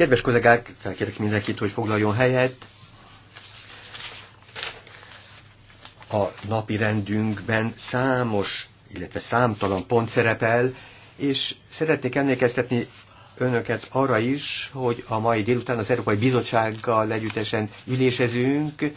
Kedves kollégák, felkérek mindenkit, hogy foglaljon helyet. A napi rendünkben számos, illetve számtalan pont szerepel, és szeretnék emlékeztetni önöket arra is, hogy a mai délután az Európai Bizottsággal együttesen ülésezünk,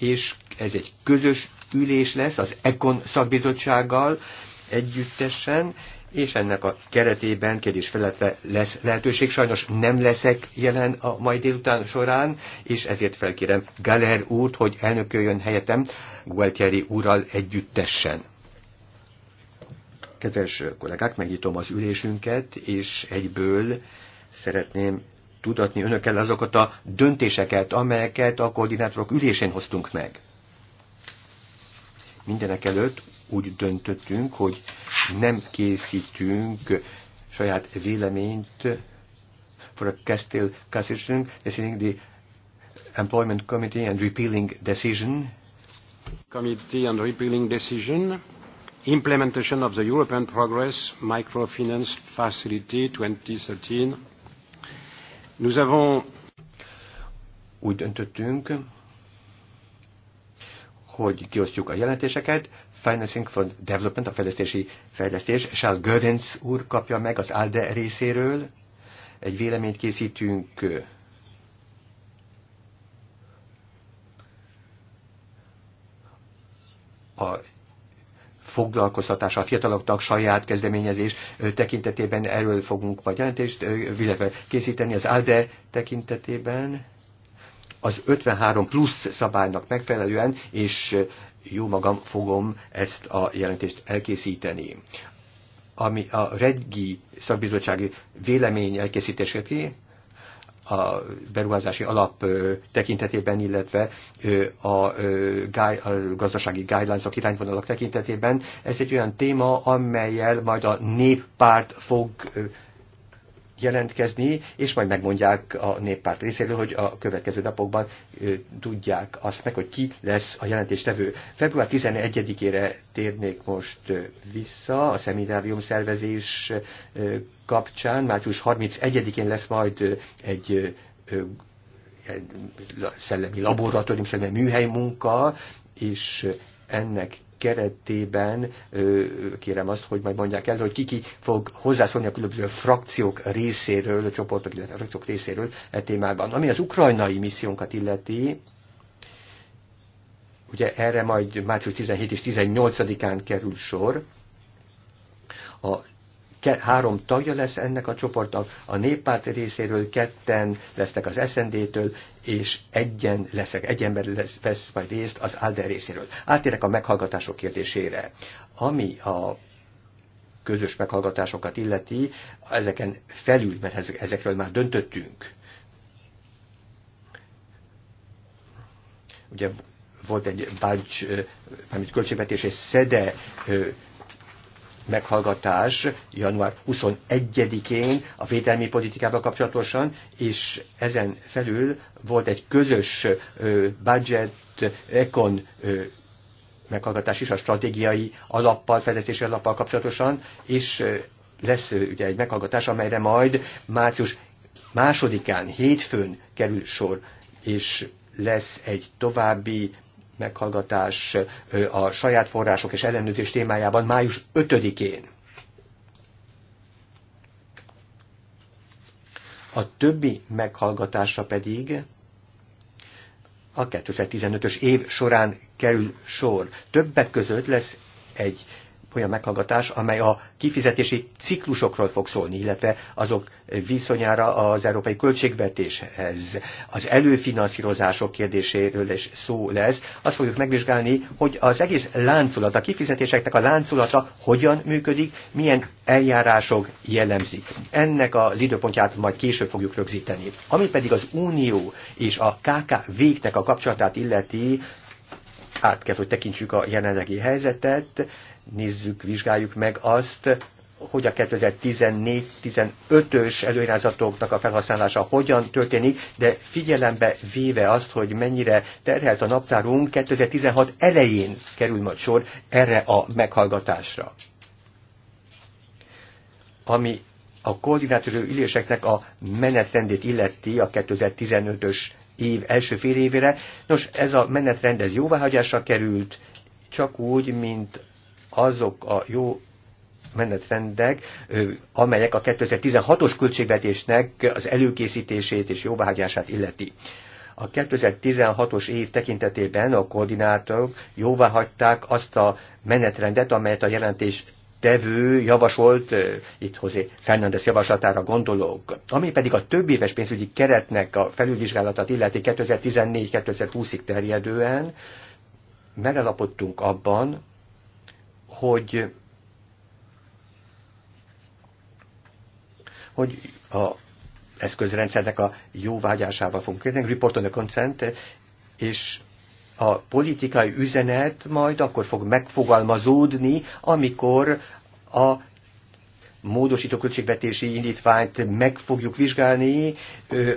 és ez egy közös ülés lesz az ECON szakbizottsággal együttesen, és ennek a keretében kérdés felette lesz lehetőség. Sajnos nem leszek jelen a mai délután során, és ezért felkérem Galer úrt, hogy elnököljön helyetem Gualtieri úrral együttessen. Kedves kollégák, megnyitom az ülésünket, és egyből szeretném tudatni önökkel azokat a döntéseket, amelyeket a koordinátorok ülésén hoztunk meg. Mindenek előtt úgy döntöttünk, hogy nem készítünk saját véleményt for a Castile Constitution deciding the Employment Committee and Repealing Decision. Committee and Repealing Decision. Implementation of the European Progress Microfinance Facility 2013. Nous avons úgy döntöttünk, hogy kiosztjuk a jelentéseket, Financing for Development, a fejlesztési fejlesztés, Sál Görenc úr kapja meg az ALDE részéről. Egy véleményt készítünk a foglalkoztatása a fiataloknak saját kezdeményezés tekintetében erről fogunk majd jelentést, illetve készíteni az ALDE tekintetében az 53 plusz szabálynak megfelelően, és jó magam fogom ezt a jelentést elkészíteni. Ami a reggi szakbizottsági vélemény elkészítését a beruházási alap tekintetében, illetve a gazdasági guidelines -ok, irányvonalak tekintetében. Ez egy olyan téma, amelyel majd a néppárt fog jelentkezni, és majd megmondják a néppárt részéről, hogy a következő napokban ö, tudják azt meg, hogy ki lesz a jelentéstevő. Február 11-ére térnék most vissza a szeminárium szervezés kapcsán. Március 31-én lesz majd egy ö, szellemi laboratórium, szellemi műhely munka, és ennek keretében kérem azt, hogy majd mondják el, hogy kiki fog hozzászólni a különböző frakciók részéről, a csoportok, illetve a frakciók részéről e témában. Ami az ukrajnai missziónkat illeti, ugye erre majd március 17 és 18-án kerül sor, a három tagja lesz ennek a csoportnak, a néppárt részéről ketten lesznek az SND-től, és egyen leszek, egy ember lesz, vesz majd részt az ALDE részéről. Átérek a meghallgatások kérdésére. Ami a közös meghallgatásokat illeti, ezeken felül, mert ezekről már döntöttünk. Ugye volt egy bács, mármint költségvetés és szede meghallgatás január 21-én a védelmi politikával kapcsolatosan, és ezen felül volt egy közös budget econ meghallgatás is a stratégiai alappal, fedezési alappal kapcsolatosan, és lesz ugye egy meghallgatás, amelyre majd március másodikán, hétfőn kerül sor, és lesz egy további meghallgatás a saját források és ellenőrzés témájában május 5-én. A többi meghallgatása pedig a 2015-ös év során kerül sor. Többek között lesz egy olyan meghallgatás, amely a kifizetési ciklusokról fog szólni, illetve azok viszonyára az európai költségvetéshez. Az előfinanszírozások kérdéséről is szó lesz. Azt fogjuk megvizsgálni, hogy az egész láncolat, a kifizetéseknek a láncolata hogyan működik, milyen eljárások jellemzik. Ennek az időpontját majd később fogjuk rögzíteni. Ami pedig az Unió és a KKV-knek a kapcsolatát illeti, át kell, hogy tekintsük a jelenlegi helyzetet, nézzük, vizsgáljuk meg azt, hogy a 2014-15-ös előirányzatoknak a felhasználása hogyan történik, de figyelembe véve azt, hogy mennyire terhelt a naptárunk, 2016 elején kerül majd sor erre a meghallgatásra. Ami a koordinátorő üléseknek a menetrendét illeti a 2015-ös év első fél évére. Nos, ez a menetrend ez jóváhagyásra került, csak úgy, mint azok a jó menetrendek, amelyek a 2016-os költségvetésnek az előkészítését és jóváhagyását illeti. A 2016-os év tekintetében a koordinátorok jóváhagyták azt a menetrendet, amelyet a jelentés tevő javasolt, itt Hozé Fernández javaslatára gondolok, ami pedig a több éves pénzügyi keretnek a felülvizsgálatát illeti 2014-2020-ig terjedően, megalapodtunk abban, hogy hogy a eszközrendszernek a jóvágyásával fogunk kérni, report on the consent, és a politikai üzenet majd akkor fog megfogalmazódni, amikor a módosító költségvetési indítványt meg fogjuk vizsgálni,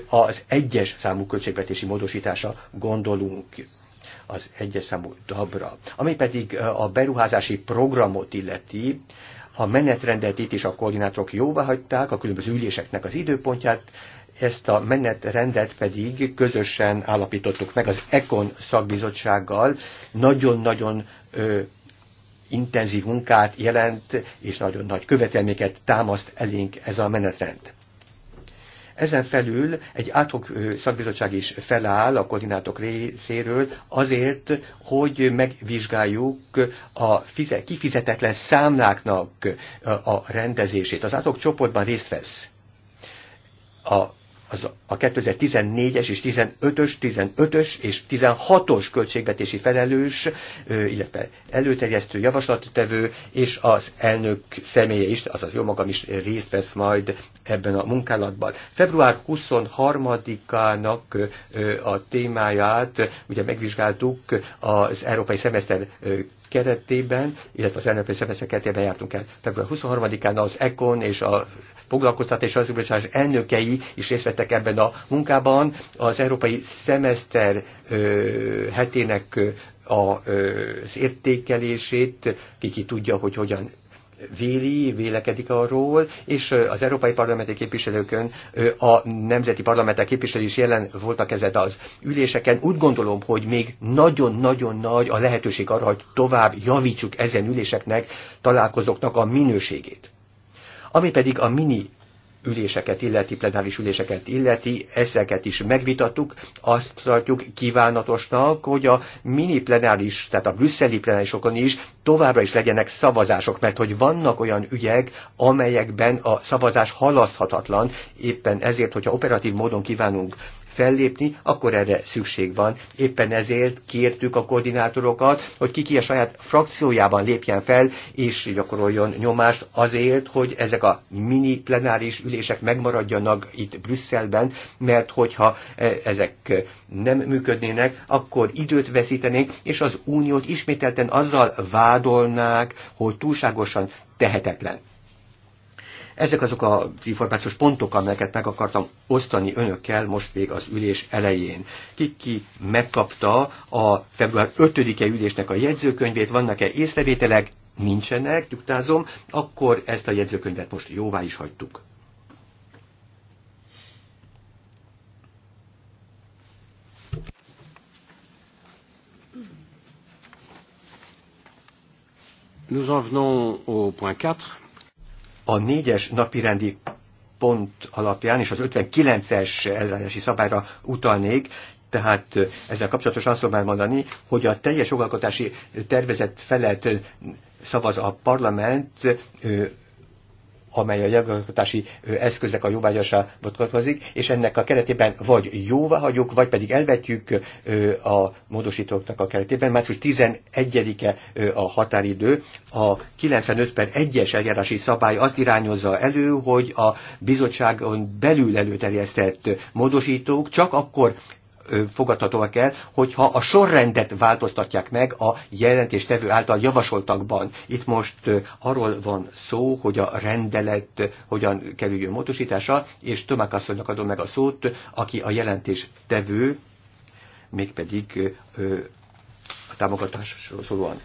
az egyes számú költségvetési módosítása gondolunk az egyes számú dabra. Ami pedig a beruházási programot illeti, a menetrendet itt is a koordinátorok jóvá hagyták, a különböző üléseknek az időpontját, ezt a menetrendet pedig közösen állapítottuk meg az ECON szakbizottsággal. Nagyon-nagyon intenzív munkát jelent, és nagyon nagy követelményeket támaszt elénk ez a menetrend. Ezen felül egy átok szakbizottság is feláll a koordinátok részéről azért, hogy megvizsgáljuk a kifizetetlen számláknak a rendezését. Az átok csoportban részt vesz a az a 2014-es és 15-ös, 15-ös és 16-os költségvetési felelős, illetve előterjesztő, javaslattevő, és az elnök személye is, azaz jó magam is részt vesz majd ebben a munkálatban. Február 23-ának a témáját ugye megvizsgáltuk az Európai Szemeszter keretében, illetve az elnöki szemeszter keretében jártunk el február 23-án az ECON és a foglalkoztatás és bizottság elnökei is részt vettek ebben a munkában. Az európai szemeszter hetének az értékelését, ki ki tudja, hogy hogyan véli, vélekedik arról, és az európai parlamenti képviselőkön a nemzeti parlamentek képviselői is jelen voltak ezen az üléseken. Úgy gondolom, hogy még nagyon-nagyon nagy a lehetőség arra, hogy tovább javítsuk ezen üléseknek, találkozóknak a minőségét. Ami pedig a mini üléseket illeti, plenáris üléseket illeti, ezeket is megvitattuk, azt tartjuk kívánatosnak, hogy a mini plenáris, tehát a brüsszeli plenárisokon is továbbra is legyenek szavazások, mert hogy vannak olyan ügyek, amelyekben a szavazás halaszthatatlan, éppen ezért, hogyha operatív módon kívánunk fellépni, akkor erre szükség van. Éppen ezért kértük a koordinátorokat, hogy ki ki a saját frakciójában lépjen fel, és gyakoroljon nyomást azért, hogy ezek a mini plenáris ülések megmaradjanak itt Brüsszelben, mert hogyha e, ezek nem működnének, akkor időt veszítenénk, és az uniót ismételten azzal vádolnák, hogy túlságosan tehetetlen. Ezek azok az információs pontok, amelyeket meg akartam osztani önökkel most még az ülés elején. Ki-ki megkapta a február 5-e ülésnek a jegyzőkönyvét, vannak-e észrevételek? Nincsenek, tüktázom, akkor ezt a jegyzőkönyvet most jóvá is hagytuk. Nous en venons au point 4 a négyes napirendi pont alapján és az 59-es eljárási szabályra utalnék, tehát ezzel kapcsolatosan azt tudom mondani, hogy a teljes jogalkotási tervezet felett szavaz a parlament amely a jogalkotási eszköznek a jóvágyása vonatkozik, és ennek a keretében vagy jóvá hagyjuk, vagy pedig elvetjük a módosítóknak a keretében. Március 11-e a határidő. A 95 per 1-es eljárási szabály azt irányozza elő, hogy a bizottságon belül előterjesztett módosítók csak akkor fogadhatóak el, hogyha a sorrendet változtatják meg a jelentéstevő által javasoltakban. Itt most arról van szó, hogy a rendelet hogyan kerüljön módosításra, és Tomák asszonynak adom meg a szót, aki a jelentéstevő, mégpedig a támogatásról szólóan.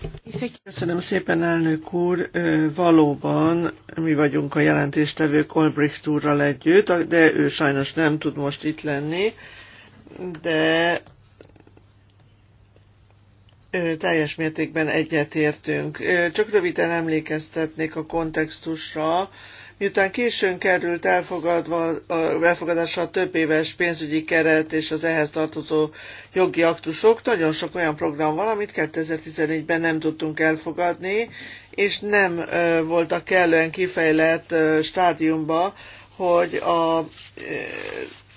Köszönöm szépen, elnök úr. Valóban mi vagyunk a jelentéstevők Olbricht úrral együtt, de ő sajnos nem tud most itt lenni de teljes mértékben egyetértünk. Csak röviden emlékeztetnék a kontextusra. Miután későn került elfogadva, elfogadásra a több éves pénzügyi keret és az ehhez tartozó jogi aktusok, nagyon sok olyan program van, amit 2014-ben nem tudtunk elfogadni, és nem voltak kellően kifejlett stádiumba, hogy a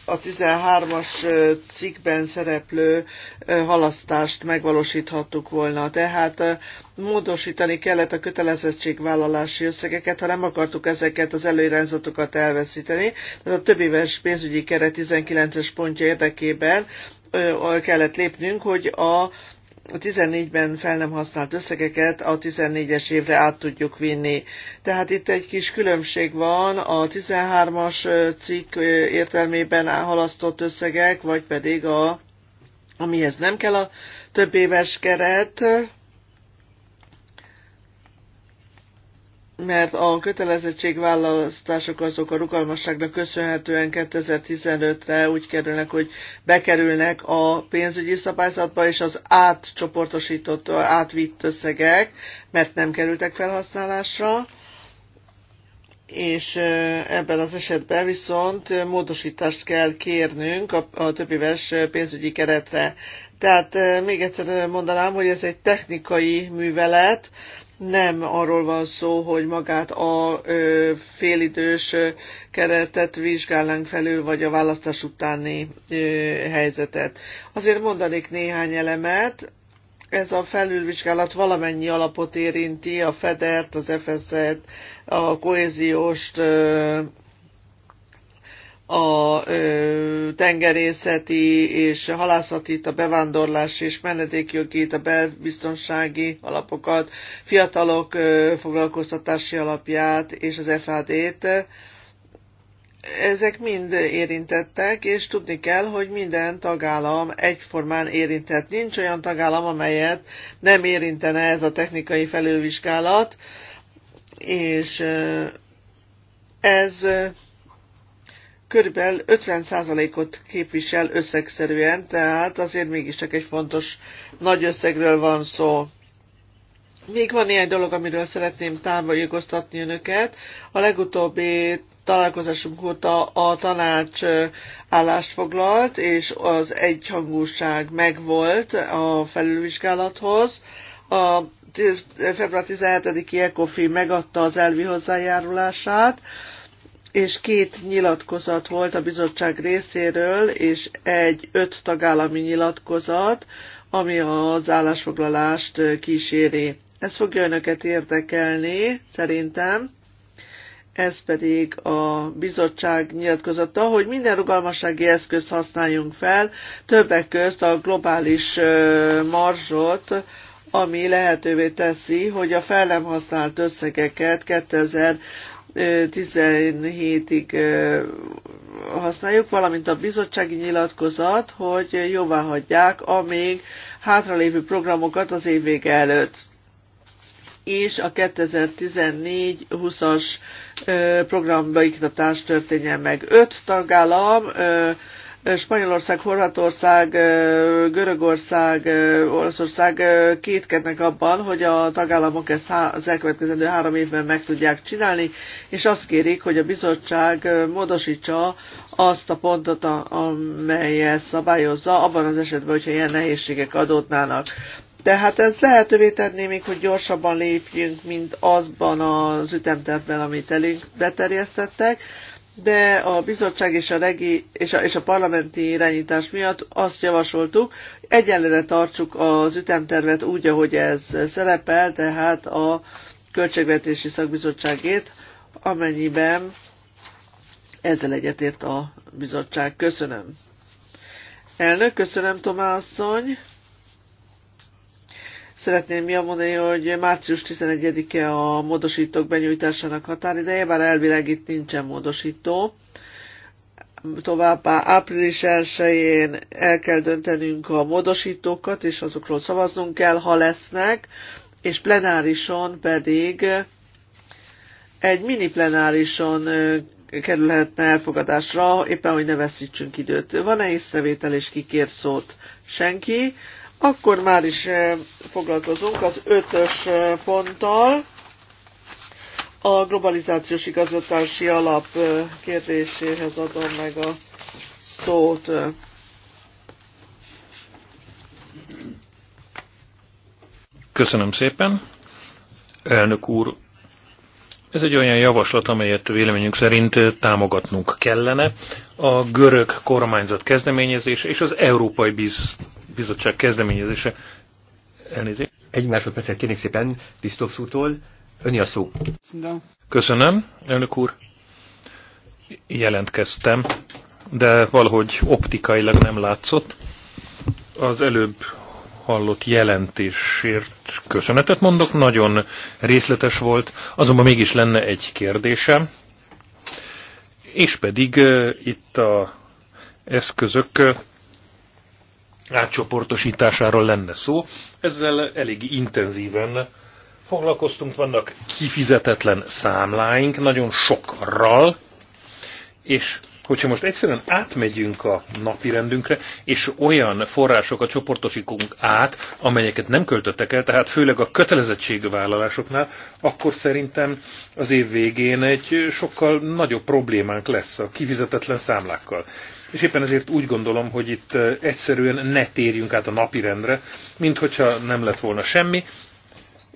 a 13-as cikkben szereplő halasztást megvalósíthattuk volna. Tehát módosítani kellett a kötelezettségvállalási összegeket, ha nem akartuk ezeket az előirányzatokat elveszíteni. Tehát a éves pénzügyi keret 19-es pontja érdekében kellett lépnünk, hogy a a 14-ben fel nem használt összegeket a 14-es évre át tudjuk vinni. Tehát itt egy kis különbség van, a 13-as cikk értelmében halasztott összegek, vagy pedig a, amihez nem kell a több éves keret, mert a kötelezettségválasztások azok a rugalmasságnak köszönhetően 2015-re úgy kerülnek, hogy bekerülnek a pénzügyi szabályzatba, és az átcsoportosított, átvitt összegek, mert nem kerültek felhasználásra, és ebben az esetben viszont módosítást kell kérnünk a, a vers pénzügyi keretre. Tehát még egyszer mondanám, hogy ez egy technikai művelet, nem arról van szó, hogy magát a ö, félidős keretet vizsgálnánk felül, vagy a választás utáni ö, helyzetet. Azért mondanék néhány elemet. Ez a felülvizsgálat valamennyi alapot érinti, a FEDERT, az FSZ-et, a kohézióst, a tengerészeti és halászati, a bevándorlás és menedékjogit, a belbiztonsági alapokat, fiatalok foglalkoztatási alapját és az FAD-t. Ezek mind érintettek, és tudni kell, hogy minden tagállam egyformán érintett. Nincs olyan tagállam, amelyet nem érintene ez a technikai felülvizsgálat, és ez körülbelül 50%-ot képvisel összegszerűen, tehát azért mégiscsak egy fontos nagy összegről van szó. Még van néhány dolog, amiről szeretném támogatni önöket. A legutóbbi találkozásunk óta a tanács állást foglalt, és az egyhangúság megvolt a felülvizsgálathoz. A február 17-i ECOFI megadta az elvi hozzájárulását, és két nyilatkozat volt a bizottság részéről, és egy öt tagállami nyilatkozat, ami az állásfoglalást kíséri. Ez fogja önöket érdekelni, szerintem. Ez pedig a bizottság nyilatkozata, hogy minden rugalmassági eszközt használjunk fel, többek közt a globális marzsot, ami lehetővé teszi, hogy a fel nem használt összegeket 2000 17-ig használjuk, valamint a bizottsági nyilatkozat, hogy jóvá hagyják a még hátralévő programokat az év vége előtt és a 2014-20-as programbeiktatás történjen meg. Öt tagállam Spanyolország, Horvátország, Görögország, Olaszország kétkednek abban, hogy a tagállamok ezt az elkövetkezendő három évben meg tudják csinálni, és azt kérik, hogy a bizottság módosítsa azt a pontot, amely ezt szabályozza, abban az esetben, hogyha ilyen nehézségek adódnának. Tehát ez lehetővé tenné még, hogy gyorsabban lépjünk, mint azban az ütemtervben, amit elénk beterjesztettek, de a bizottság és a, regi, és, a, és a parlamenti irányítás miatt azt javasoltuk, egyenlőre tartsuk az ütemtervet úgy, ahogy ez szerepel, tehát a költségvetési szakbizottságét, amennyiben ezzel egyetért a bizottság. Köszönöm. Elnök, köszönöm Tomá asszony. Szeretném javulni, hogy március 11-e a módosítók benyújtásának határideje, bár elvileg itt nincsen módosító. Továbbá április 1-én el kell döntenünk a módosítókat, és azokról szavaznunk kell, ha lesznek, és plenárison pedig egy mini plenárison kerülhetne elfogadásra, éppen hogy ne veszítsünk időt. Van-e észrevétel és kikért szót? Senki. Akkor már is eh, foglalkozunk az ötös eh, ponttal, a globalizációs igazgatási alap eh, kérdéséhez adom meg a szót. Köszönöm szépen. Elnök úr, ez egy olyan javaslat, amelyet véleményünk szerint támogatnunk kellene. A görög kormányzat kezdeményezés és az Európai Biz bizottság kezdeményezése. Elnézést. Egy másodpercet kérnék szépen Krisztóf szútól. Öni a szó. Köszönöm, elnök úr. Jelentkeztem, de valahogy optikailag nem látszott. Az előbb hallott jelentésért köszönetet mondok, nagyon részletes volt, azonban mégis lenne egy kérdésem, és pedig eh, itt a eszközök eh, átcsoportosításáról lenne szó. Ezzel elég intenzíven foglalkoztunk, vannak kifizetetlen számláink, nagyon sokral, és Hogyha most egyszerűen átmegyünk a napi rendünkre, és olyan forrásokat csoportosítunk át, amelyeket nem költöttek el, tehát főleg a kötelezettségvállalásoknál, akkor szerintem az év végén egy sokkal nagyobb problémánk lesz a kivizetetlen számlákkal. És éppen ezért úgy gondolom, hogy itt egyszerűen ne térjünk át a napirendre, mint hogyha nem lett volna semmi,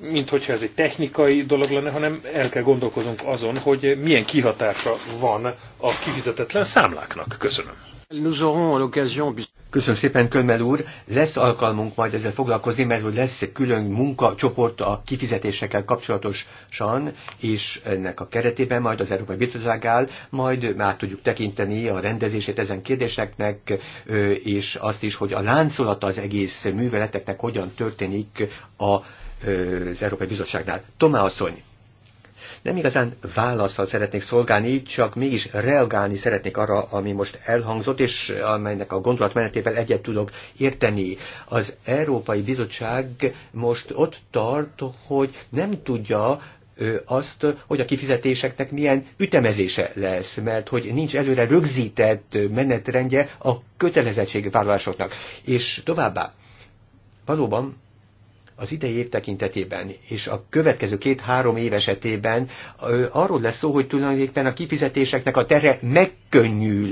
mint hogyha ez egy technikai dolog lenne, hanem el kell gondolkozunk azon, hogy milyen kihatása van a kifizetetlen számláknak. Köszönöm. Köszönöm szépen, Kölmel úr. Lesz alkalmunk majd ezzel foglalkozni, mert hogy lesz egy külön munkacsoport a kifizetésekkel kapcsolatosan, és ennek a keretében majd az Európai Bizottság áll, majd már tudjuk tekinteni a rendezését ezen kérdéseknek, és azt is, hogy a láncolata az egész műveleteknek hogyan történik a az Európai Bizottságnál. Tomá asszony, nem igazán válaszsal szeretnék szolgálni, csak mégis reagálni szeretnék arra, ami most elhangzott, és amelynek a gondolatmenetével egyet tudok érteni. Az Európai Bizottság most ott tart, hogy nem tudja azt, hogy a kifizetéseknek milyen ütemezése lesz, mert hogy nincs előre rögzített menetrendje a kötelezettségvállalásoknak. És továbbá, valóban az idei év tekintetében és a következő két-három év esetében arról lesz szó, hogy tulajdonképpen a kifizetéseknek a tere megkönnyül,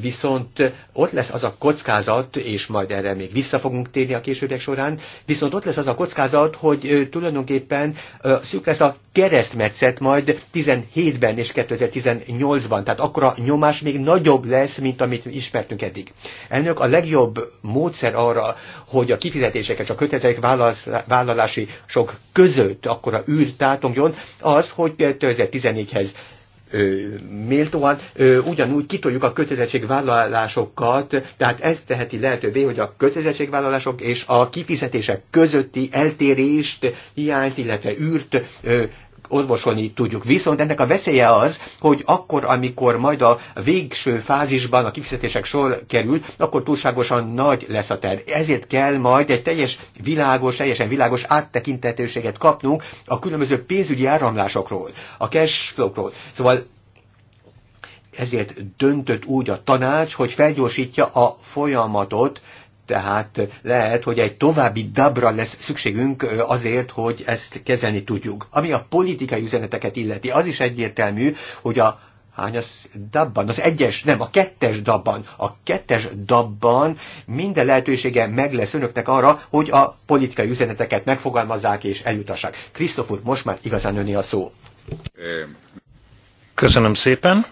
viszont ott lesz az a kockázat, és majd erre még vissza fogunk térni a későbbiek során, viszont ott lesz az a kockázat, hogy tulajdonképpen szűk lesz a keresztmetszet majd 17-ben és 2018-ban, tehát akkor a nyomás még nagyobb lesz, mint amit ismertünk eddig. Elnök, a legjobb módszer arra, hogy a kifizetéseket, a kötetek vállal vállalási sok között akkora űrt tátongjon, az, hogy 2014-hez méltóan ugyanúgy kitoljuk a kötelezettségvállalásokat, tehát ez teheti lehetővé, hogy a kötelezettségvállalások és a kifizetések közötti eltérést, hiányt, illetve űrt orvosolni tudjuk. Viszont ennek a veszélye az, hogy akkor, amikor majd a végső fázisban a kifizetések sor kerül, akkor túlságosan nagy lesz a terv. Ezért kell majd egy teljes világos, teljesen világos áttekintetőséget kapnunk a különböző pénzügyi áramlásokról, a cash flow-król. Szóval ezért döntött úgy a tanács, hogy felgyorsítja a folyamatot, tehát lehet, hogy egy további dabra lesz szükségünk azért, hogy ezt kezelni tudjuk. Ami a politikai üzeneteket illeti, az is egyértelmű, hogy a hány az dabban? Az egyes, nem, a kettes dabban. A kettes dabban minden lehetősége meg lesz önöknek arra, hogy a politikai üzeneteket megfogalmazzák és eljutassák. Krisztofur, most már igazán öné a szó. Köszönöm szépen.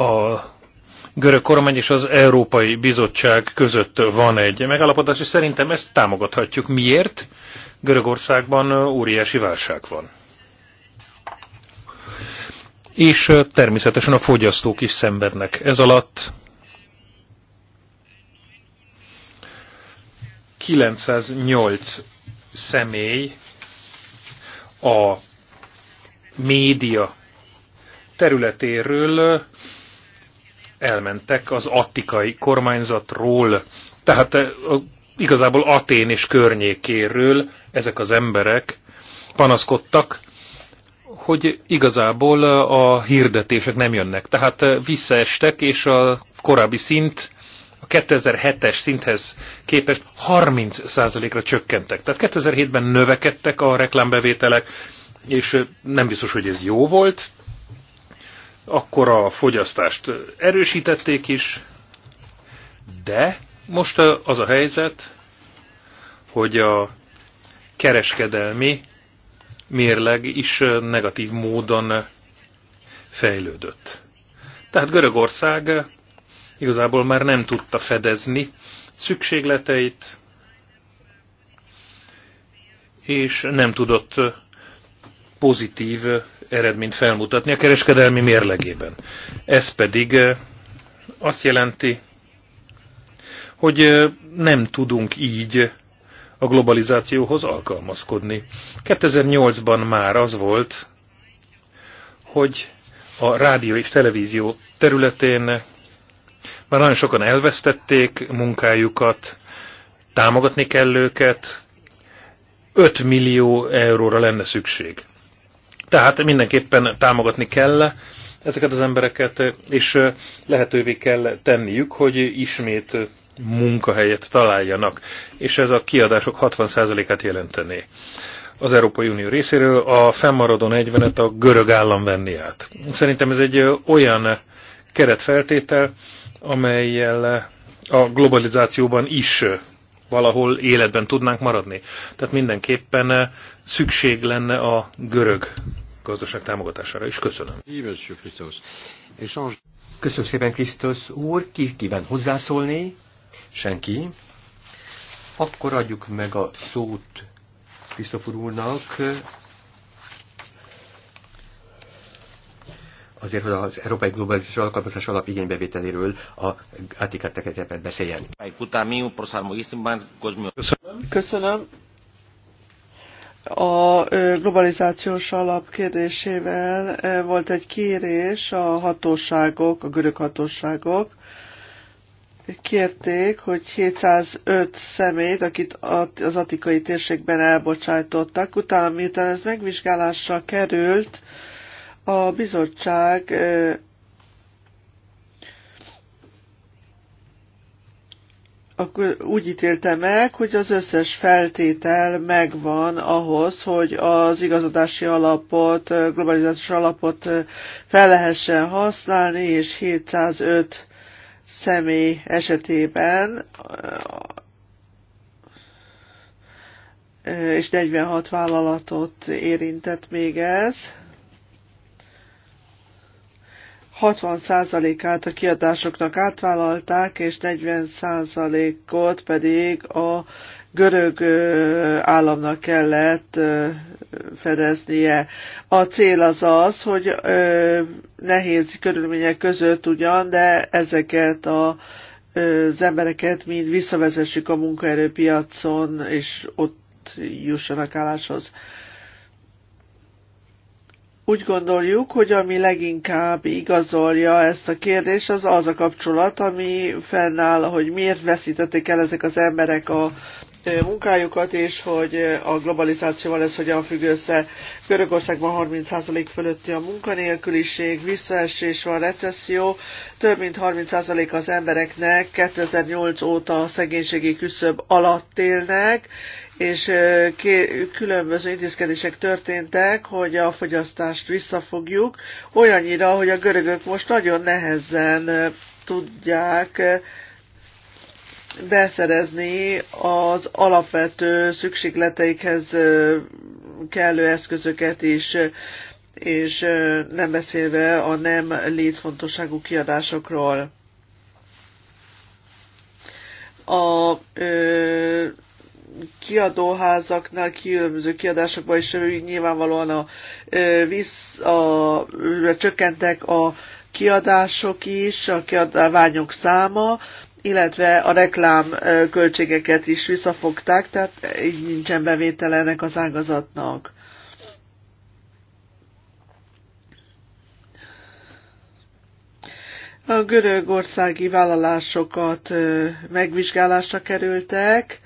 a görög kormány és az Európai Bizottság között van egy megállapodás, és szerintem ezt támogathatjuk. Miért? Görögországban óriási válság van. És természetesen a fogyasztók is szenvednek. Ez alatt 908 személy a média területéről elmentek az attikai kormányzatról, tehát eh, igazából Atén és környékéről ezek az emberek panaszkodtak, hogy igazából eh, a hirdetések nem jönnek. Tehát eh, visszaestek, és a korábbi szint, a 2007-es szinthez képest 30%-ra csökkentek. Tehát 2007-ben növekedtek a reklámbevételek, és nem biztos, hogy ez jó volt, akkor a fogyasztást erősítették is, de most az a helyzet, hogy a kereskedelmi mérleg is negatív módon fejlődött. Tehát Görögország igazából már nem tudta fedezni szükségleteit, és nem tudott pozitív eredményt felmutatni a kereskedelmi mérlegében. Ez pedig azt jelenti, hogy nem tudunk így a globalizációhoz alkalmazkodni. 2008-ban már az volt, hogy a rádió és televízió területén már nagyon sokan elvesztették munkájukat, támogatni kell őket, 5 millió euróra lenne szükség. Tehát mindenképpen támogatni kell ezeket az embereket, és lehetővé kell tenniük, hogy ismét munkahelyet találjanak, és ez a kiadások 60%-át jelentené. Az Európai Unió részéről a fennmaradó 40-et a görög állam venni át. Szerintem ez egy olyan keretfeltétel, amelyel a globalizációban is valahol életben tudnánk maradni. Tehát mindenképpen szükség lenne a görög gazdaság támogatására is. Köszönöm. Köszönöm szépen, Krisztus úr. Ki kíván hozzászólni? Senki. Akkor adjuk meg a szót Krisztofor úrnak, azért, hogy az Európai Globális Alkalmazás Alap igénybevételéről a átikát tekintetben beszéljen. Köszönöm. Köszönöm a globalizációs alap kérdésével volt egy kérés a hatóságok, a görög hatóságok, kérték, hogy 705 szemét, akit az atikai térségben elbocsájtottak. Utána, miután ez megvizsgálásra került, a bizottság akkor úgy ítélte meg, hogy az összes feltétel megvan ahhoz, hogy az igazodási alapot, globalizációs alapot fel lehessen használni, és 705 személy esetében és 46 vállalatot érintett még ez. 60%-át a kiadásoknak átvállalták, és 40%-ot pedig a görög államnak kellett fedeznie. A cél az az, hogy nehéz körülmények között ugyan, de ezeket a az embereket mind visszavezessük a munkaerőpiacon, és ott jussanak álláshoz. Úgy gondoljuk, hogy ami leginkább igazolja ezt a kérdést, az az a kapcsolat, ami fennáll, hogy miért veszítették el ezek az emberek a munkájukat, és hogy a globalizációval ez hogyan függ össze. Görögországban 30% fölötti a munkanélküliség, visszaesés van, recesszió, több mint 30% az embereknek 2008 óta a szegénységi küszöb alatt élnek, és különböző intézkedések történtek, hogy a fogyasztást visszafogjuk, olyannyira, hogy a görögök most nagyon nehezen tudják beszerezni az alapvető szükségleteikhez kellő eszközöket is, és nem beszélve a nem létfontosságú kiadásokról. A ö, kiadóházaknál, különböző kiadásokban is nyilvánvalóan a, visz, a, csökkentek a kiadások is, a kiadványok száma, illetve a reklám költségeket is visszafogták, tehát így nincsen bevétel ennek az ágazatnak. A görögországi vállalásokat megvizsgálásra kerültek,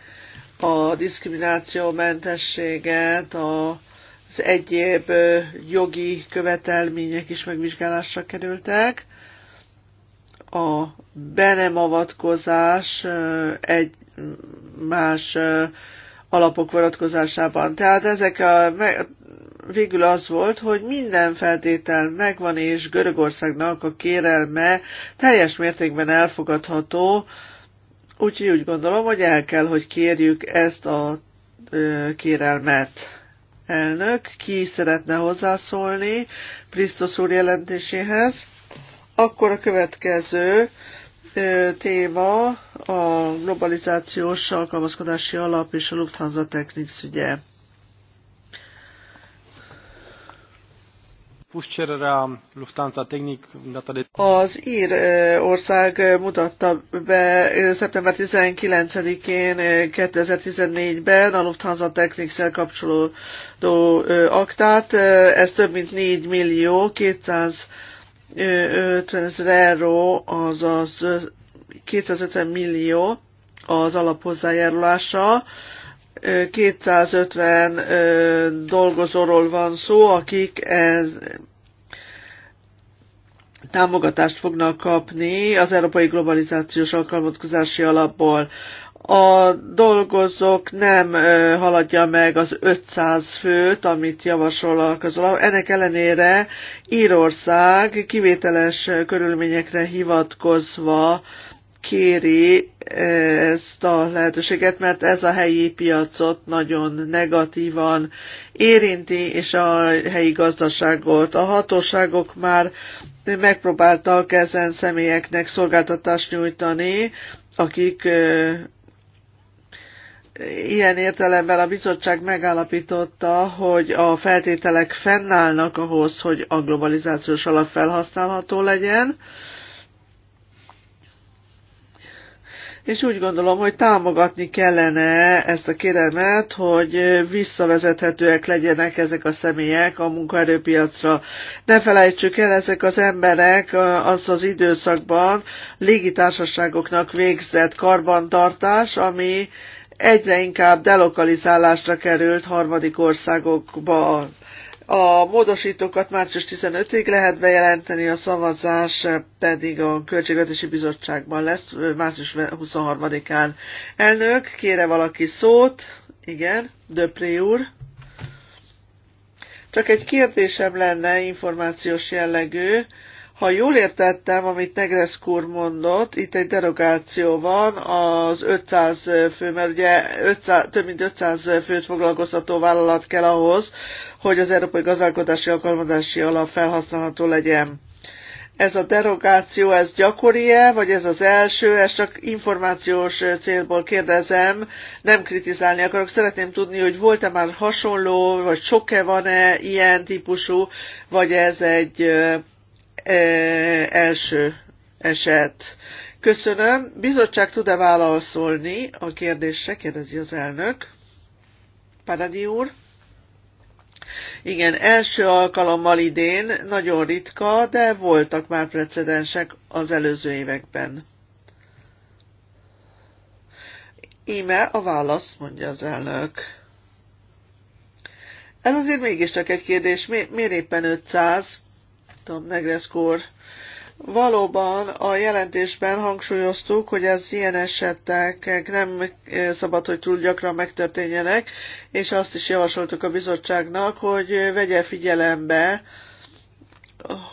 a diszkriminációmentességet, a az egyéb jogi követelmények is megvizsgálásra kerültek. A benemavatkozás egy más alapok vonatkozásában. Tehát ezek a, végül az volt, hogy minden feltétel megvan, és Görögországnak a kérelme teljes mértékben elfogadható, Úgyhogy úgy gondolom, hogy el kell, hogy kérjük ezt a kérelmet. Elnök, ki szeretne hozzászólni Krisztus úr jelentéséhez? Akkor a következő téma a globalizációs alkalmazkodási alap és a Lufthansa Technics ügye. Az ír ország mutatta be szeptember 19-én 2014-ben a Lufthansa technics kapcsolódó aktát. Ez több mint 4 millió 250 ezer euró, azaz 250 millió az alaphozzájárulása 250 dolgozóról van szó, akik ez támogatást fognak kapni az Európai Globalizációs Alkalmazkodási Alapból. A dolgozók nem haladja meg az 500 főt, amit javasol a alap. Ennek ellenére Írország kivételes körülményekre hivatkozva kéri e, ezt a lehetőséget, mert ez a helyi piacot nagyon negatívan érinti, és a helyi gazdaságot. A hatóságok már megpróbáltak ezen személyeknek szolgáltatást nyújtani, akik e, ilyen értelemben a bizottság megállapította, hogy a feltételek fennállnak ahhoz, hogy a globalizációs alap felhasználható legyen, és úgy gondolom, hogy támogatni kellene ezt a kérelmet, hogy visszavezethetőek legyenek ezek a személyek a munkaerőpiacra. Ne felejtsük el, ezek az emberek az az időszakban légitársaságoknak végzett karbantartás, ami egyre inkább delokalizálásra került harmadik országokba a módosítókat március 15-ig lehet bejelenteni, a szavazás pedig a Költségvetési Bizottságban lesz március 23-án. Elnök, kére valaki szót? Igen, Döpré úr. Csak egy kérdésem lenne, információs jellegű. Ha jól értettem, amit Negreszk úr mondott, itt egy derogáció van az 500 fő, mert ugye 500, több mint 500 főt foglalkoztató vállalat kell ahhoz, hogy az Európai Gazdálkodási Alkalmazási Alap felhasználható legyen. Ez a derogáció, ez gyakori-e, vagy ez az első? Ezt csak információs célból kérdezem, nem kritizálni akarok. Szeretném tudni, hogy volt-e már hasonló, vagy sok-e van-e ilyen típusú, vagy ez egy e, első eset. Köszönöm. Bizottság tud-e válaszolni a kérdésre, kérdezi az elnök. Paradi úr. Igen, első alkalommal idén, nagyon ritka, de voltak már precedensek az előző években. Íme a válasz, mondja az elnök. Ez azért mégiscsak egy kérdés, Mi, miért éppen 500? Tudom, Negreszkor Valóban a jelentésben hangsúlyoztuk, hogy ez ilyen esetek nem szabad, hogy túl gyakran megtörténjenek, és azt is javasoltuk a bizottságnak, hogy vegye figyelembe,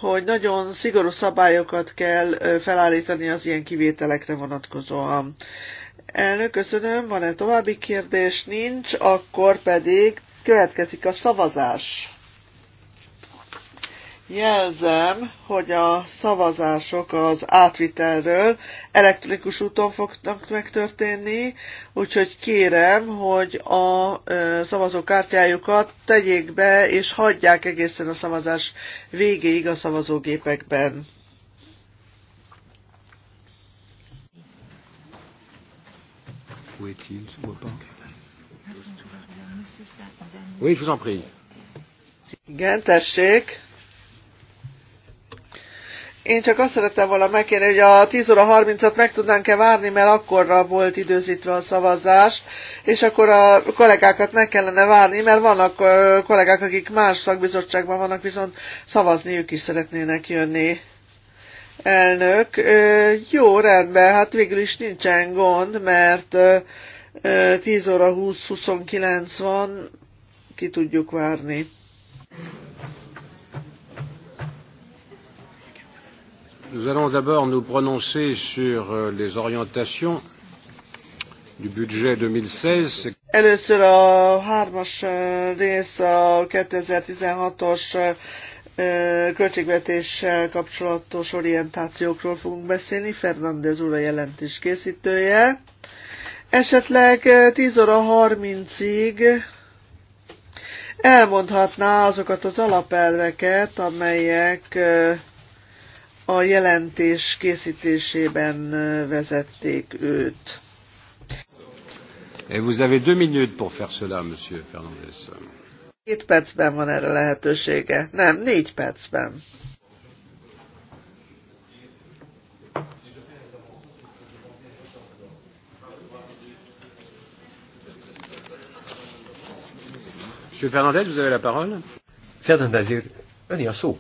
hogy nagyon szigorú szabályokat kell felállítani az ilyen kivételekre vonatkozóan. Elnök, köszönöm, van-e további kérdés? Nincs, akkor pedig következik a szavazás. Jelzem, hogy a szavazások az átvitelről elektronikus úton fognak megtörténni, úgyhogy kérem, hogy a szavazókártyájukat tegyék be, és hagyják egészen a szavazás végéig a szavazógépekben. Oui, je vous en prie. Igen, tessék. Én csak azt szerettem volna megkérni, hogy a 10 óra 30-at meg tudnánk-e várni, mert akkorra volt időzítve a szavazás, és akkor a kollégákat meg kellene várni, mert vannak kollégák, akik más szakbizottságban vannak, viszont szavazni ők is szeretnének jönni. Elnök, jó, rendben, hát végül is nincsen gond, mert 10 óra 20-29 van, ki tudjuk várni. Nous allons d'abord nous prononcer sur euh, les orientations du budget 2016. Először a hármas euh, rész a 2016-os euh, költségvetéssel kapcsolatos orientációkról fogunk beszélni. Fernández úr a jelentés készítője. Esetleg 10 óra 30-ig elmondhatná azokat az alapelveket, amelyek a jelentés készítésében vezették őt. Et vous avez deux minutes pour faire cela, monsieur Fernandez. Két percben van erre lehetősége. Nem, négy percben. Monsieur Fernandez, vous avez la parole. Fernandez, ön a szó.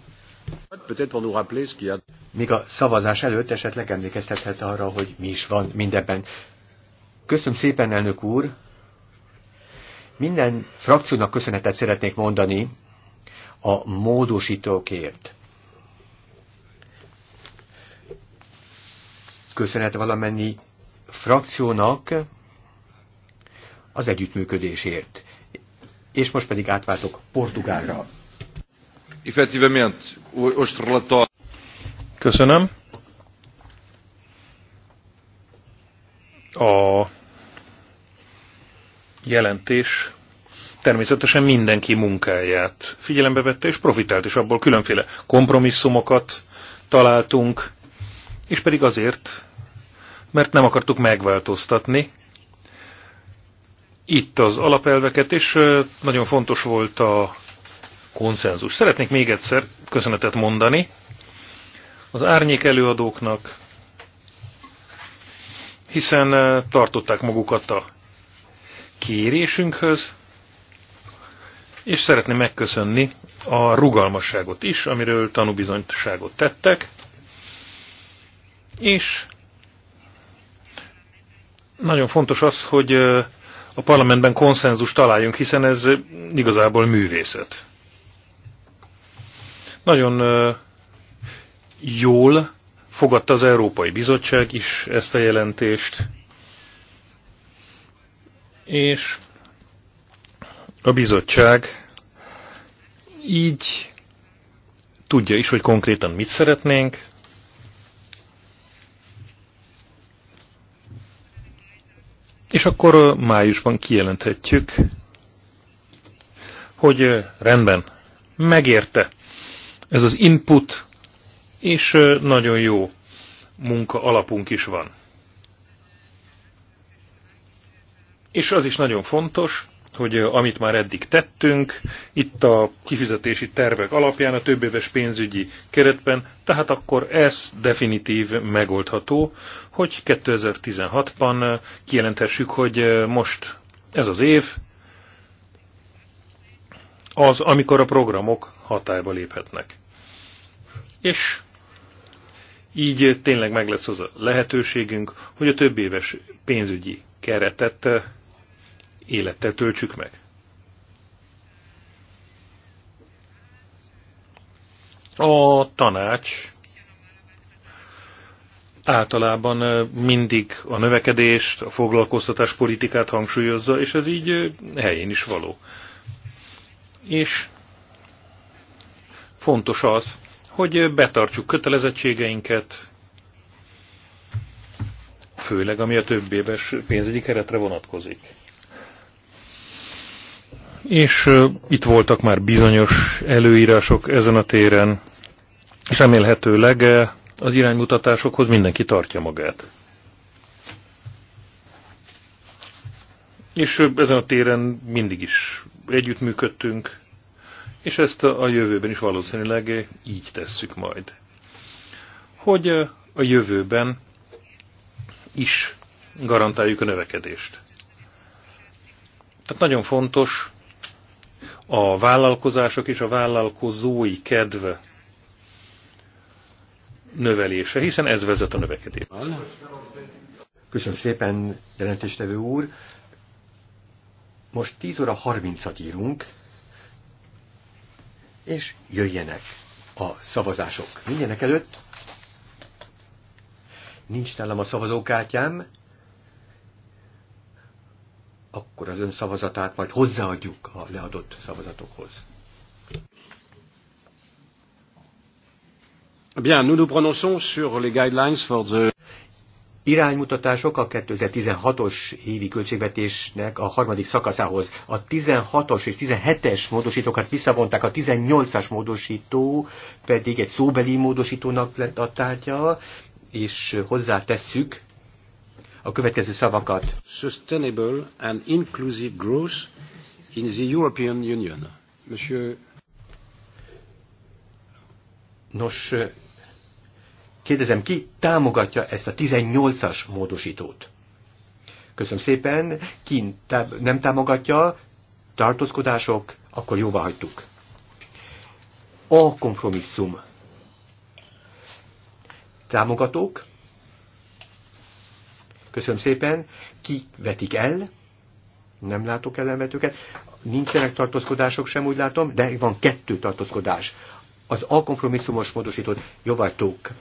Még a szavazás előtt esetleg emlékeztethet arra, hogy mi is van mindebben. Köszönöm szépen, elnök úr! Minden frakciónak köszönetet szeretnék mondani a módosítókért. Köszönet valamennyi frakciónak az együttműködésért. És most pedig átváltok Portugálra. Effectivamente, este relatório. Köszönöm. A jelentés természetesen mindenki munkáját figyelembe vette, és profitált is abból különféle kompromisszumokat találtunk, és pedig azért, mert nem akartuk megváltoztatni itt az alapelveket, és nagyon fontos volt a konszenzus. Szeretnék még egyszer köszönetet mondani az árnyék előadóknak, hiszen eh, tartották magukat a kérésünkhöz, és szeretném megköszönni a rugalmasságot is, amiről tanúbizonyságot tettek, és nagyon fontos az, hogy eh, a parlamentben konszenzus találjunk, hiszen ez igazából művészet. Nagyon jól fogadta az Európai Bizottság is ezt a jelentést, és a bizottság így tudja is, hogy konkrétan mit szeretnénk, És akkor májusban kijelenthetjük, hogy rendben, megérte ez az input, és nagyon jó munka alapunk is van. És az is nagyon fontos, hogy amit már eddig tettünk, itt a kifizetési tervek alapján a több éves pénzügyi keretben, tehát akkor ez definitív megoldható, hogy 2016-ban kijelenthessük, hogy most ez az év, az, amikor a programok hatályba léphetnek. És így tényleg meg lesz az a lehetőségünk, hogy a több éves pénzügyi keretet eh, élettel töltsük meg. A tanács általában eh, mindig a növekedést, a foglalkoztatás politikát hangsúlyozza, és ez így eh, helyén is való. És Fontos az, hogy betartsuk kötelezettségeinket, főleg ami a több éves pénzügyi keretre vonatkozik. És uh, itt voltak már bizonyos előírások ezen a téren, és remélhetőleg uh, az iránymutatásokhoz mindenki tartja magát. És uh, ezen a téren mindig is együttműködtünk, és ezt a jövőben is valószínűleg így tesszük majd. Hogy a jövőben is garantáljuk a növekedést. Tehát nagyon fontos a vállalkozások és a vállalkozói kedv növelése, hiszen ez vezet a növekedéshez. Köszönöm szépen, jelentéstevő úr. Most 10 óra 30-at írunk, és jöjjenek a szavazások. Mindenek előtt nincs nálam a szavazókártyám, akkor az ön szavazatát majd hozzáadjuk a leadott szavazatokhoz. Bien, nous nous prononçons sur les guidelines for the iránymutatások a 2016-os évi költségvetésnek a harmadik szakaszához. A 16-os és 17-es módosítókat visszavonták, a 18-as módosító pedig egy szóbeli módosítónak lett a tárgya, és hozzátesszük a következő szavakat. Sustainable and inclusive growth in the European Union. Monsieur... Nos, Kérdezem, ki támogatja ezt a 18-as módosítót? Köszönöm szépen. Ki nem támogatja? Tartózkodások? Akkor jóvá hagytuk. A kompromisszum. Támogatók? Köszönöm szépen. Ki vetik el? Nem látok ellenvetőket. Nincsenek tartózkodások sem, úgy látom, de van kettő tartózkodás. Az alkompromisszumos módosítót jóváltók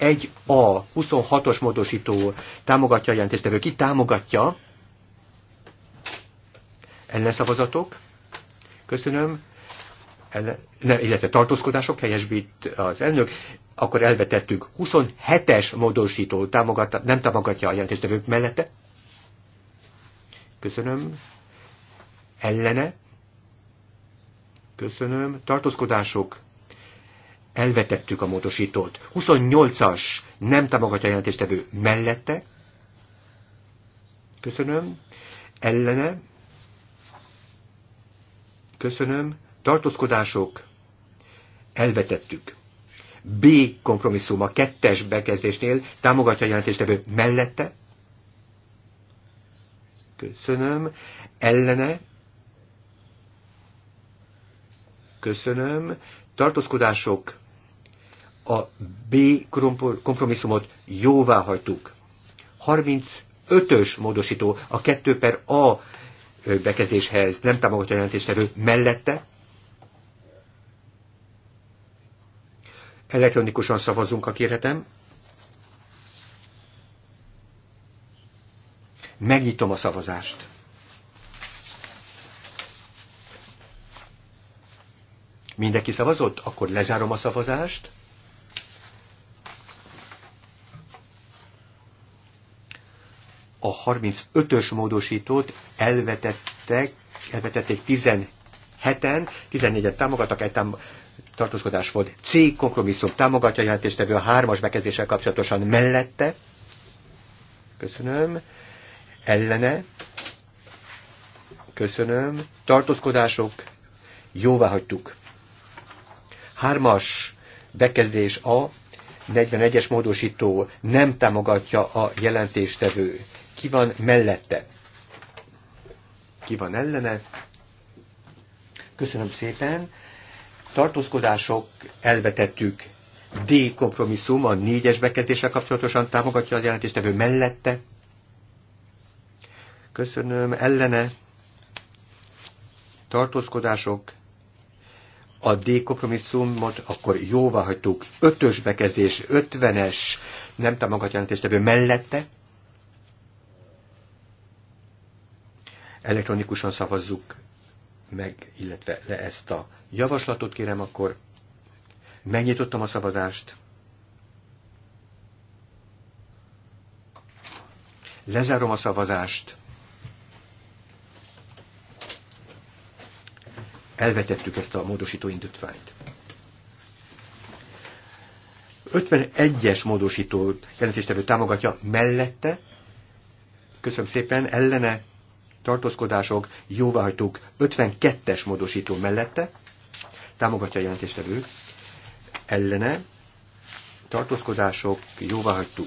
1A 26-os módosító támogatja a jelentéstevő. Ki támogatja? Ellenszavazatok? Köszönöm. Ellen, nem, illetve tartózkodások, helyesbít az elnök. Akkor elvetettük 27-es módosító támogat, nem támogatja a jelentéstevők mellette. Köszönöm. Ellene? Köszönöm. Tartózkodások? elvetettük a módosítót. 28-as nem támogatja jelentéstevő mellette. Köszönöm. Ellene. Köszönöm. Tartózkodások. Elvetettük. B kompromisszum a kettes bekezdésnél támogatja a jelentéstevő mellette. Köszönöm. Ellene. Köszönöm. Tartózkodások a B kompromisszumot jóvá hagytuk. 35-ös módosító a 2 per A bekezdéshez nem támogatja a jelentéstevő mellette. Elektronikusan szavazunk, ha kérhetem. Megnyitom a szavazást. Mindenki szavazott? Akkor lezárom a szavazást. a 35-ös módosítót elvetettek, elvetették 17-en, 14-en támogattak, egy tám tartózkodás volt. C kompromisszum támogatja a jelentéstevő a hármas bekezdéssel kapcsolatosan mellette. Köszönöm. Ellene. Köszönöm. Tartózkodások. Jóvá hagytuk. Hármas bekezdés A 41-es módosító nem támogatja a jelentéstevő. Ki van mellette? Ki van ellene? Köszönöm szépen. Tartózkodások elvetettük. D kompromisszum a négyes bekezdéssel kapcsolatosan támogatja a jelentéstevő mellette. Köszönöm. Ellene tartózkodások a D kompromisszumot akkor jóvá hagytuk. Ötös bekezdés, ötvenes nem támogat jelentéstevő mellette. elektronikusan szavazzuk meg, illetve le ezt a javaslatot, kérem, akkor megnyitottam a szavazást, lezárom a szavazást, elvetettük ezt a módosító indítványt. 51-es módosító jelentéstevő támogatja mellette, köszönöm szépen, ellene tartózkodások, jóváhagytuk 52-es módosító mellette, támogatja a jelentéstevő, ellene, tartózkodások, jóváhagytuk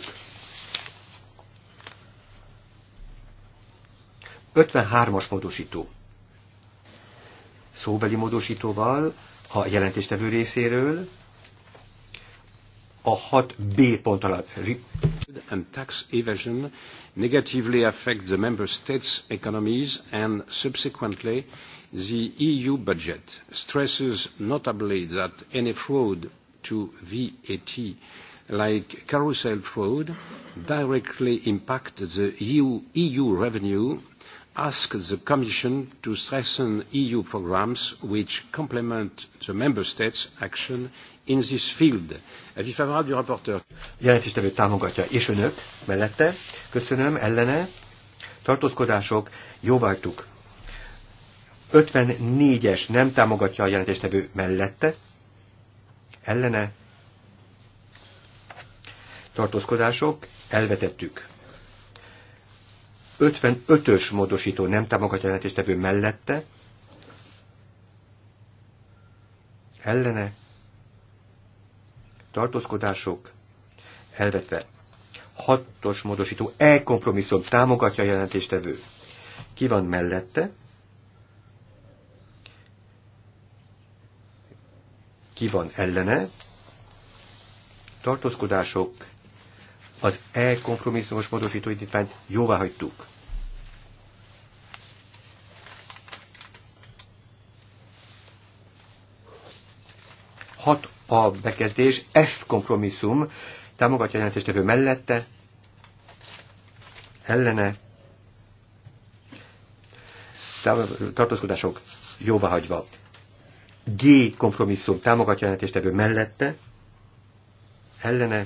53-as módosító. Szóbeli módosítóval a jelentéstevő részéről a 6B pont alatt. And tax evasion negatively affect the member states' economies and subsequently the EU budget stresses notably that any fraud to VAT like carousel fraud directly impact the EU, EU revenue Ask the Commission to strengthen EU programmes which complement the Member States' action in this field. Avis favorable du rapporteur. Jelentéstevő támogatja, és önök mellette. Köszönöm, ellene. Tartózkodások, jóváltuk. 54-es nem támogatja a jelentéstevő mellette. Ellene. Tartózkodások, elvetettük. 55-ös módosító nem támogatja a jelentéstevő mellette. Ellene tartózkodások elvetve. Hatos módosító elkompromisszum támogatja a jelentéstevő. Ki van mellette? Ki van ellene? Tartózkodások az e-kompromisszumos módosító indítványt jóvá hagytuk. Hat a bekezdés F kompromisszum támogatja a jelentéstevő mellette, ellene, tartózkodások jóváhagyva. G kompromisszum támogatja a jelentéstevő mellette, ellene,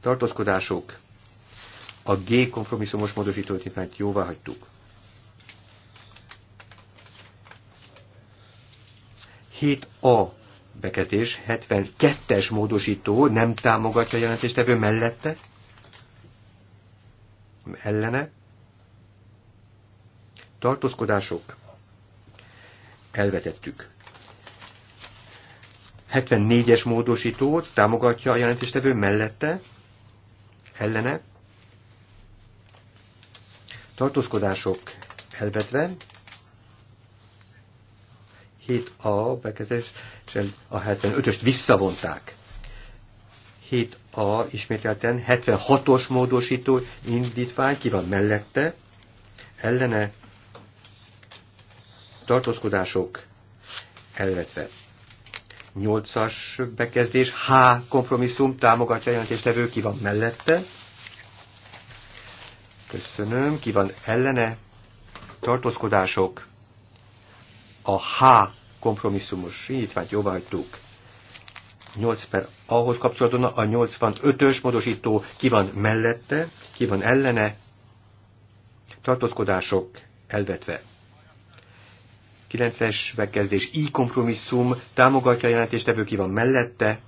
tartózkodások, a G kompromisszumos módosító indítványt jóvá hagytuk. 7A beketés 72-es módosító nem támogatja a jelentéstevő mellette, ellene, tartózkodások, elvetettük. 74-es módosító támogatja a jelentéstevő mellette, ellene, tartózkodások elvetve, 7a bekezdés a 75-öst visszavonták. 7A ismételten 76-os módosító indítvány, ki van mellette, ellene tartózkodások elvetve. 8-as bekezdés, H kompromisszum támogatja a jelentéstevő, ki van mellette. Köszönöm, ki van ellene tartózkodások. A H kompromisszumos indítványt hagytuk. 8 per ahhoz kapcsolatban a 85-ös módosító ki van mellette, ki van ellene, tartózkodások elvetve. 9-es bekezdés i kompromisszum támogatja a jelentéstevő, ki van mellette,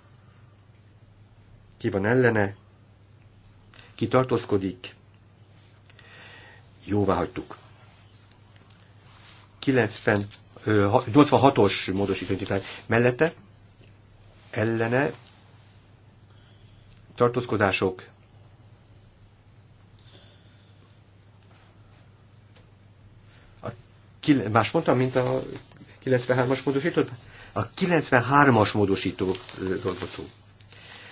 ki van ellene, ki tartózkodik. Jóvá hagytuk. 90, 86-os módosítóindítvány mellette ellene tartózkodások a, más mondtam, mint a 93-as módosító? A 93-as módosító dolgozó.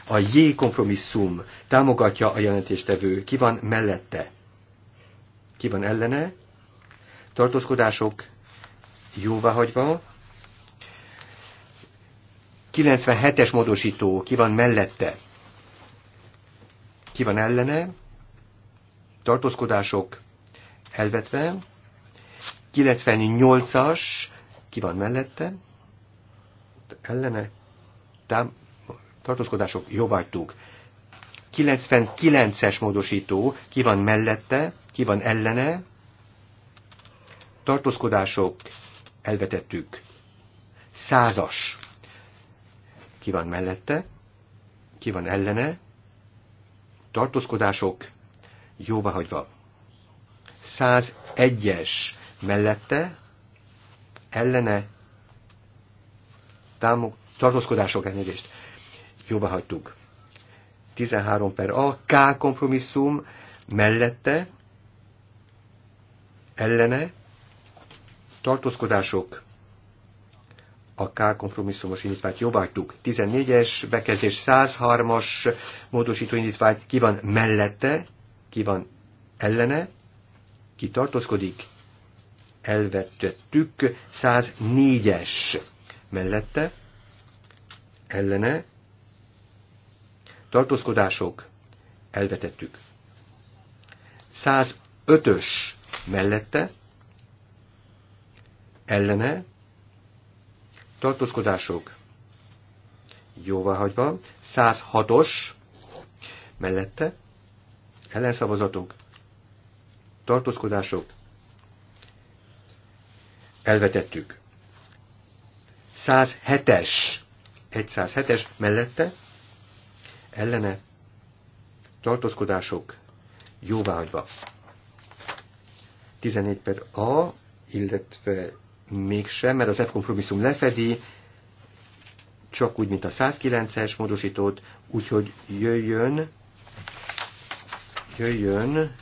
A J kompromisszum támogatja a jelentéstevő. Ki van mellette? Ki van ellene? Tartózkodások jóváhagyva. 97-es módosító, ki van mellette? Ki van ellene? Tartózkodások elvetve. 98-as, ki van mellette? Ellene? Tám- tartózkodások jóvágytuk. 99-es módosító, ki van mellette, ki van ellene? Tartózkodások elvetettük. Százas. Ki van mellette? Ki van ellene? Tartózkodások hagyva, 101-es mellette, ellene, támog, tartózkodások elnézést. jóba hagytuk. 13 per A, K kompromisszum mellette, ellene, tartózkodások, a K kompromisszumos indítványt jóváhagytuk. 14-es bekezdés 103-as módosító indítvány ki van mellette, ki van ellene, ki tartózkodik, elvettettük 104-es mellette, ellene, tartózkodások, elvetettük. 105-ös mellette, ellene, tartózkodások jóváhagyva, 106-os mellette, ellenszavazatok, tartózkodások, elvetettük. 107-es, 107-es mellette, ellene, tartózkodások, jóváhagyva. 14 per A, illetve mégsem, mert az F kompromisszum lefedi, csak úgy, mint a 109-es módosítót, úgyhogy jöjjön, jöjjön,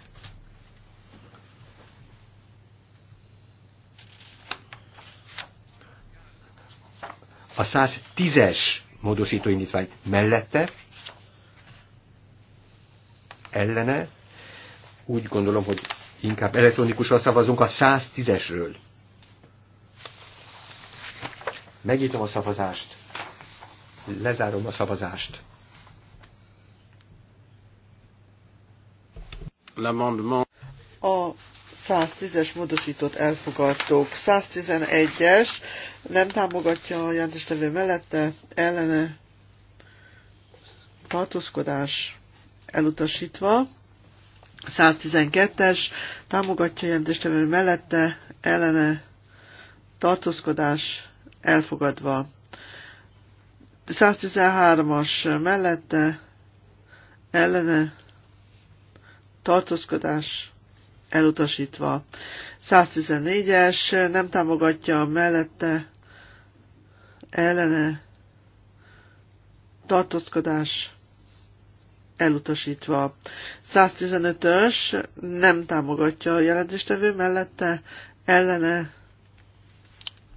a 110-es indítvány mellette, ellene, úgy gondolom, hogy inkább elektronikusan szavazunk a 110-esről. Megnyitom a szavazást. Lezárom a szavazást. L'amendement. A 110-es módosított elfogadtuk. 111-es nem támogatja a jelentéstevő mellette, ellene tartózkodás elutasítva. 112-es támogatja a jelentéstevő mellette, ellene tartózkodás elfogadva. 113-as mellette ellene tartózkodás elutasítva. 114-es nem támogatja mellette ellene tartózkodás elutasítva. 115-ös nem támogatja a jelentéstevő mellette ellene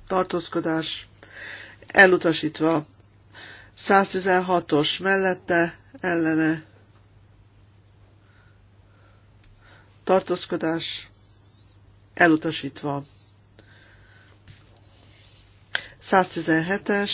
tartózkodás elutasítva. 116-os mellette ellene tartózkodás elutasítva. 117-es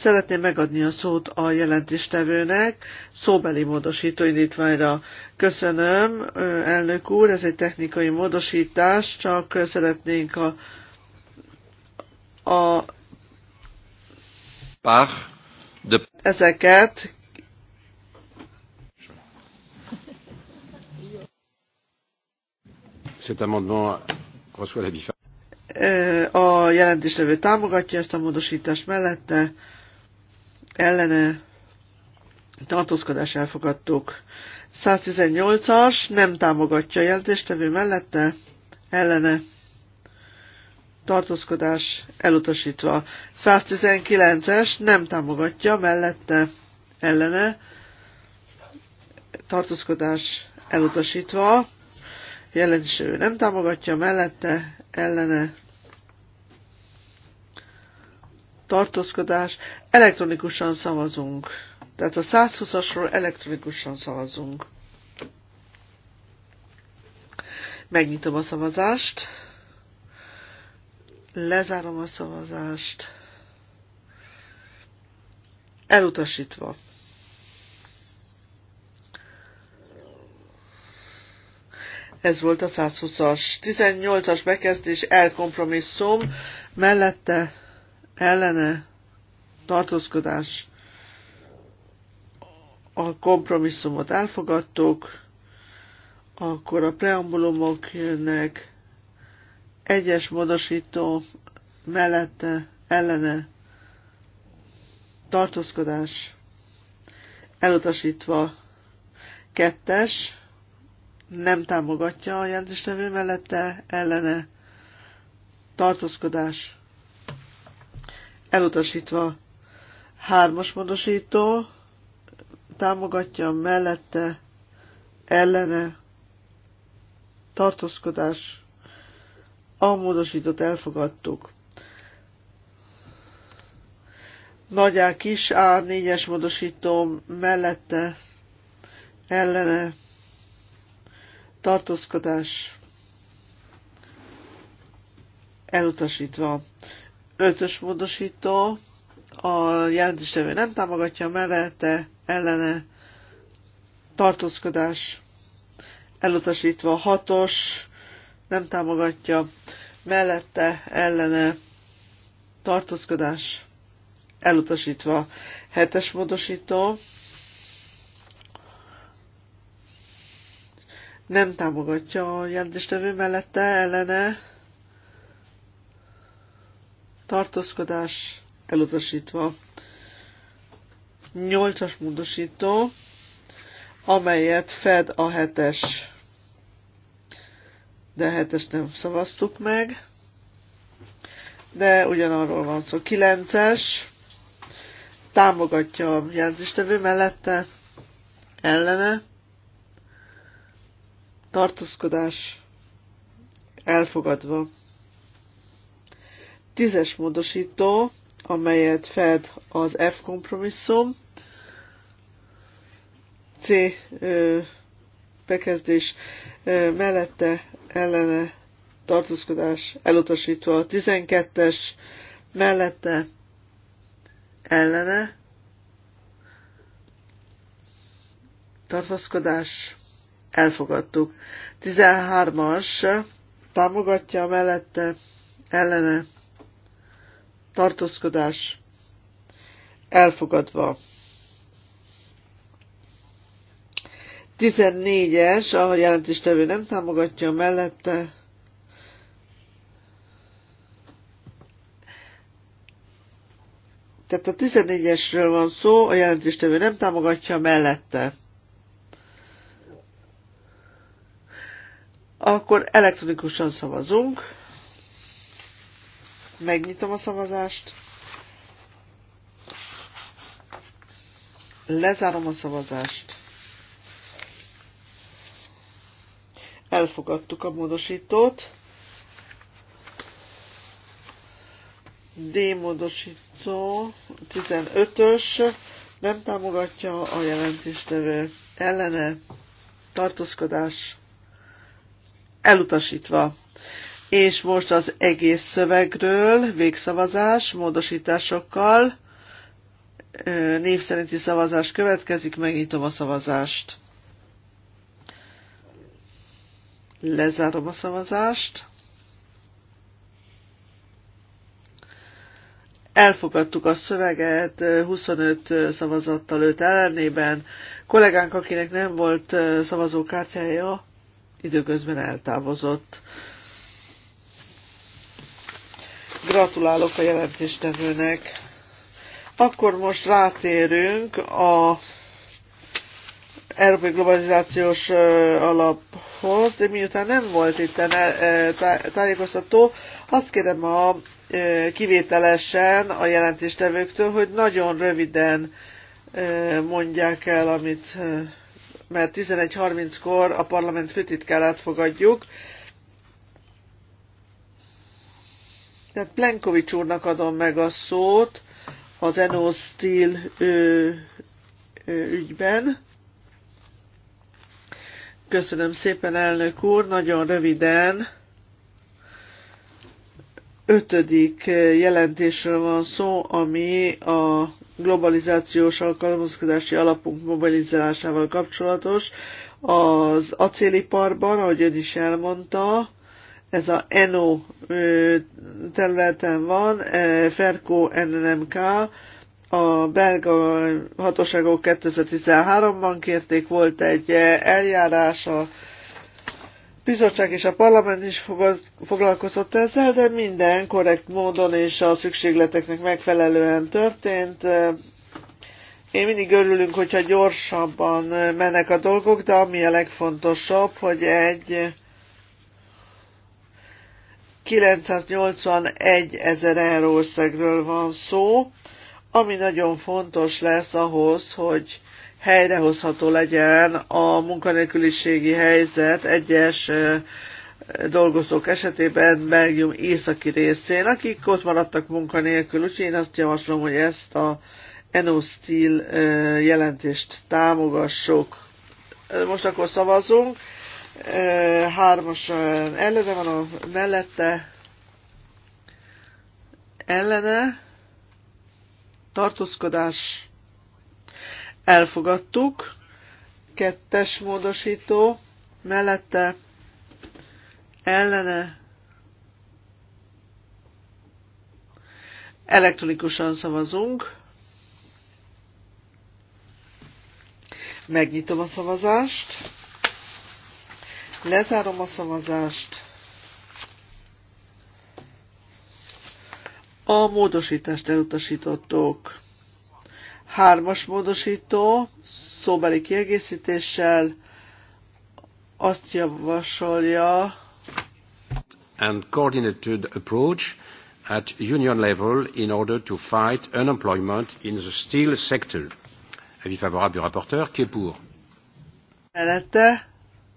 Szeretném megadni a szót a jelentéstevőnek szóbeli módosító indítványra. Köszönöm, elnök úr, ez egy technikai módosítás, csak szeretnénk a, a Bach, de... ezeket Cet amendement reçoit l'avis a jelentéstevő támogatja ezt a módosítást mellette, ellene tartózkodás elfogadtuk. 118-as nem támogatja a jelentéstevő mellette, ellene tartózkodás elutasítva. 119-es nem támogatja mellette, ellene tartózkodás elutasítva. Jelentéstevő nem támogatja mellette, ellene tartózkodás, elektronikusan szavazunk. Tehát a 120-asról elektronikusan szavazunk. Megnyitom a szavazást. Lezárom a szavazást. Elutasítva. Ez volt a 120-as. 18-as bekezdés elkompromisszum mellette ellene tartózkodás a kompromisszumot elfogadtuk, akkor a preambulumok jönnek, egyes módosító mellette ellene tartózkodás elutasítva kettes nem támogatja a jelentéstevő mellette ellene tartózkodás elutasítva. Hármas módosító támogatja mellette ellene tartózkodás. A módosítót elfogadtuk. Nagy A kis A négyes módosító mellette ellene tartózkodás elutasítva. Ötös módosító, a jelentéstevő nem támogatja mellette, ellene tartózkodás elutasítva. Hatos nem támogatja mellette, ellene tartózkodás elutasítva. Hetes módosító nem támogatja a jelentéstevő mellette, ellene tartózkodás elutasítva. nyolcas módosító, amelyet fed a hetes, de a hetes nem szavaztuk meg, de ugyanarról van szó. kilences támogatja a jelzéstevő mellette, ellene, tartózkodás elfogadva. Tízes módosító, amelyet fed az F kompromisszum, C bekezdés mellette ellene tartózkodás elutasítva a 12-es mellette ellene tartózkodás elfogadtuk. 13-as támogatja mellette ellene tartózkodás elfogadva. 14-es, a jelentéstevő nem támogatja mellette, Tehát a 14-esről van szó, a jelentéstevő nem támogatja mellette. Akkor elektronikusan szavazunk. Megnyitom a szavazást. Lezárom a szavazást. Elfogadtuk a módosítót. D módosító 15-ös nem támogatja a jelentéstevő ellene tartózkodás elutasítva és most az egész szövegről végszavazás módosításokkal név szerinti szavazás következik, megnyitom a szavazást. Lezárom a szavazást. Elfogadtuk a szöveget 25 szavazattal 5 ellenében. Kollégánk, akinek nem volt szavazókártyája, időközben eltávozott. Gratulálok a jelentéstevőnek. Akkor most rátérünk a Európai Globalizációs Alaphoz, de miután nem volt itt tájékoztató, azt kérem a kivételesen a jelentéstevőktől, hogy nagyon röviden mondják el, amit mert 11.30-kor a parlament főtitkárát fogadjuk, Tehát Plenkovics úrnak adom meg a szót az Eno Steel ö, ö, ügyben. Köszönöm szépen, elnök úr. Nagyon röviden ötödik jelentésről van szó, ami a globalizációs alkalmazkodási alapunk mobilizálásával kapcsolatos. Az acéliparban, ahogy ön is elmondta, ez a NO területen van, Ferco NNMK, a belga hatóságok 2013-ban kérték, volt egy eljárás, a bizottság és a parlament is foglalkozott ezzel, de minden korrekt módon és a szükségleteknek megfelelően történt. Én mindig örülünk, hogyha gyorsabban mennek a dolgok, de ami a legfontosabb, hogy egy 981 ezer euró összegről van szó, ami nagyon fontos lesz ahhoz, hogy helyrehozható legyen a munkanélküliségi helyzet egyes dolgozók esetében Belgium északi részén, akik ott maradtak munkanélkül, úgyhogy én azt javaslom, hogy ezt a Enostil jelentést támogassuk. Most akkor szavazunk. Hármas előre a mellette ellene tartózkodás elfogadtuk. Kettes módosító mellette ellene elektronikusan szavazunk. Megnyitom a szavazást. Lezárom a szavazást. A módosítást elutasítottuk. Hármas módosító, szóbeli kiegészítéssel azt javasolja, and coordinated approach at union level in order to fight unemployment in the steel sector. Avis favorable du rapporteur, qui est pour? Mellette,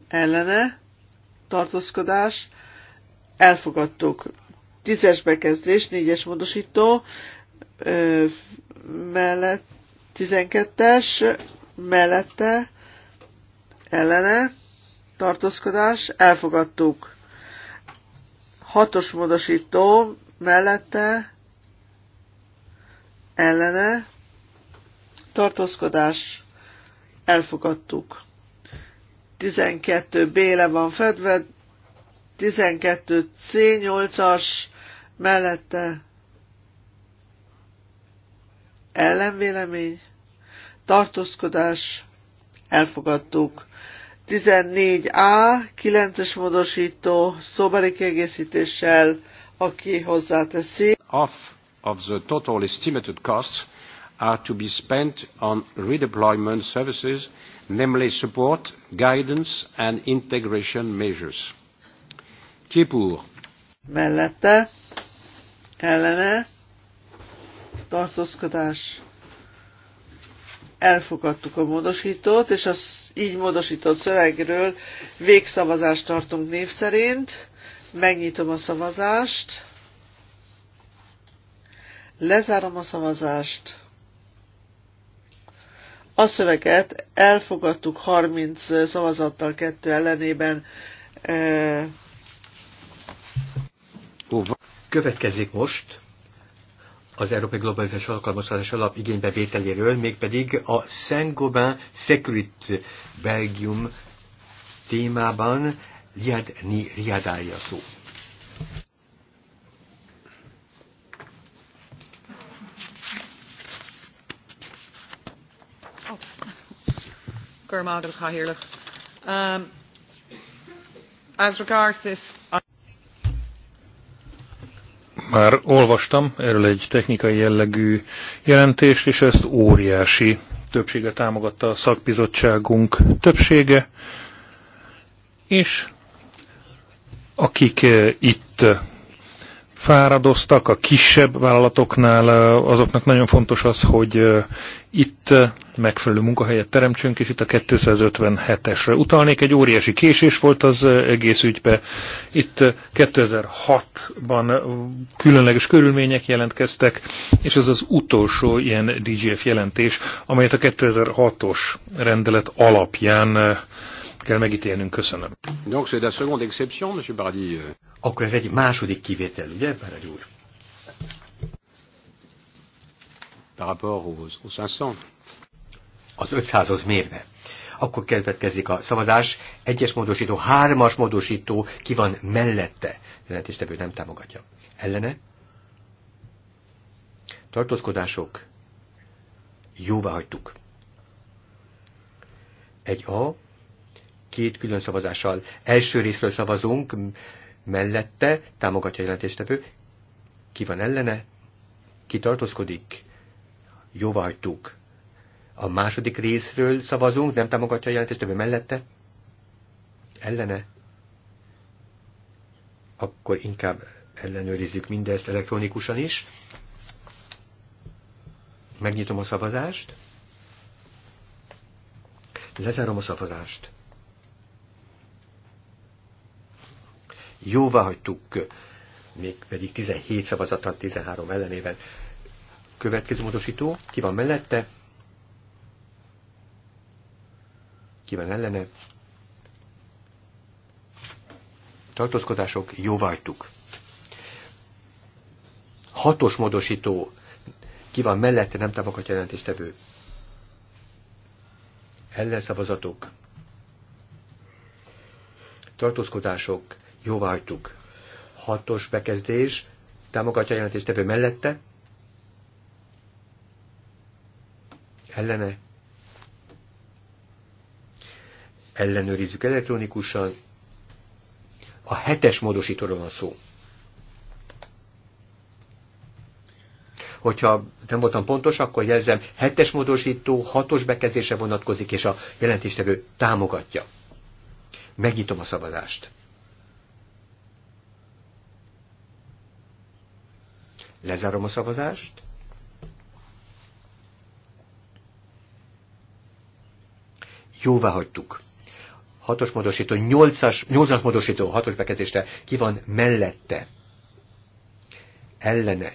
ellene, tartózkodás, elfogadtuk. Tízes bekezdés, négyes módosító, mellett, tizenkettes, mellette, ellene, tartózkodás, elfogadtuk. Hatos módosító, mellette, ellene, tartózkodás, elfogadtuk. 12B le van fedve, 12C 8-as mellette ellenvélemény, tartózkodás, elfogadtuk. 14A, 9-es módosító, szóbeli kiegészítéssel, aki hozzáteszi. Off of the total estimated costs are to be spent on redeployment services namely support, guidance and integration measures. Ki pour? Mellette, ellene, tartózkodás. Elfogadtuk a módosítót, és az így módosított szövegről végszavazást tartunk név szerint. Megnyitom a szavazást. Lezárom a szavazást. A szöveget elfogadtuk 30 szavazattal kettő ellenében. E, Következik most az Európai Globalizációs Alkalmazás Alap igénybevételéről, mégpedig a Saint-Gobain Secret Belgium témában Liad Ni Riadája szó. Um, as regards this... Már olvastam erről egy technikai jellegű jelentést, és ezt óriási többsége támogatta a szakbizottságunk többsége, és akik eh, itt fáradoztak a kisebb vállalatoknál, azoknak nagyon fontos az, hogy itt megfelelő munkahelyet teremtsünk, és itt a 257-esre utalnék. Egy óriási késés volt az egész ügybe. Itt 2006-ban különleges körülmények jelentkeztek, és ez az utolsó ilyen DGF jelentés, amelyet a 2006-os rendelet alapján kell megítélnünk. Köszönöm. Donc c'est la seconde exception, monsieur Bardi. Akkor ez egy második kivétel, ugye, Bardi úr? Par rapport aux, aux 500. Az 500-hoz mérve. Akkor kezdetkezik a szavazás. Egyes módosító, hármas módosító, ki van mellette? Jelentéstevő nem támogatja. Ellene? Tartózkodások? Jóvá hagytuk. Egy A, két külön szavazással. Első részről szavazunk, mellette támogatja a jelentéstevő, ki van ellene, ki tartózkodik, jóvá hagytuk. A második részről szavazunk, nem támogatja a jelentéstevő mellette, ellene, akkor inkább ellenőrizzük mindezt elektronikusan is. Megnyitom a szavazást. Lezárom a szavazást. jóvá hagytuk, mégpedig 17 szavazattal 13 ellenében. Következő módosító, ki van mellette? Ki van ellene? Tartózkodások, jóvá hagytuk. Hatos módosító, ki van mellette, nem támogatja jelentéstevő. Ellenszavazatok, tartózkodások, hagytuk. Hatos bekezdés támogatja a jelentéstevő mellette, ellene. Ellenőrizzük elektronikusan. A hetes módosítóról van szó. Hogyha nem voltam pontos, akkor jelzem, hetes módosító, hatos bekezdése vonatkozik, és a jelentéstevő támogatja. Megnyitom a szavazást. Lezárom a szavazást. Jóvá hagytuk. Hatos os módosító, nyolcas, as 8 módosító, bekezdésre ki van mellette. Ellene.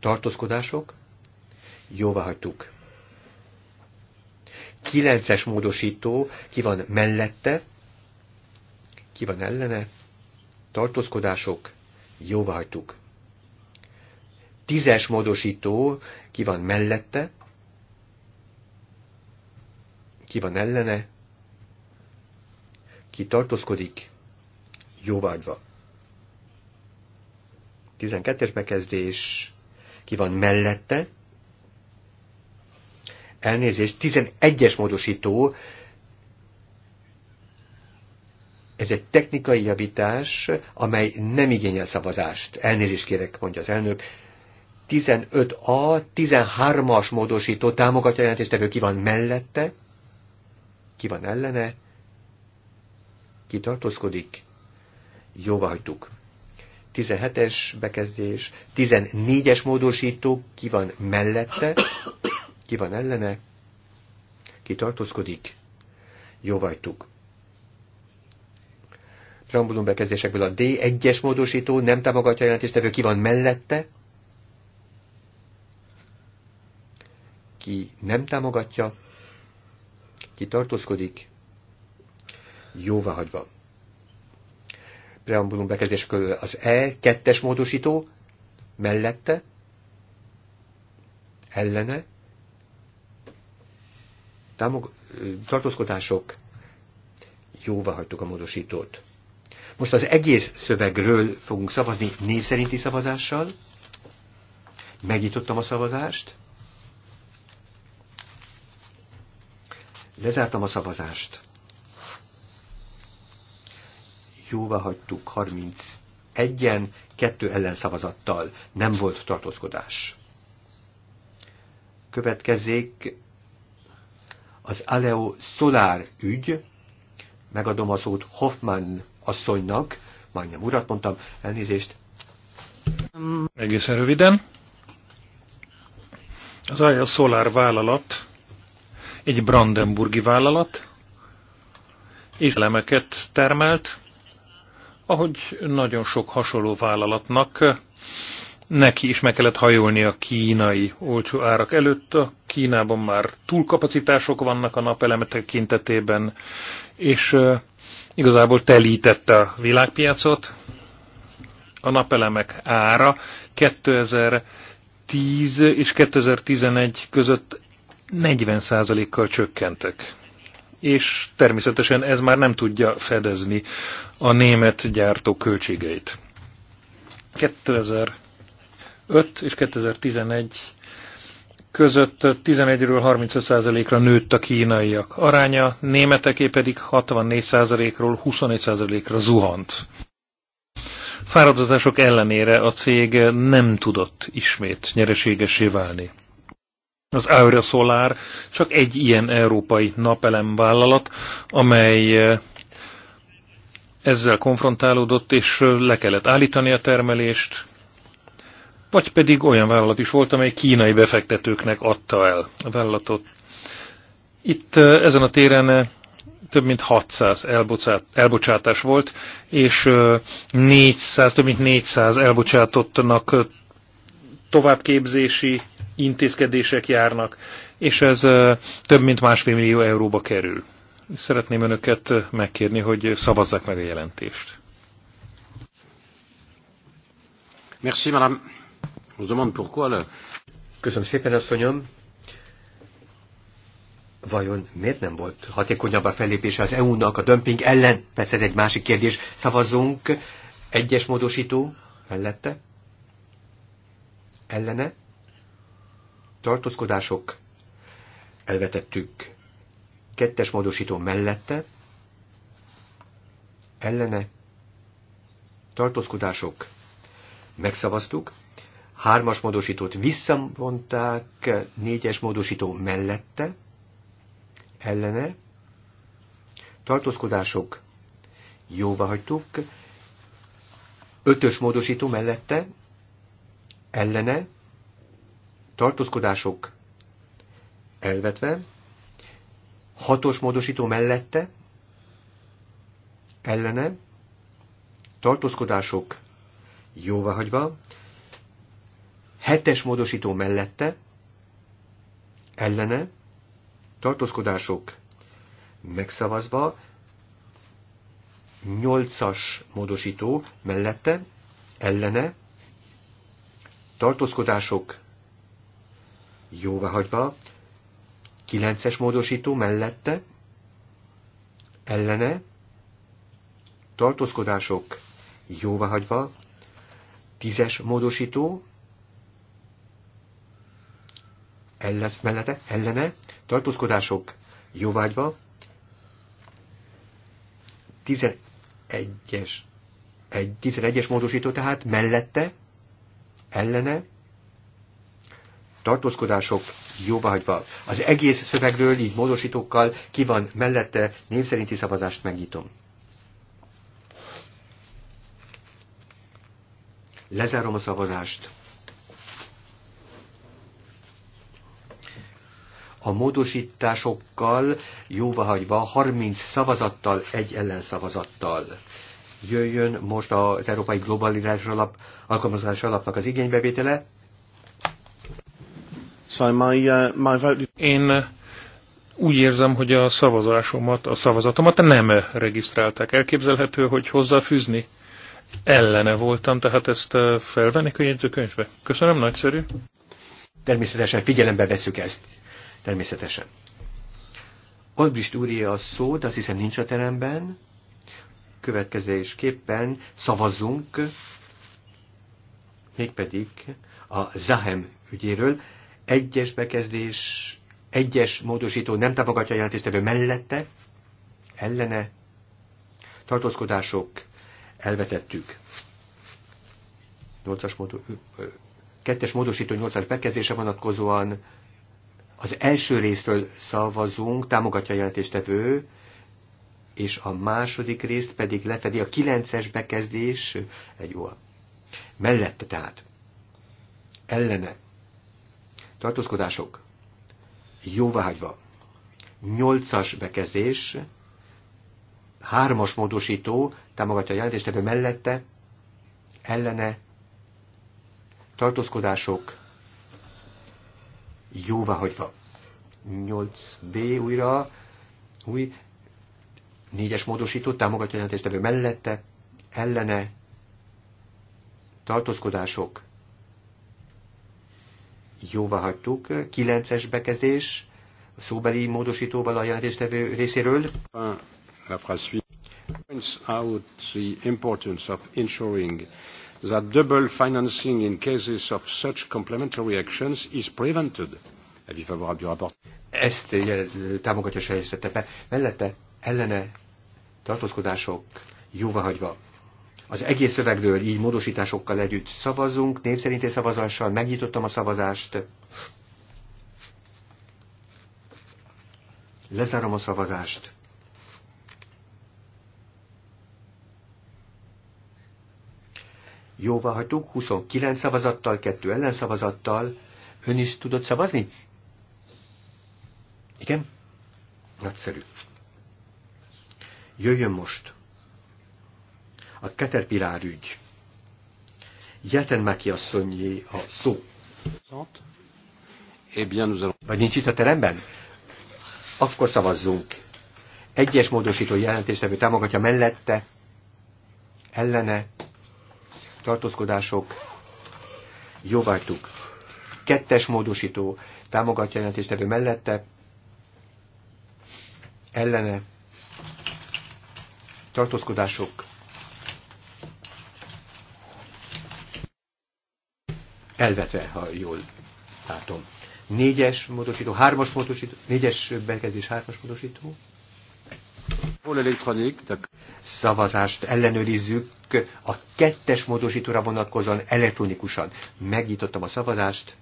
Tartózkodások. Jóvá hagytuk. Kilences módosító, ki van mellette, ki van ellene, tartózkodások, Jóvá hagytuk. Tízes módosító, ki van mellette, ki van ellene, ki tartózkodik, jóvágyva. 12-es bekezdés, ki van mellette, elnézést, 11-es módosító, ez egy technikai javítás, amely nem igényel szavazást. Elnézést kérek, mondja az elnök. 15A, 13-as módosító támogatja jelentéstevő, ki van mellette, ki van ellene, ki tartózkodik, jóvá hagytuk. 17-es bekezdés, 14-es módosító, ki van mellette, ki van ellene, ki tartózkodik, jóvá hagytuk preambulum bekezdésekből a D1-es módosító nem támogatja a jelentéstevő, ki van mellette, ki nem támogatja, ki tartózkodik, jóváhagyva. Preambulum bekezdés körül az E2-es módosító mellette, ellene, támog, tartózkodások, jóvá hagytuk a módosítót. Most az egész szövegről fogunk szavazni név szerinti szavazással. Megnyitottam a szavazást. Lezártam a szavazást. Jóvá hagytuk 31-en, kettő ellenszavazattal. Nem volt tartózkodás. Következzék az Aleo Solar ügy. Megadom a szót Hoffman asszonynak, majdnem urat mondtam, elnézést. Egészen röviden. Az Aja Solar vállalat egy brandenburgi vállalat, és elemeket termelt, ahogy nagyon sok hasonló vállalatnak neki is meg kellett hajolni a kínai olcsó árak előtt. A Kínában már túlkapacitások vannak a napelemetek kintetében, és igazából telítette a világpiacot. A napelemek ára 2010 és 2011 között 40%-kal csökkentek. És természetesen ez már nem tudja fedezni a német gyártó költségeit. 2005 és 2011 között 11-ről 35%-ra nőtt a kínaiak aránya, németeké pedig 64%-ról 21%-ra zuhant. Fáradozások ellenére a cég nem tudott ismét nyereségesé válni. Az Aura Solar csak egy ilyen európai napelemvállalat, amely eh, ezzel konfrontálódott, és eh, le kellett állítani a termelést, vagy pedig olyan vállalat is volt, amely kínai befektetőknek adta el a vállalatot. Itt ezen a téren több mint 600 elbocsátás volt, és 400, több mint 400 elbocsátottnak továbbképzési intézkedések járnak, és ez több mint másfél millió euróba kerül. Szeretném önöket megkérni, hogy szavazzák meg a jelentést. Merci, madame. On se demande pourquoi Köszönöm szépen, asszonyom. Vajon miért nem volt hatékonyabb a fellépése az EU-nak a dömping ellen? Persze ez egy másik kérdés. Szavazzunk. Egyes módosító mellette. Ellene. Tartózkodások. Elvetettük. Kettes módosító mellette. Ellene. Tartózkodások. Megszavaztuk. Hármas módosítót visszavonták, négyes módosító mellette, ellene, tartózkodások jóvá hagytuk, ötös módosító mellette, ellene, tartózkodások elvetve, hatos módosító mellette, ellene, tartózkodások hagyva, Hetes módosító mellette, ellene, tartózkodások megszavazva, nyolcas módosító mellette, ellene, tartózkodások jóváhagyva, kilences módosító mellette, ellene, tartózkodások jóváhagyva, tízes módosító ellett, mellette, ellene, tartózkodások jóvágyva, 11-es, egy 11 módosító tehát mellette, ellene, tartózkodások jóvágyva. Az egész szövegről így módosítókkal ki van mellette név szerinti szavazást megnyitom. Lezárom a szavazást. a módosításokkal jóvahagyva 30 szavazattal, egy ellenszavazattal. Jöjjön most az Európai Globalizás Alap, Alkalmazás Alapnak az igénybevétele. So my, uh, my vote... Én úgy érzem, hogy a szavazásomat, a szavazatomat nem regisztrálták. Elképzelhető, hogy hozzáfűzni? Ellene voltam, tehát ezt uh, felvennék a jegyzőkönyvbe. Köszönöm, nagyszerű. Természetesen figyelembe veszük ezt természetesen. Albrist úrja a szót, azt hiszem nincs a teremben. Következésképpen szavazzunk, mégpedig a Zahem ügyéről. Egyes bekezdés, egyes módosító nem támogatja a jelentéstevő mellette, ellene tartózkodások elvetettük. 8-as módo, kettes módosító 8-as bekezdése vonatkozóan az első részről szavazunk, támogatja a jelentéstevő, és a második részt pedig lefedi a kilences bekezdés egy óra. Mellette tehát. Ellene. Tartózkodások. Jóvágyva. Nyolcas bekezdés. Hármas módosító támogatja a jelentéstevő mellette. Ellene. Tartózkodások hagyva. 8b újra, új, négyes módosító támogatja jelentéstevő mellette, ellene, tartózkodások, hagytuk, 9-es bekezdés, szóbeli módosítóval a jelentéstevő részéről. Uh, points out the importance of ensuring that double financing in cases of such complementary actions is prevented. Avis favorable du rapport. Ezt eh, támogatja Sejsztetepe. Mellette ellene tartózkodások jóváhagyva. Az egész szövegről így módosításokkal együtt szavazunk, népszerinti szavazással megnyitottam a szavazást. Lezárom a szavazást. jóvá hagytuk, 29 szavazattal, 2 ellenszavazattal. Ön is tudott szavazni? Igen? Nagyszerű. Jöjjön most a Caterpillar ügy. Jetenmeki asszonyé a szó. Eh Vagy nincs itt a teremben? Akkor szavazzunk. Egyes módosító jelentéstevő támogatja mellette, ellene, tartózkodások, jóváltuk Kettes módosító támogatja jelentéstevő mellette, ellene tartózkodások, elvetve, ha jól látom. Négyes módosító, hármas módosító, négyes bekezdés, hármas módosító, Szavazást ellenőrizzük a kettes módosítóra vonatkozóan elektronikusan. Megnyitottam a szavazást.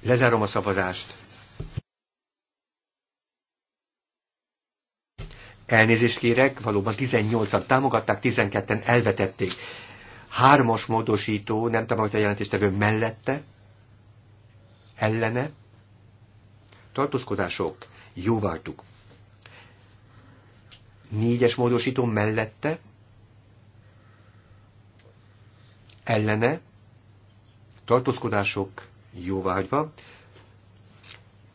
Lezárom a szavazást. Elnézést kérek, valóban 18-an támogatták, 12-en elvetették. Hármas módosító, nem támogatja a jelentéstevő mellette, ellene, tartózkodások, jóváltuk. Négyes módosító mellette, ellene, tartózkodások, jóvágyva,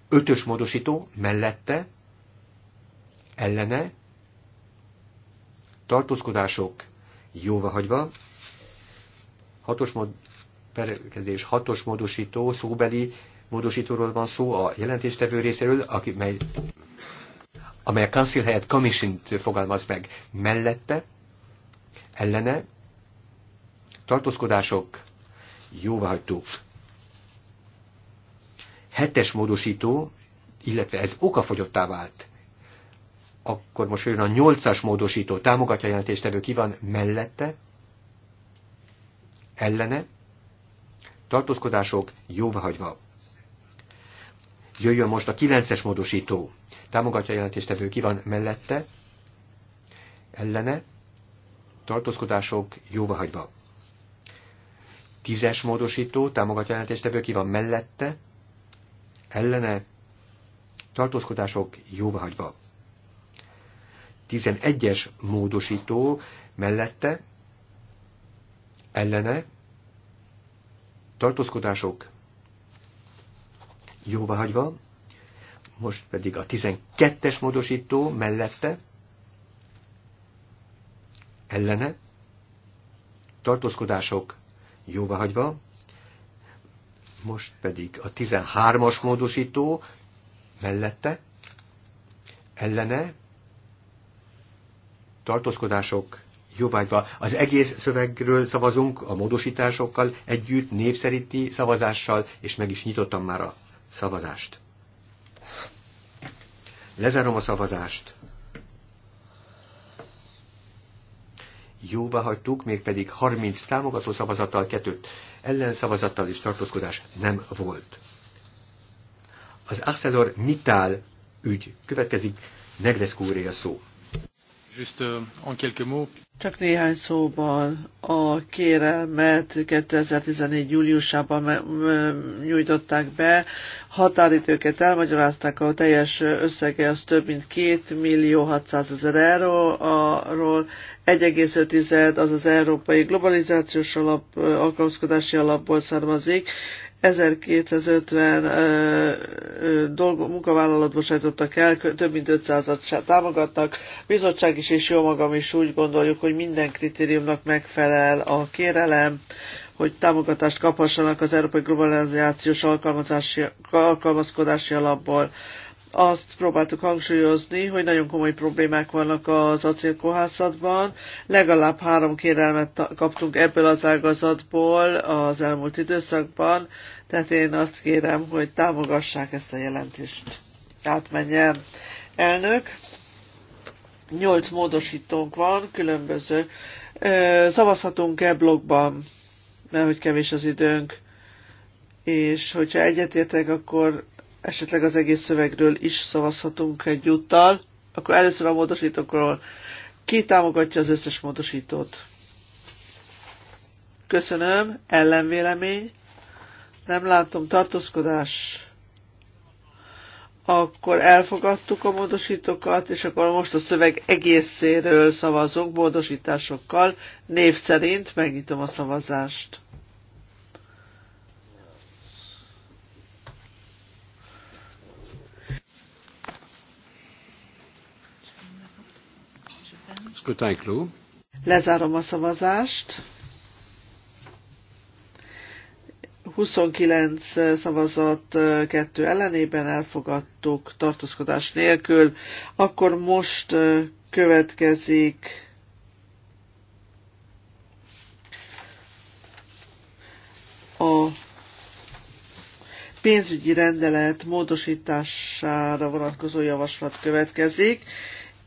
ötös módosító mellette, ellene, tartózkodások, hagyva, hatos mod, perekedés, hatos módosító, szóbeli módosítóról van szó a jelentéstevő részéről, aki, mely, amely a Council helyett commission fogalmaz meg mellette, ellene, tartózkodások, jóváhagytók. Hetes módosító, illetve ez okafogyottá vált. Akkor most jön a nyolcas módosító, támogatja a jelentéstevő, ki van mellette, ellene, tartózkodások jóváhagyva. Jöjjön most a kilences módosító. Támogatja a jelentéstevő, ki van mellette, ellene, tartózkodások jóvahagyva. tízes es módosító, támogatja a jelentéstevő, ki van mellette, ellene, tartózkodások jóvahagyva. tizenegyes es módosító mellette, ellene, tartózkodások hagyva. most pedig a 12-es módosító mellette, ellene, tartózkodások hagyva. most pedig a 13-as módosító mellette, ellene, tartózkodások jóvágyva. Az egész szövegről szavazunk a módosításokkal együtt, név szerinti szavazással, és meg is nyitottam már a szavazást. Lezárom a szavazást. Jóvá hagytuk, mégpedig 30 támogató szavazattal, kettőt ellenszavazattal is tartózkodás nem volt. Az Axelor Mittal ügy következik, Negreszkúré a szó. Uh, en quelques mots. Csak néhány szóban a kérelmet 2014. júliusában nyújtották be, határidőket elmagyarázták, a teljes összege az több mint 2 millió 600 ezer euróról, 1,5 az az Európai Globalizációs Alap alkalmazkodási alapból származik, 1250 dolgo, munkavállalat bocsájtottak el, több mint 500-at támogatnak. Bizottság is és jó magam is úgy gondoljuk, hogy minden kritériumnak megfelel a kérelem, hogy támogatást kaphassanak az Európai Globalizációs Alkalmazkodási Alapból. Azt próbáltuk hangsúlyozni, hogy nagyon komoly problémák vannak az acélkohászatban. Legalább három kérelmet kaptunk ebből az ágazatból az elmúlt időszakban tehát én azt kérem, hogy támogassák ezt a jelentést. Átmenjen. Elnök, nyolc módosítónk van, különböző. Szavazhatunk-e blogban, mert hogy kevés az időnk, és hogyha egyetértek, akkor esetleg az egész szövegről is szavazhatunk egyúttal. Akkor először a módosítókról. Ki támogatja az összes módosítót? Köszönöm. Ellenvélemény. Nem látom tartózkodás. Akkor elfogadtuk a módosítókat, és akkor most a szöveg egészéről szavazunk módosításokkal. Név szerint megnyitom a szavazást. Lezárom a szavazást. 29 szavazat, kettő ellenében elfogadtuk tartózkodás nélkül. Akkor most következik a pénzügyi rendelet módosítására vonatkozó javaslat következik,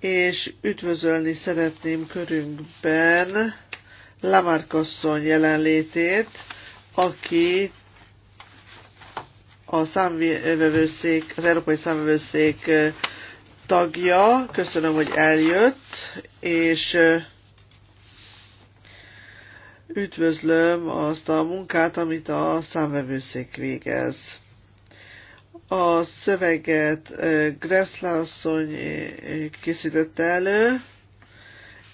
és üdvözölni szeretném körünkben Lamarkasszony jelenlétét, aki a számvevőszék, az Európai Számvevőszék tagja. Köszönöm, hogy eljött, és üdvözlöm azt a munkát, amit a számvevőszék végez. A szöveget Gressler asszony készítette elő,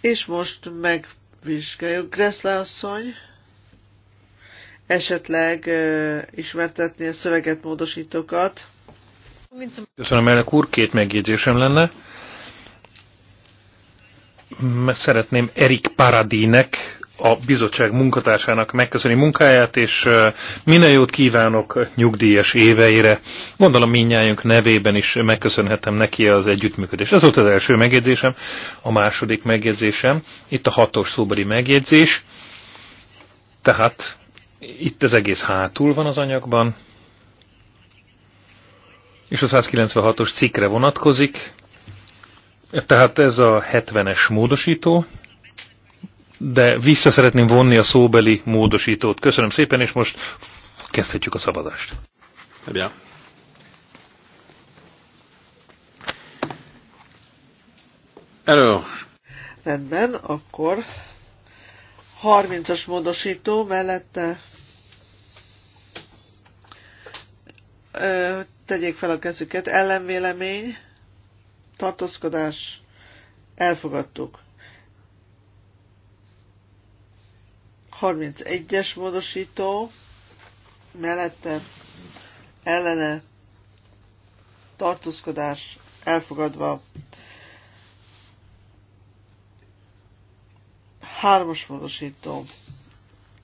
és most megvizsgáljuk. Gressler asszony, esetleg ismertetni a szöveget módosítókat. Köszönöm, elnök úr, két megjegyzésem lenne. Szeretném Erik Paradinek, a bizottság munkatársának megköszöni munkáját, és minden jót kívánok nyugdíjas éveire. Gondolom minnyájunk nevében is megköszönhetem neki az együttműködést. Ez volt az első megjegyzésem, a második megjegyzésem. Itt a hatos szóbeli megjegyzés. Tehát itt az egész hátul van az anyagban, és a 196-os cikkre vonatkozik, tehát ez a 70-es módosító, de vissza szeretném vonni a szóbeli módosítót. Köszönöm szépen, és most kezdhetjük a szavazást. Bien. Hello. Rendben, akkor 30-as módosító mellette tegyék fel a kezüket. Ellenvélemény, tartózkodás, elfogadtuk. 31-es módosító, mellette ellene tartózkodás elfogadva. Hármas módosító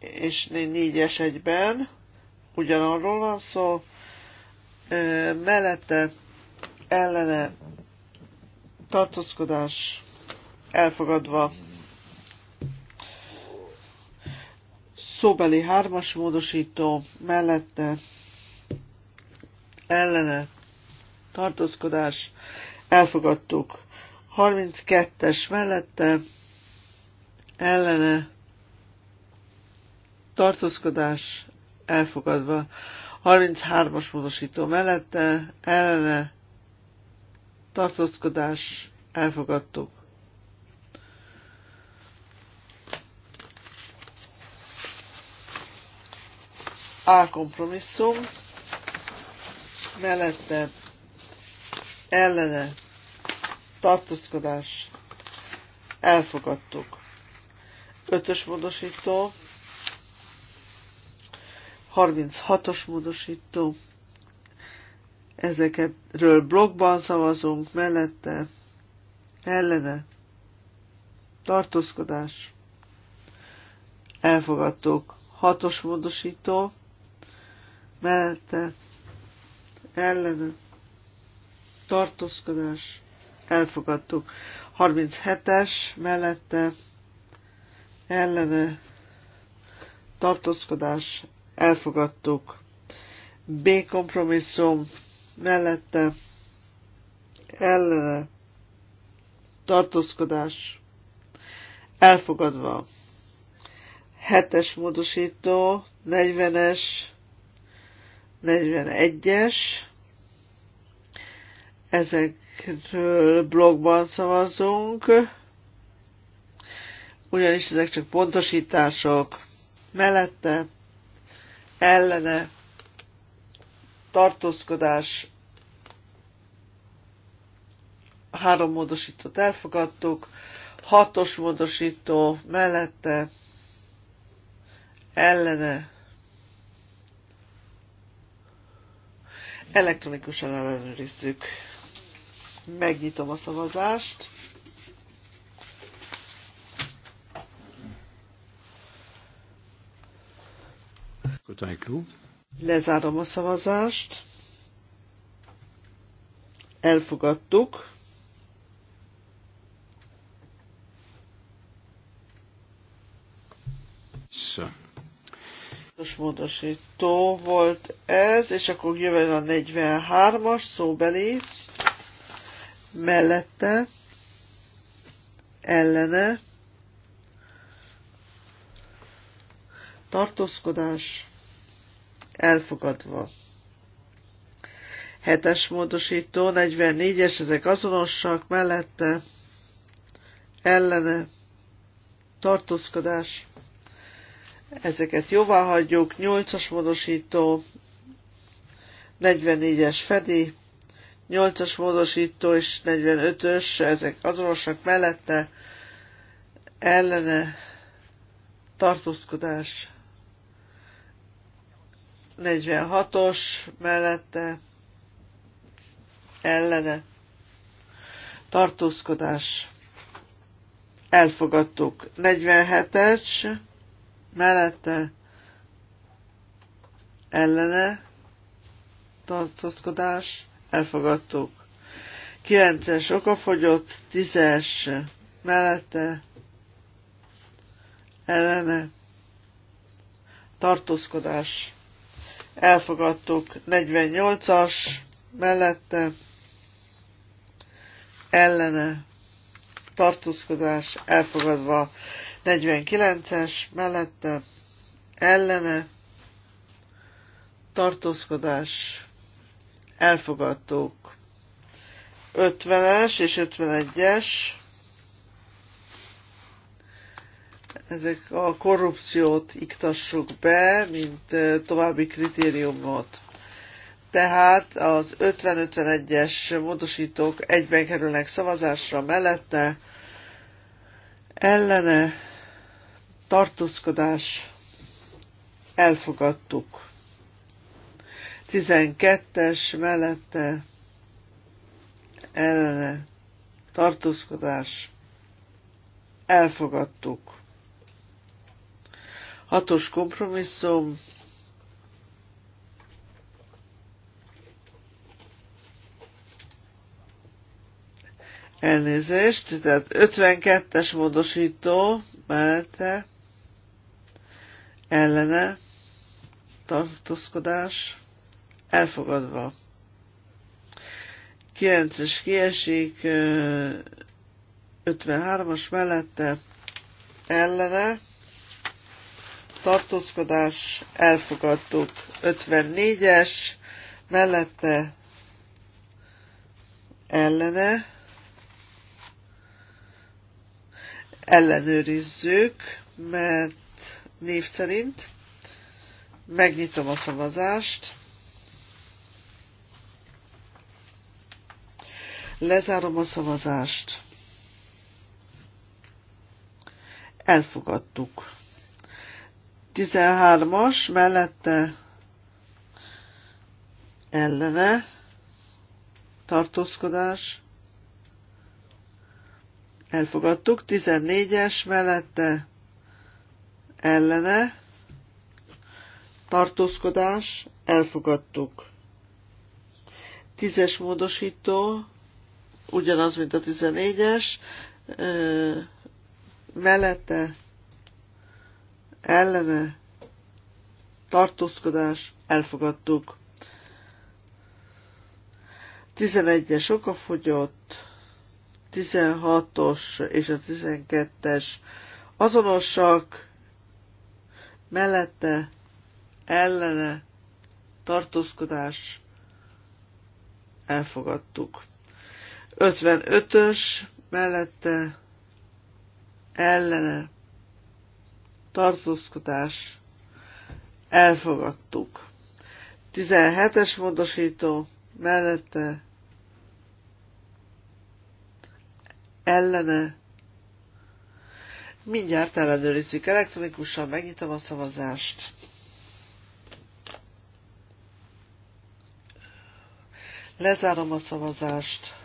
és négyes egyben ugyanarról van szó, mellette ellene tartózkodás elfogadva szóbeli hármas módosító mellette ellene tartózkodás elfogadtuk. 32-es mellette ellene tartózkodás elfogadva. 33-as módosító mellette ellene tartózkodás elfogadtuk. A kompromisszum mellette ellene tartózkodás elfogadtuk. 5-ös módosító, 36-os módosító, ezekről blogban szavazunk, mellette, ellene, tartózkodás, elfogadtuk, 6-os módosító, mellette, ellene, tartózkodás, elfogadtuk, 37-es, mellette, ellene tartózkodás elfogadtuk. B kompromisszum mellette ellene tartózkodás elfogadva. Hetes módosító, 40-es, 41-es. Ezekről blogban szavazunk ugyanis ezek csak pontosítások. Mellette, ellene, tartózkodás, három módosítót elfogadtuk, hatos módosító mellette, ellene, elektronikusan ellenőrizzük. Megnyitom a szavazást. scrutin Lezárom a szavazást. Elfogadtuk. Most módosító volt ez, és akkor jön a 43-as szóbeli mellette, ellene, tartózkodás, elfogadva. Hetes módosító, 44-es, ezek azonosak, mellette, ellene, tartózkodás, ezeket jóvá hagyjuk, 8-as módosító, 44-es fedi, 8-as módosító és 45-ös, ezek azonosak mellette, ellene, tartózkodás, 46-os mellette ellene tartózkodás elfogadtuk 47-es mellette ellene tartózkodás elfogadtuk 9-es okafogyott 10-es mellette ellene tartózkodás elfogadtuk 48-as mellette ellene tartózkodás elfogadva 49-es mellette ellene tartózkodás elfogadtuk 50-es és 51-es ezek a korrupciót iktassuk be, mint további kritériumot. Tehát az 50-51-es módosítók egyben kerülnek szavazásra mellette, ellene tartózkodás elfogadtuk. 12-es mellette ellene tartózkodás elfogadtuk. Hatos kompromisszum. Elnézést, tehát 52-es módosító mellette ellene tartózkodás elfogadva. 9-es kiesik, 53-as mellette ellene tartózkodás, elfogadtuk. 54-es, mellette ellene, ellenőrizzük, mert név szerint megnyitom a szavazást, lezárom a szavazást, elfogadtuk. 13-as mellette ellene tartózkodás. Elfogadtuk. 14-es mellette ellene tartózkodás. Elfogadtuk. 10-es módosító ugyanaz, mint a 14-es mellette ellene tartózkodás elfogadtuk. 11-es okafogyott, 16-os és a 12-es azonosak, mellette, ellene, tartózkodás, elfogadtuk. 55-ös, mellette, ellene, tartózkodás, elfogadtuk. 17-es módosító, mellette, ellene, mindjárt ellenőrizzük elektronikusan, megnyitom a szavazást. Lezárom a szavazást.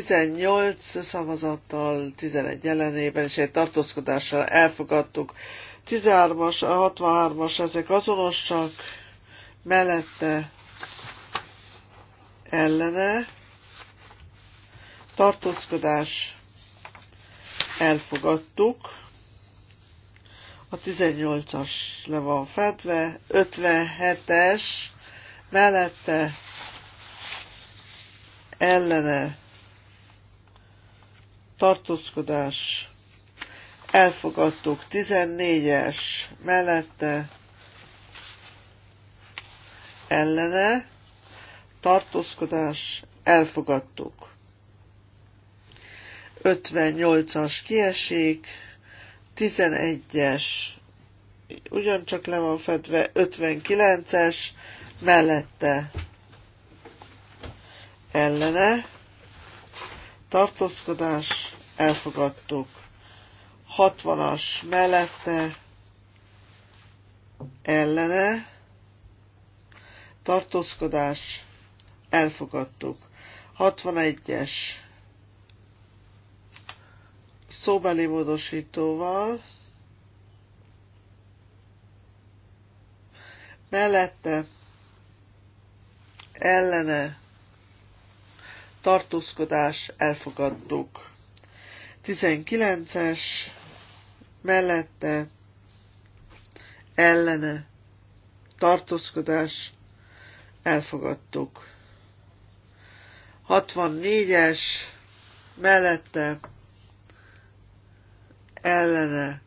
18 szavazattal, 11 ellenében és egy tartózkodással elfogadtuk. 13-as, a 63-as, ezek azonosak, mellette ellene, tartózkodás elfogadtuk, a 18-as le van fedve, 57-es, mellette ellene tartózkodás, elfogadtuk 14-es mellette, ellene, tartózkodás, elfogadtuk. 58-as kiesik, 11-es ugyancsak le van fedve, 59-es mellette ellene, tartózkodás, elfogadtuk. 60-as mellette, ellene, tartózkodás, elfogadtuk. 61-es szóbeli módosítóval, mellette, ellene, tartózkodás, elfogadtuk. 19-es, mellette, ellene, tartózkodás, elfogadtuk. 64-es, mellette, ellene,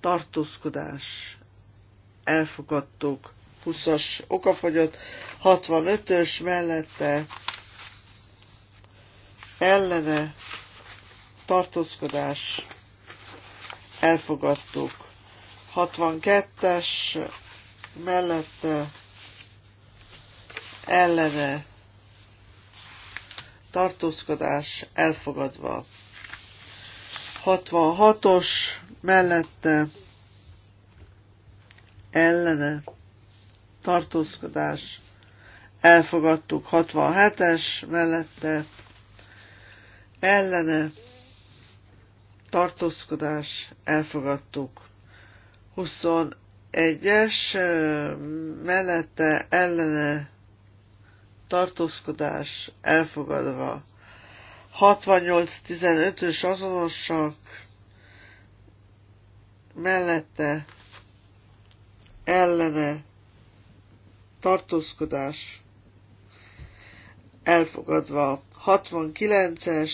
tartózkodás, elfogadtuk. 20-as okafogyott, 65-ös mellette ellene tartózkodás elfogadtuk. 62-es mellette ellene tartózkodás elfogadva. 66-os mellette ellene tartózkodás elfogadtuk. 67-es mellette ellene tartózkodás elfogadtuk. 21-es mellette ellene tartózkodás elfogadva. 68-15-ös azonosak mellette ellene tartózkodás elfogadva. 69-es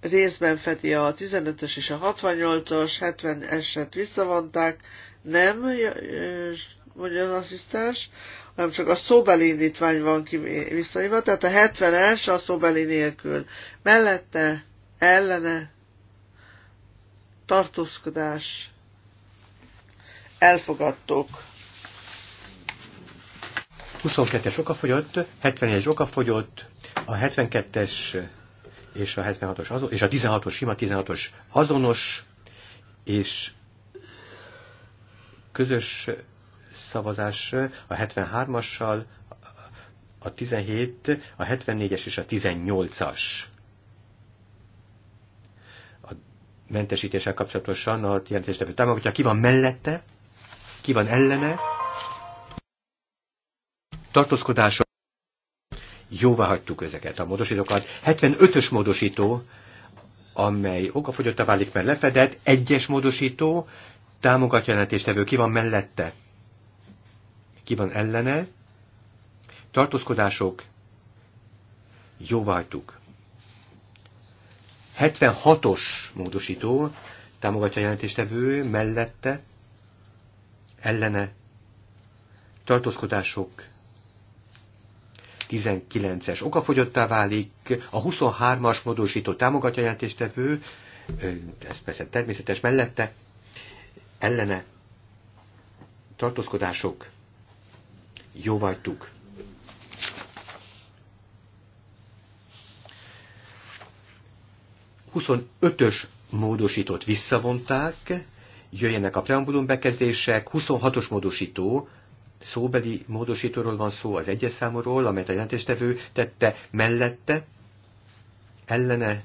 részben fedi a 15-ös és a 68-os, 70-eset visszavonták, nem, mondja az asszisztens, hanem csak a szóbeli indítvány van ki visszaívva, tehát a 70-es a szóbeli nélkül. Mellette, ellene, tartózkodás, elfogadtok. 22-es okafogyott, 71-es okafogyott, a 72-es és a 76-os azon, és a 16-os sima 16-os azonos, és közös szavazás a 73-assal, a 17, a 74-es és a 18-as. A mentesítéssel kapcsolatosan a jelentéstevő támogatja, ki van mellette, ki van ellene, tartózkodása. Jóvá hagytuk ezeket a módosítókat. 75-ös módosító, amely okafogyottá válik, mert lefedett, egyes módosító, támogatja jelentéstevő, ki van mellette, ki van ellene, tartózkodások, jóvá hagytuk. 76-os módosító, támogatja jelentéstevő, mellette, ellene, tartózkodások, 19-es okafogyottá válik, a 23-as módosító támogatja jelentéstevő, ez persze természetes mellette, ellene tartózkodások 25 ös módosítót visszavonták, jöjjenek a preambulum bekezdések, 26-os módosító szóbeli módosítóról van szó, az egyes számról, amelyet a jelentéstevő tette mellette, ellene,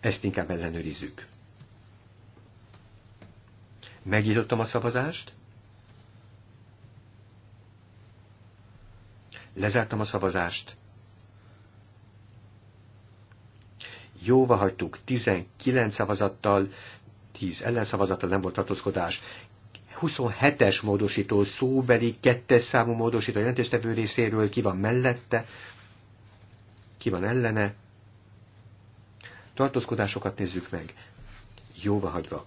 ezt inkább ellenőrizzük. Megnyitottam a szavazást, lezártam a szavazást, jóva hagytuk 19 szavazattal, 10 ellenszavazattal nem volt tartózkodás. 27-es módosító szóbeli, kettes számú módosító jelentéstevő részéről, ki van mellette, ki van ellene. Tartózkodásokat nézzük meg. Jóva hagyva.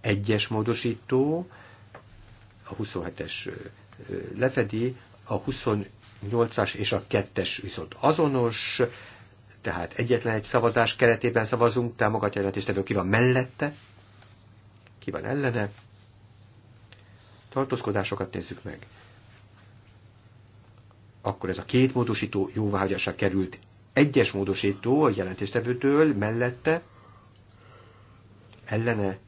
Egyes módosító, a 27-es lefedi, a 28-as és a 2-es viszont azonos, tehát egyetlen egy szavazás keretében szavazunk, támogatja a jelentéstevő, ki van mellette, ki van ellene. Tartózkodásokat nézzük meg. Akkor ez a két módosító jóváhagyásra került egyes módosító a jelentéstevőtől mellette ellene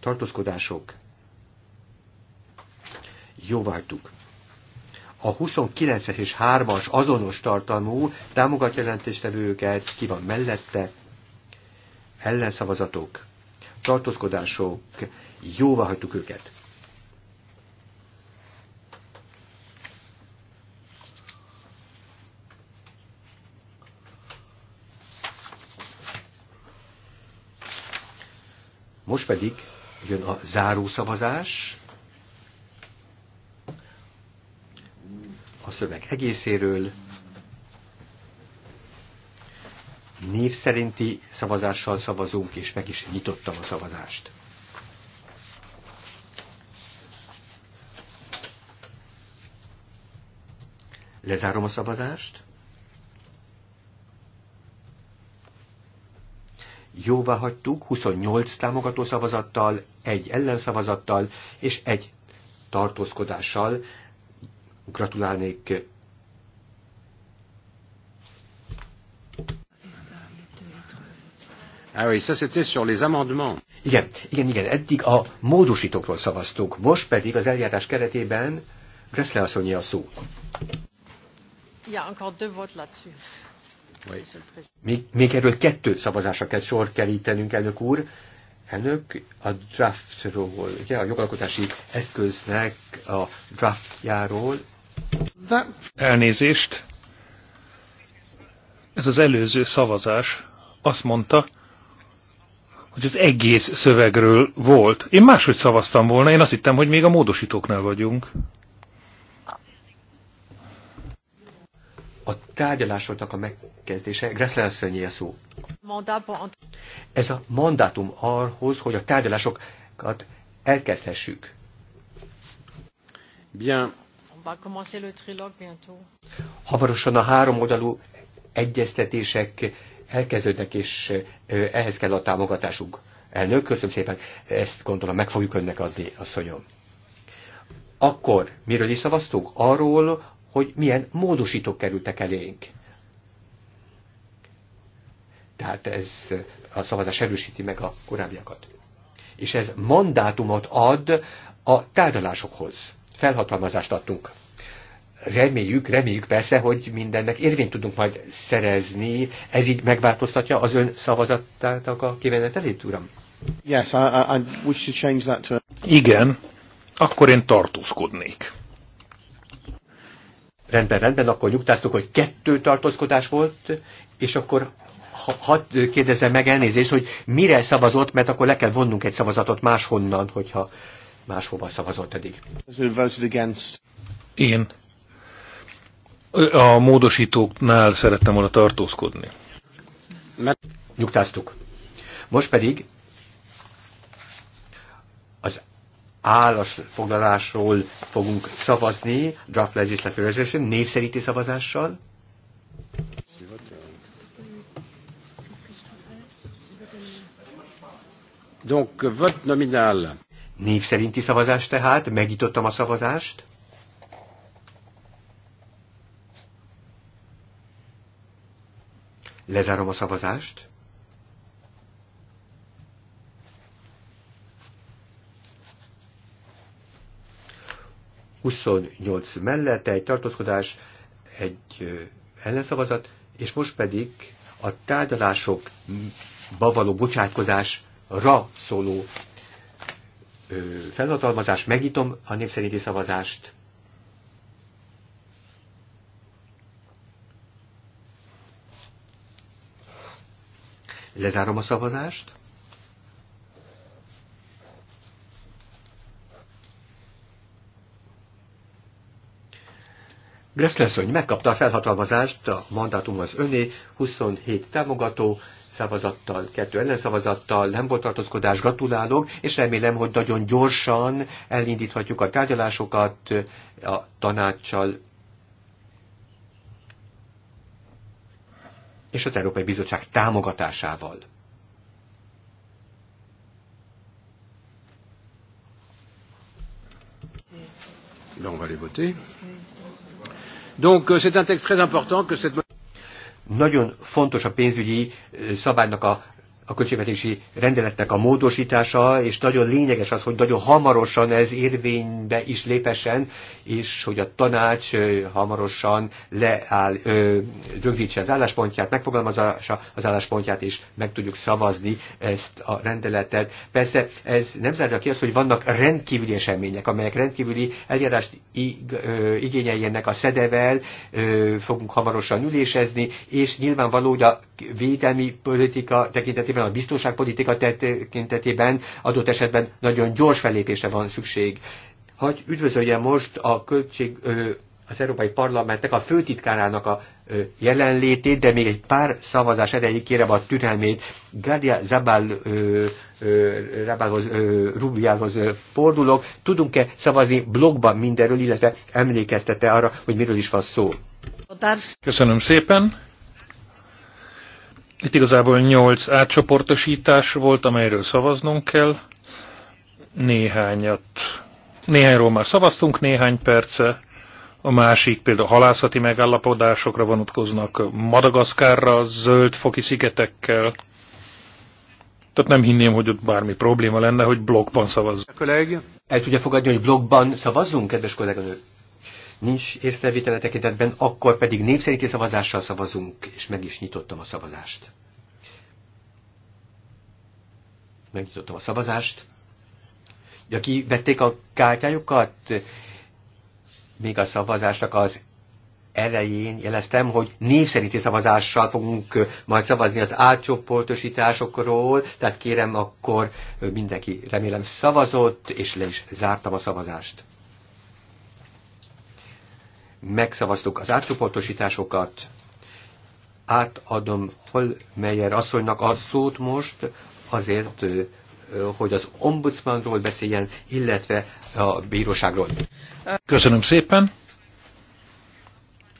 tartózkodások jóváltuk. A 29-es és 3-as azonos tartalmú támogatja jelentéstevőket, ki van mellette, ellenszavazatok, tartózkodások, jóvá hagytuk őket. Most pedig jön a zárószavazás. A szöveg egészéről név szerinti szavazással szavazunk, és meg is nyitottam a szavazást. Lezárom a szavazást. Jóvá hagytuk 28 támogató szavazattal, egy ellenszavazattal és egy tartózkodással. Gratulálnék Ah oui, ça c'était sur les amendements. Igen, igen, igen, eddig a módosítókról szavaztuk, most pedig az eljárás keretében Gressle asszonyi a szó. Ja, encore deux votes là-dessus. Oui. Még, még erről kettő szavazásra kell sor kerítenünk, elnök úr. Elnök a draftról, ugye a jogalkotási eszköznek a draftjáról. De... Elnézést. Ez az előző szavazás azt mondta, hogy az egész szövegről volt. Én máshogy szavaztam volna, én azt hittem, hogy még a módosítóknál vagyunk. A tárgyalásoknak a megkezdése, Gressler asszonyé a szó. Ez a mandátum ahhoz, hogy a tárgyalásokat elkezdhessük. Bien. Hamarosan a három oldalú egyeztetések elkezdődnek, és ehhez kell a támogatásunk. Elnök, köszönöm szépen, ezt gondolom meg fogjuk önnek adni, asszonyom. Akkor miről is szavaztunk? Arról, hogy milyen módosítók kerültek elénk. Tehát ez a szavazás erősíti meg a korábbiakat. És ez mandátumot ad a tárgyalásokhoz. Felhatalmazást adtunk reméljük, reméljük persze, hogy mindennek érvényt tudunk majd szerezni. Ez így megváltoztatja az ön szavazatának a kivenetelét, uram? Yes, I, I, I wish to change that to... Igen, akkor én tartózkodnék. Rendben, rendben, akkor nyugtáztuk, hogy kettő tartózkodás volt, és akkor hadd kérdezem meg elnézést, hogy mire szavazott, mert akkor le kell vonnunk egy szavazatot máshonnan, hogyha máshova szavazott eddig. Én a módosítóknál szerettem volna tartózkodni. Nyugtáztuk. Most pedig az állas foglalásról fogunk szavazni, draft legislative resolution, név szerinti szavazással. Donc, vote nominal. Név szerinti szavazás tehát, megnyitottam a szavazást. Lezárom a szavazást. Huszonnyolc mellette egy tartózkodás, egy ellenszavazat, és most pedig a tárgyalásokba való bocsátkozásra szóló felhatalmazás. Megnyitom a népszerinti szavazást. Lezárom a szavazást. Greszleszony megkapta a felhatalmazást, a mandátum az öné, 27 támogató, szavazattal, kettő ellenszavazattal, nem volt tartózkodás, gratulálok, és remélem, hogy nagyon gyorsan elindíthatjuk a tárgyalásokat a tanácssal és az Európai Bizottság támogatásával. Euh, Nagyon fontos a pénzügyi euh, szabálynak a a költségvetési rendeletnek a módosítása, és nagyon lényeges az, hogy nagyon hamarosan ez érvénybe is lépesen, és hogy a tanács hamarosan leáll, ö, rögzítse az álláspontját, megfogalmazása az álláspontját, és meg tudjuk szavazni ezt a rendeletet. Persze ez nem zárja ki azt, hogy vannak rendkívüli események, amelyek rendkívüli eljárást ig, ö, igényeljenek a szedevel, ö, fogunk hamarosan ülésezni, és nyilvánvaló, hogy a védelmi politika tekintetében tekintetében, a biztonságpolitika tekintetében adott esetben nagyon gyors fellépése van szükség. Hogy üdvözölje most a költség, az Európai Parlamentnek a főtitkárának a jelenlétét, de még egy pár szavazás erejéig kérem a türelmét. Gárdia Zabál Rabálhoz, Rubiához fordulok. Tudunk-e szavazni blogban mindenről, illetve emlékeztete arra, hogy miről is van szó? Köszönöm szépen. Itt igazából nyolc átcsoportosítás volt, amelyről szavaznunk kell. Néhányat, néhányról már szavaztunk néhány perce, a másik például halászati megállapodásokra vonatkoznak, Madagaszkárra, zöld foki szigetekkel. Tehát nem hinném, hogy ott bármi probléma lenne, hogy blokkban szavazzunk. el tudja fogadni, hogy blokkban szavazzunk, kedves kolléganő? nincs észrevétele tekintetben, akkor pedig népszerinti szavazással szavazunk, és meg is nyitottam a szavazást. Megnyitottam a szavazást. Ja, ki vették a kártyájukat, még a szavazásnak az elején jeleztem, hogy név szerinti szavazással fogunk majd szavazni az átcsoportosításokról, tehát kérem akkor mindenki remélem szavazott, és le is zártam a szavazást megszavaztuk az átcsoportosításokat. Átadom Holmeyer asszonynak a szót most azért, hogy az ombudsmanról beszéljen, illetve a bíróságról. Köszönöm szépen.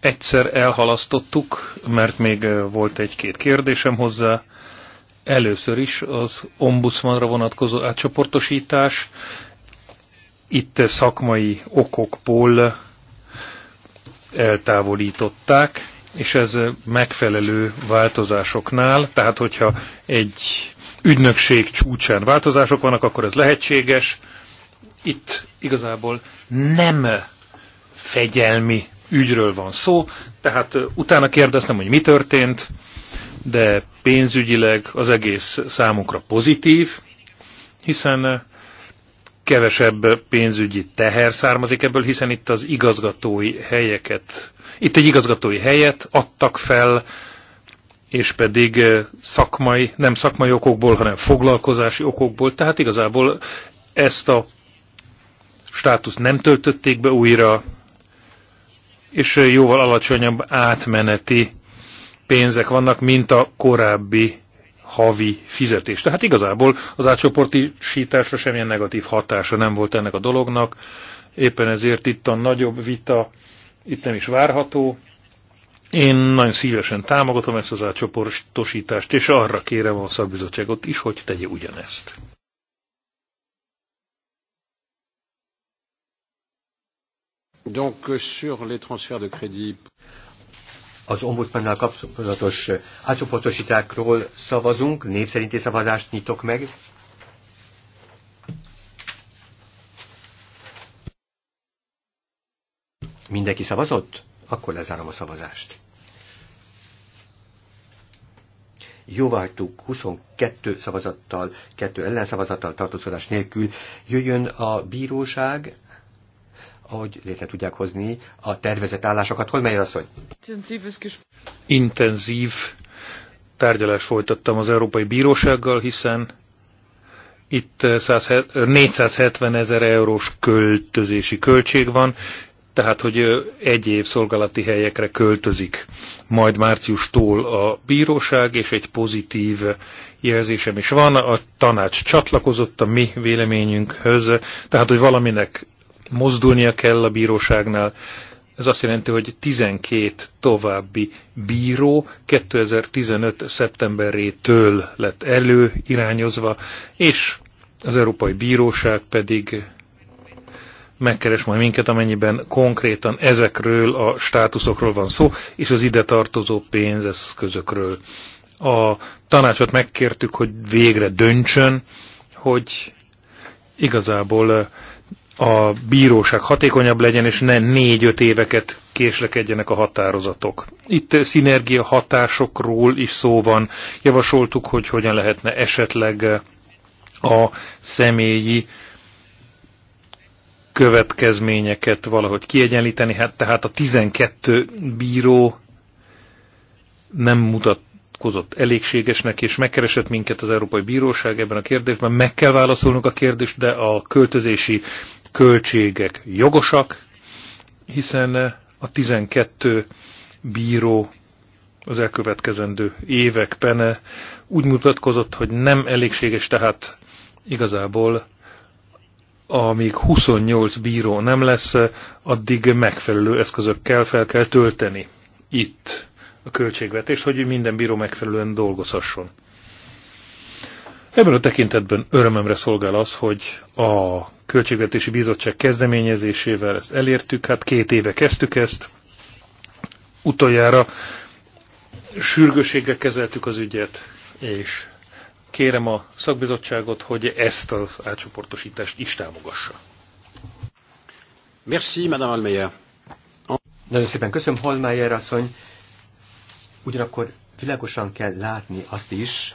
Egyszer elhalasztottuk, mert még volt egy-két kérdésem hozzá. Először is az ombudsmanra vonatkozó átcsoportosítás. Itt szakmai okokból eltávolították, és ez megfelelő változásoknál, tehát hogyha egy ügynökség csúcsán változások vannak, akkor ez lehetséges. Itt igazából nem fegyelmi ügyről van szó, tehát utána kérdeztem, hogy mi történt, de pénzügyileg az egész számunkra pozitív, hiszen kevesebb pénzügyi teher származik ebből, hiszen itt az igazgatói helyeket, itt egy igazgatói helyet adtak fel, és pedig eh, szakmai, nem szakmai okokból, hanem foglalkozási okokból, tehát igazából ezt a státuszt nem töltötték be újra, és eh, jóval alacsonyabb átmeneti pénzek vannak, mint a korábbi havi fizetés. Tehát igazából az átcsoportisításra semmilyen negatív hatása nem volt ennek a dolognak, éppen ezért itt a nagyobb vita itt nem is várható. Én nagyon szívesen támogatom ezt az átcsoportosítást, és arra kérem a szakbizottságot is, hogy tegye ugyanezt. Donc sur les transferts de crédit az ombudsmannal kapcsolatos eh, átcsoportosításról szavazunk, népszerinti szavazást nyitok meg. Mindenki szavazott? Akkor lezárom a szavazást. Jóvá 22 szavazattal, 2 ellenszavazattal tartózkodás nélkül. Jöjjön a bíróság, hogy létre tudják hozni a tervezett állásokat. Hol megy hogy? Intenzív tárgyalás folytattam az Európai Bírósággal, hiszen itt 470 ezer eurós költözési költség van, tehát hogy év szolgálati helyekre költözik majd márciustól a bíróság, és egy pozitív jelzésem is van, a tanács csatlakozott a mi véleményünkhöz, tehát hogy valaminek mozdulnia kell a bíróságnál. Ez azt jelenti, hogy 12 további bíró 2015. szeptemberétől lett előirányozva, és az Európai Bíróság pedig megkeres majd minket, amennyiben konkrétan ezekről a státuszokról van szó, és az ide tartozó pénzeszközökről. A tanácsot megkértük, hogy végre döntsön, hogy igazából a bíróság hatékonyabb legyen, és ne négy-öt éveket késlekedjenek a határozatok. Itt szinergia hatásokról is szó van. Javasoltuk, hogy hogyan lehetne esetleg a személyi következményeket valahogy kiegyenlíteni. Hát, tehát a 12 bíró nem mutat nyilatkozott elégségesnek, és megkeresett minket az Európai Bíróság ebben a kérdésben. Meg kell válaszolnunk a kérdést, de a költözési költségek jogosak, hiszen a 12 bíró az elkövetkezendő években úgy mutatkozott, hogy nem elégséges, tehát igazából amíg 28 bíró nem lesz, addig megfelelő eszközökkel fel kell tölteni itt a költségvetést, hogy minden bíró megfelelően dolgozhasson. Ebben a tekintetben örömömre szolgál az, hogy a Költségvetési Bizottság kezdeményezésével ezt elértük, hát két éve kezdtük ezt, utoljára sürgőséggel kezeltük az ügyet, és kérem a szakbizottságot, hogy ezt az átcsoportosítást is támogassa. Merci, Madame Almeyer. Nagyon szépen köszönöm, Holmeyer asszony. Ugyanakkor világosan kell látni azt is,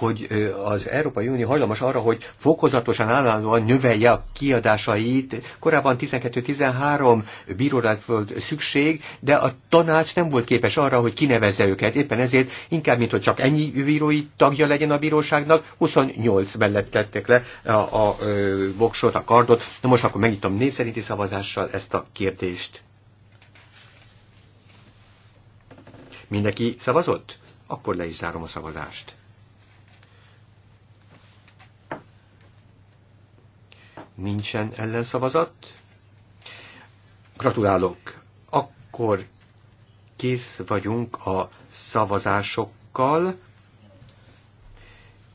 hogy az Európai Unió hajlamos arra, hogy fokozatosan állandóan növelje a kiadásait. Korábban 12-13 bírólat volt szükség, de a tanács nem volt képes arra, hogy kinevezze őket. Éppen ezért inkább, mint hogy csak ennyi bírói tagja legyen a bíróságnak, 28 mellett tettek le a, a, a voksot, a kardot. Na most akkor megnyitom név szerinti szavazással ezt a kérdést. Mindenki szavazott? Akkor le is zárom a szavazást. nincsen ellenszavazat. Gratulálok! Akkor kész vagyunk a szavazásokkal.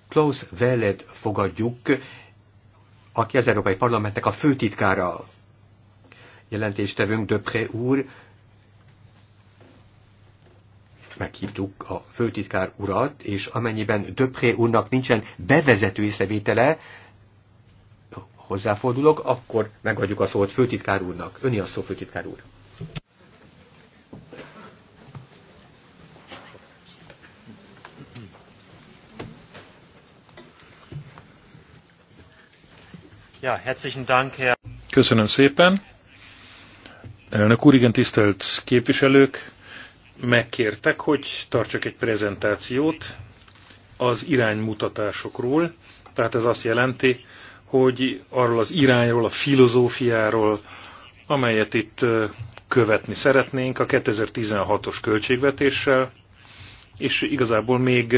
Klaus Veled fogadjuk, aki az Európai Parlamentnek a főtitkára. jelentéstevőnk Döpré úr, meghívtuk a főtitkár urat, és amennyiben Döpré úrnak nincsen bevezető észrevétele, hozzáfordulok, akkor megadjuk a szót főtitkár úrnak. Öni a szó, főtitkár úr. Ja, Köszönöm szépen. Elnök úr, igen, tisztelt képviselők, megkértek, hogy tartsak egy prezentációt az iránymutatásokról. Tehát ez azt jelenti, hogy arról az irányról, a filozófiáról, amelyet itt követni szeretnénk a 2016-os költségvetéssel, és igazából még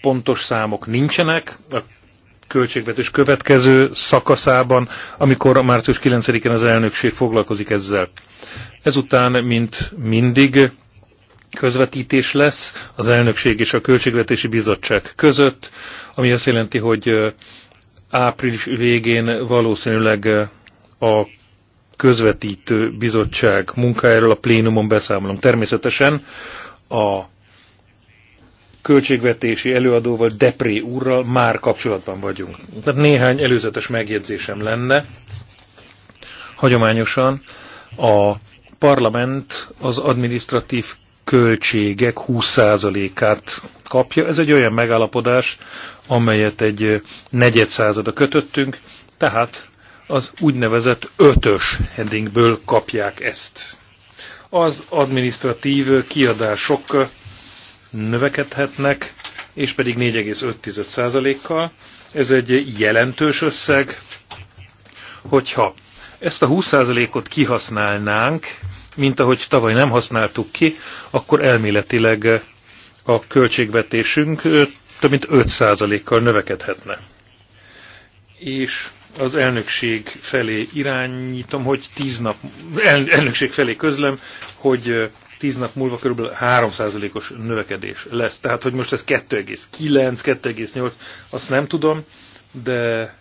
pontos számok nincsenek a költségvetés következő szakaszában, amikor a március 9-én az elnökség foglalkozik ezzel. Ezután, mint mindig, közvetítés lesz az elnökség és a költségvetési bizottság között, ami azt jelenti, hogy április végén valószínűleg eh, a közvetítő bizottság munkájáról a plénumon beszámolom. Természetesen a költségvetési előadóval, Depré úrral már kapcsolatban vagyunk. Tehát néhány előzetes megjegyzésem lenne. Hagyományosan a parlament az administratív költségek 20%-át kapja. Ez egy olyan megállapodás, amelyet egy negyed százada kötöttünk, tehát az úgynevezett ötös headingből kapják ezt. Az administratív kiadások növekedhetnek, és pedig 4,5%-kal. Ez egy jelentős összeg, hogyha ezt a 20%-ot kihasználnánk, mint ahogy tavaly nem használtuk ki, akkor elméletileg a költségvetésünk több mint 5%-kal növekedhetne. És az elnökség felé irányítom, hogy 10 nap, el, elnökség felé közlem, hogy 10 nap múlva kb. 3%-os növekedés lesz. Tehát, hogy most ez 2,9, 2,8, azt nem tudom, de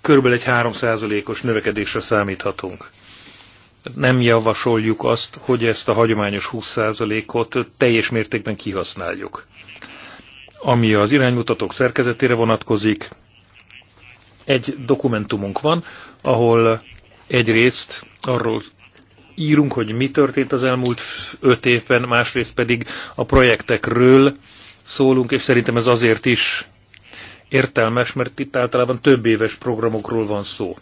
kb. egy 3%-os növekedésre számíthatunk nem javasoljuk azt, hogy ezt a hagyományos 20%-ot teljes mértékben kihasználjuk. Ami az iránymutatók szerkezetére vonatkozik, egy dokumentumunk van, ahol egyrészt arról írunk, hogy mi történt az elmúlt öt évben, másrészt pedig a projektekről szólunk, és szerintem ez azért is értelmes, mert itt általában több éves programokról van szó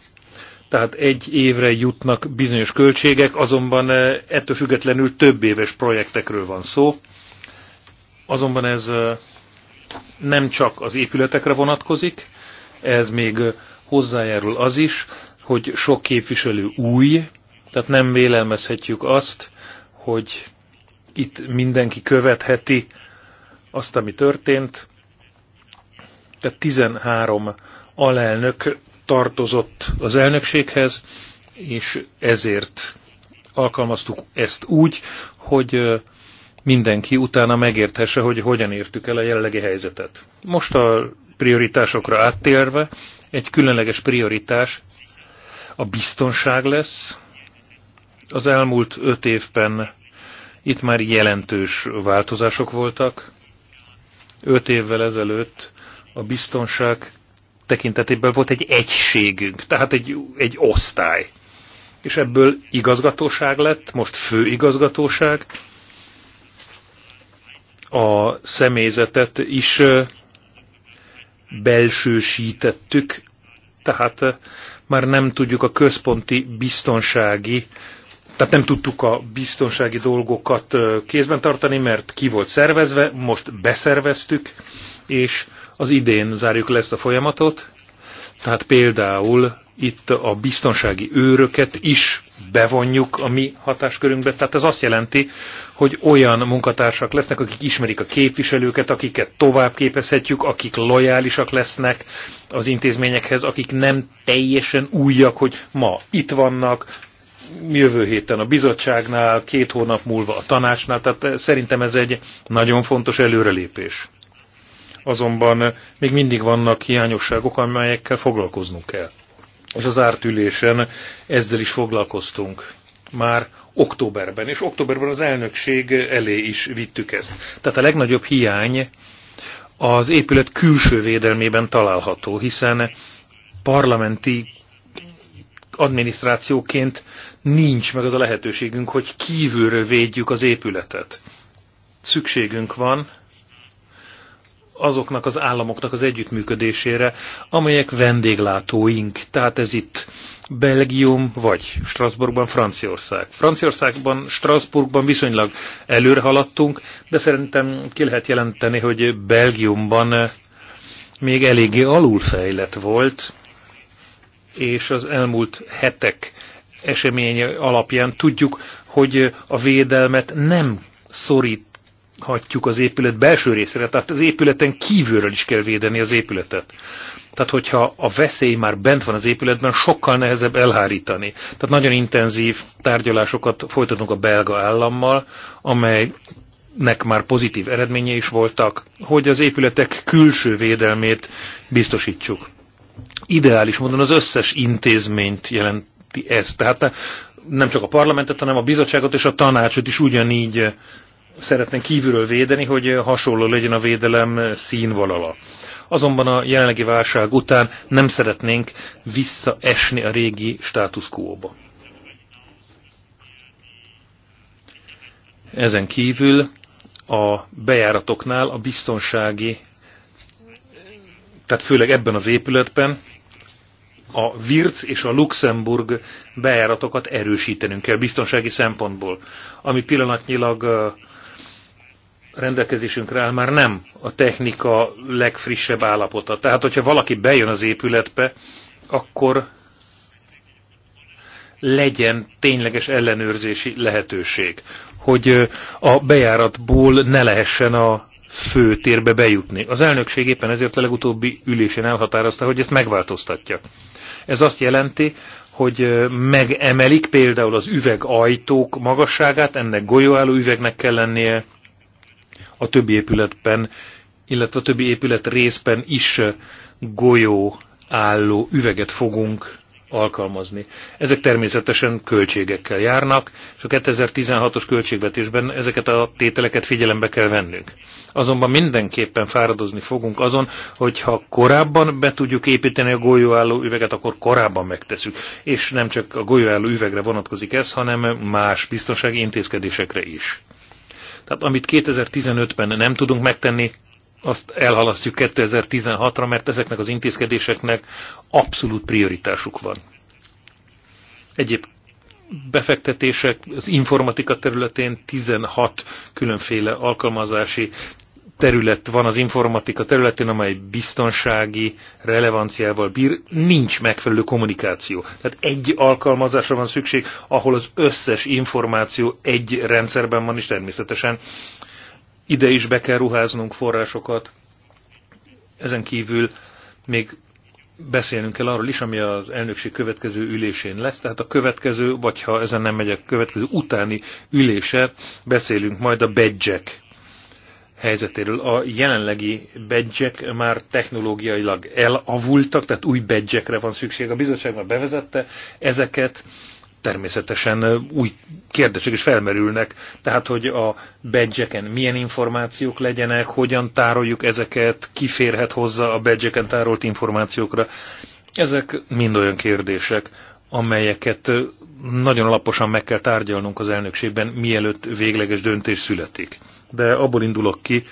tehát egy évre jutnak bizonyos költségek, azonban eh, ettől függetlenül több éves projektekről van szó. Azonban ez eh, nem csak az épületekre vonatkozik, ez még eh, hozzájárul az is, hogy sok képviselő új, tehát nem vélelmezhetjük azt, hogy itt mindenki követheti azt, ami történt. Tehát 13 alelnök tartozott az elnökséghez, és ezért alkalmaztuk ezt úgy, hogy mindenki utána megérthesse, hogy hogyan értük el a jellegi helyzetet. Most a prioritásokra áttérve, egy különleges prioritás a biztonság lesz. Az elmúlt öt évben itt már jelentős változások voltak. Öt évvel ezelőtt a biztonság tekintetében volt egy egységünk, tehát egy, egy osztály. És ebből igazgatóság lett, most főigazgatóság. A személyzetet is belsősítettük, tehát már nem tudjuk a központi biztonsági, tehát nem tudtuk a biztonsági dolgokat kézben tartani, mert ki volt szervezve, most beszerveztük, és az idén zárjuk le ezt a folyamatot, tehát például itt a biztonsági őröket is bevonjuk a mi hatáskörünkbe. Tehát ez azt jelenti, hogy olyan munkatársak lesznek, akik ismerik a képviselőket, akiket tovább képezhetjük, akik lojálisak lesznek az intézményekhez, akik nem teljesen újak, hogy ma itt vannak, jövő héten a bizottságnál, két hónap múlva a tanácsnál, tehát szerintem ez egy nagyon fontos előrelépés azonban eh, még mindig vannak hiányosságok, amelyekkel foglalkoznunk kell. És az ártülésen ezzel is foglalkoztunk már októberben, és októberben az elnökség elé is vittük ezt. Tehát a legnagyobb hiány az épület külső védelmében található, hiszen parlamenti adminisztrációként nincs meg az a lehetőségünk, hogy kívülről védjük az épületet. Szükségünk van azoknak az államoknak az együttműködésére, amelyek vendéglátóink. Tehát ez itt Belgium vagy Strasbourgban Franciaország. Franciaországban, Strasbourgban viszonylag előre haladtunk, de szerintem ki lehet jelenteni, hogy Belgiumban még eléggé alulfejlett volt, és az elmúlt hetek eseménye alapján tudjuk, hogy a védelmet nem szorít hagyjuk az épület belső részére, tehát az épületen kívülről is kell védeni az épületet. Tehát, hogyha a veszély már bent van az épületben, sokkal nehezebb elhárítani. Tehát nagyon intenzív tárgyalásokat folytatunk a belga állammal, amelynek már pozitív eredménye is voltak, hogy az épületek külső védelmét biztosítsuk. Ideális módon az összes intézményt jelenti ez. Tehát nem csak a parlamentet, hanem a bizottságot és a tanácsot is ugyanígy szeretnénk kívülről védeni, hogy hasonló legyen a védelem színvonala. Azonban a jelenlegi válság után nem szeretnénk visszaesni a régi status quo-ba. Ezen kívül a bejáratoknál a biztonsági, tehát főleg ebben az épületben, a Virc és a Luxemburg bejáratokat erősítenünk kell biztonsági szempontból, ami pillanatnyilag rendelkezésünkre áll már nem a technika legfrissebb állapota. Tehát, hogyha valaki bejön az épületbe, akkor legyen tényleges ellenőrzési lehetőség, hogy a bejáratból ne lehessen a fő térbe bejutni. Az elnökség éppen ezért a legutóbbi ülésen elhatározta, hogy ezt megváltoztatja. Ez azt jelenti, hogy megemelik például az üvegajtók magasságát, ennek golyóálló üvegnek kell lennie, a többi épületben, illetve a többi épület részben is golyó álló üveget fogunk alkalmazni. Ezek természetesen költségekkel járnak, és a 2016-os költségvetésben ezeket a tételeket figyelembe kell vennünk. Azonban mindenképpen fáradozni fogunk azon, hogy ha korábban be tudjuk építeni a golyóálló üveget, akkor korábban megteszük. És nem csak a golyóálló üvegre vonatkozik ez, hanem más biztonsági intézkedésekre is. Tehát amit 2015-ben nem tudunk megtenni, azt elhalasztjuk 2016-ra, mert ezeknek az intézkedéseknek abszolút prioritásuk van. Egyéb befektetések az informatika területén 16 különféle alkalmazási terület van az informatika területén, amely biztonsági relevanciával bír, nincs megfelelő kommunikáció. Tehát egy alkalmazásra van szükség, ahol az összes információ egy rendszerben van, és természetesen ide is be kell ruháznunk forrásokat. Ezen kívül még beszélnünk kell arról is, ami az elnökség következő ülésén lesz, tehát a következő, vagy ha ezen nem megyek, következő utáni ülése beszélünk majd a bedzsek helyzetéről. A jelenlegi bedzsek már technológiailag elavultak, tehát új bedzsekre van szükség. A bizottság már bevezette ezeket, természetesen új kérdések is felmerülnek, tehát hogy a bedzseken milyen információk legyenek, hogyan tároljuk ezeket, kiférhet hozzá a bedzseken tárolt információkra. Ezek mind olyan kérdések, amelyeket nagyon alaposan meg kell tárgyalnunk az elnökségben, mielőtt végleges döntés születik de abból indulok ki,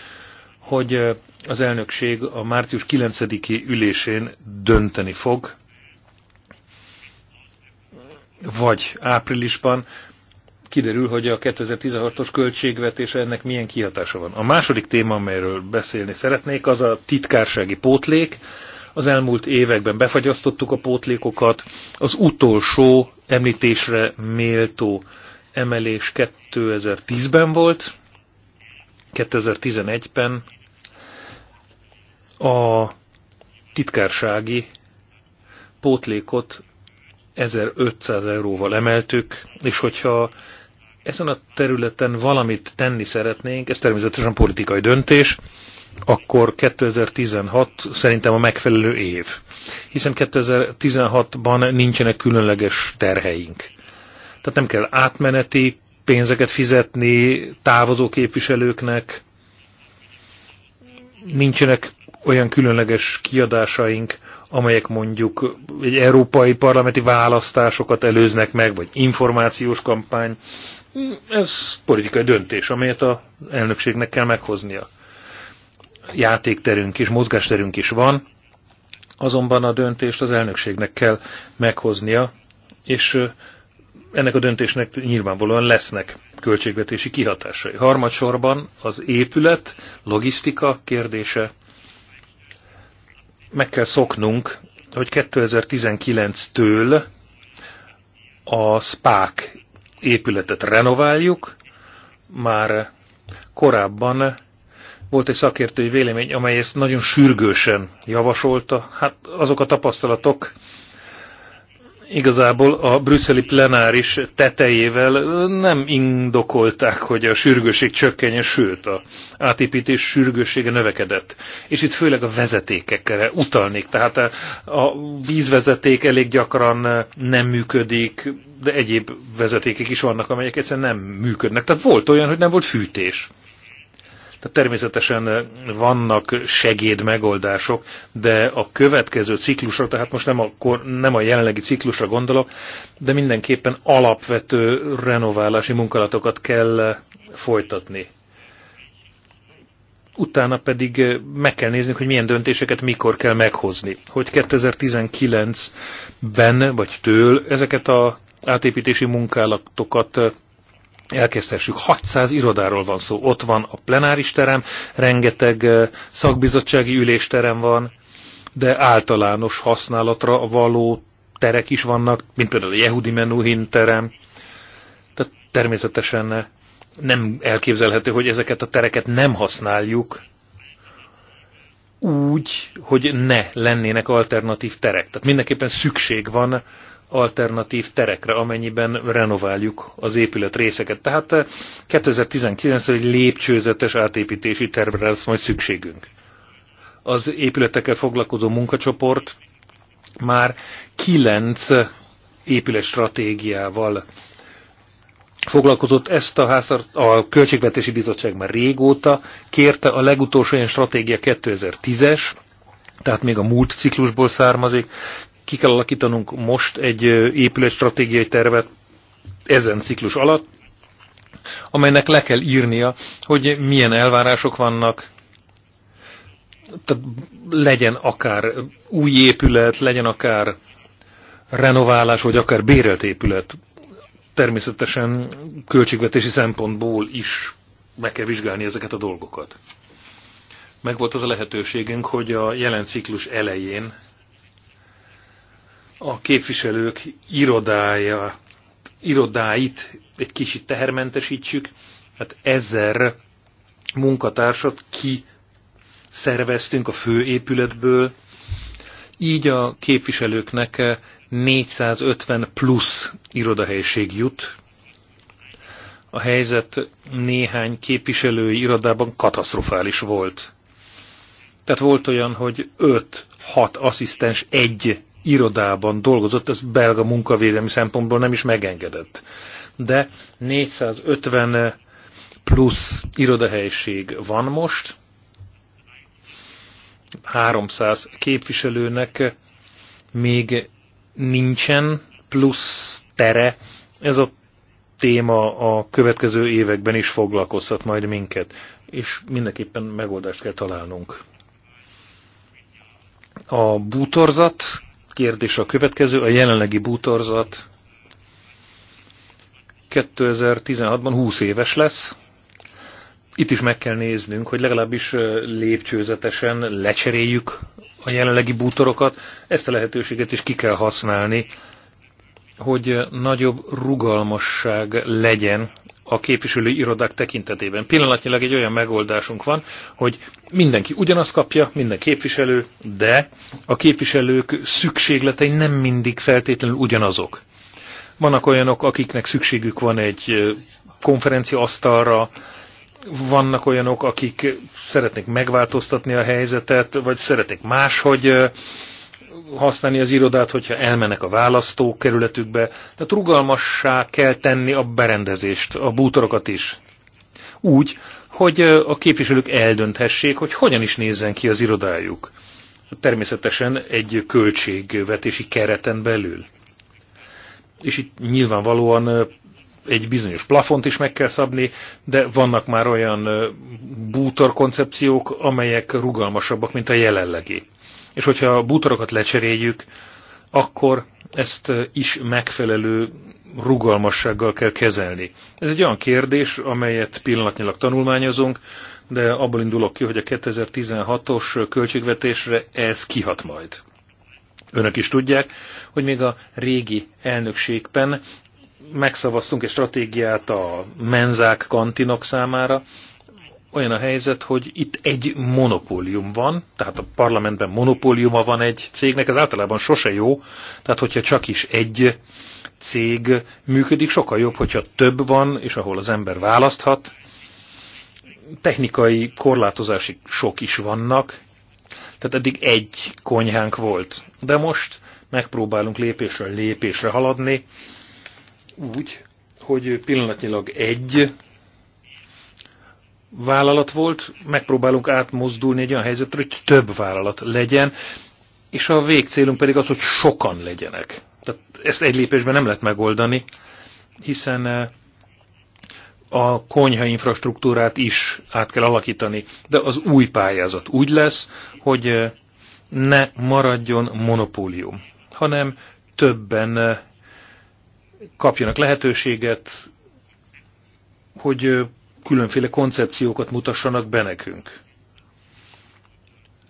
hogy az elnökség a március 9-i ülésén dönteni fog, vagy áprilisban, kiderül, hogy a 2016-os költségvetés ennek milyen kihatása van. A második téma, amelyről beszélni szeretnék, az a titkársági pótlék. Az elmúlt években befagyasztottuk a pótlékokat. Az utolsó említésre méltó emelés 2010-ben volt, 2011-ben a titkársági pótlékot 1500 euróval emeltük, és hogyha ezen a területen valamit tenni szeretnénk, ez természetesen politikai döntés, akkor 2016 szerintem a megfelelő év. Hiszen 2016-ban nincsenek különleges terheink. Tehát nem kell átmeneti pénzeket fizetni távozó képviselőknek, nincsenek olyan különleges kiadásaink, amelyek mondjuk egy európai parlamenti választásokat előznek meg, vagy információs kampány. Ez politikai döntés, amelyet az elnökségnek kell meghoznia. Játékterünk is, mozgásterünk is van, azonban a döntést az elnökségnek kell meghoznia, és ennek a döntésnek nyilvánvalóan lesznek költségvetési kihatásai. Harmadsorban az épület, logisztika kérdése. Meg kell szoknunk, hogy 2019-től a SPÁK épületet renováljuk. Már korábban volt egy szakértői vélemény, amely ezt nagyon sürgősen javasolta. Hát azok a tapasztalatok, igazából a brüsszeli plenáris tetejével nem indokolták, hogy a sürgőség csökkenjen, sőt a átépítés sürgősége növekedett. És itt főleg a vezetékekre utalnék, tehát a vízvezeték elég gyakran nem működik, de egyéb vezetékek is vannak, amelyek egyszerűen nem működnek. Tehát volt olyan, hogy nem volt fűtés. Tehát természetesen vannak segédmegoldások, de a következő ciklusra, tehát most nem a, kor, nem a jelenlegi ciklusra gondolok, de mindenképpen alapvető renoválási munkálatokat kell folytatni. Utána pedig meg kell néznünk, hogy milyen döntéseket mikor kell meghozni. Hogy 2019-ben vagy től ezeket a átépítési munkálatokat elkezdhessük. 600 irodáról van szó, ott van a plenáris terem, rengeteg eh, szakbizottsági ülésterem van, de általános használatra való terek is vannak, mint például a Yehudi Menuhin terem. Tehát természetesen eh, nem elképzelhető, hogy ezeket a tereket nem használjuk úgy, hogy ne lennének alternatív terek. Tehát mindenképpen szükség van alternatív terekre, amennyiben renováljuk az épület részeket. Tehát 2019 eh, egy lépcsőzetes átépítési tervre lesz majd szükségünk. Az épületekkel foglalkozó munkacsoport már kilenc stratégiával foglalkozott ezt a, háztart, a Költségvetési Bizottság már régóta, kérte a legutolsó ilyen stratégia 2010-es, tehát még a múlt ciklusból származik ki kell alakítanunk most egy épületstratégiai tervet ezen ciklus alatt, amelynek le kell írnia, hogy milyen elvárások vannak, tehát legyen akár új épület, legyen akár renoválás, vagy akár bérelt épület. Természetesen költségvetési szempontból is meg kell vizsgálni ezeket a dolgokat. Megvolt az a lehetőségünk, hogy a jelen ciklus elején a képviselők irodája, irodáit egy kicsit tehermentesítsük, hát ezer munkatársat ki szerveztünk a főépületből, így a képviselőknek 450 plusz irodahelyiség jut. A helyzet néhány képviselői irodában katasztrofális volt. Tehát volt olyan, hogy 5-6 asszisztens egy irodában dolgozott, ez belga munkavédelmi szempontból nem is megengedett. De 450 plusz irodahelyiség van most, 300 képviselőnek még nincsen plusz tere. Ez a téma a következő években is foglalkoztat majd minket, és mindenképpen megoldást kell találnunk. A bútorzat kérdés a következő, a jelenlegi bútorzat 2016-ban 20 éves lesz. Itt is meg kell néznünk, hogy legalábbis lépcsőzetesen lecseréljük a jelenlegi bútorokat. Ezt a lehetőséget is ki kell használni hogy eh, nagyobb rugalmasság legyen a képviselői irodák tekintetében. Pillanatnyilag egy olyan megoldásunk van, hogy mindenki ugyanazt kapja, minden képviselő, de a képviselők szükségletei nem mindig feltétlenül ugyanazok. Vannak olyanok, akiknek szükségük van egy eh, konferencia asztalra, vannak olyanok, akik szeretnék megváltoztatni a helyzetet, vagy szeretnék máshogy eh, használni az irodát, hogyha elmennek a választókerületükbe. Tehát rugalmassá kell tenni a berendezést, a bútorokat is. Úgy, hogy a képviselők eldönthessék, hogy hogyan is nézzen ki az irodájuk. Természetesen egy költségvetési kereten belül. És itt nyilvánvalóan egy bizonyos plafont is meg kell szabni, de vannak már olyan bútorkoncepciók, amelyek rugalmasabbak, mint a jelenlegi. És hogyha a bútorokat lecseréljük, akkor ezt is megfelelő rugalmassággal kell kezelni. Ez egy olyan kérdés, amelyet pillanatnyilag tanulmányozunk, de abból indulok ki, hogy a 2016-os költségvetésre ez kihat majd. Önök is tudják, hogy még a régi elnökségben megszavaztunk egy stratégiát a menzák kantinok számára, olyan a helyzet, hogy itt egy monopólium van, tehát a parlamentben monopóliuma van egy cégnek, ez általában sose jó, tehát hogyha csak is egy cég működik, sokkal jobb, hogyha több van, és ahol az ember választhat. Technikai korlátozási sok is vannak, tehát eddig egy konyhánk volt, de most megpróbálunk lépésről lépésre haladni, úgy, hogy pillanatnyilag egy vállalat volt, megpróbálunk átmozdulni egy olyan helyzetre, hogy több vállalat legyen, és a végcélunk pedig az, hogy sokan legyenek. Tehát ezt egy lépésben nem lehet megoldani, hiszen eh, a konyha infrastruktúrát is át kell alakítani, de az új pályázat úgy lesz, hogy eh, ne maradjon monopólium, hanem többen eh, kapjanak lehetőséget, hogy különféle koncepciókat mutassanak be nekünk.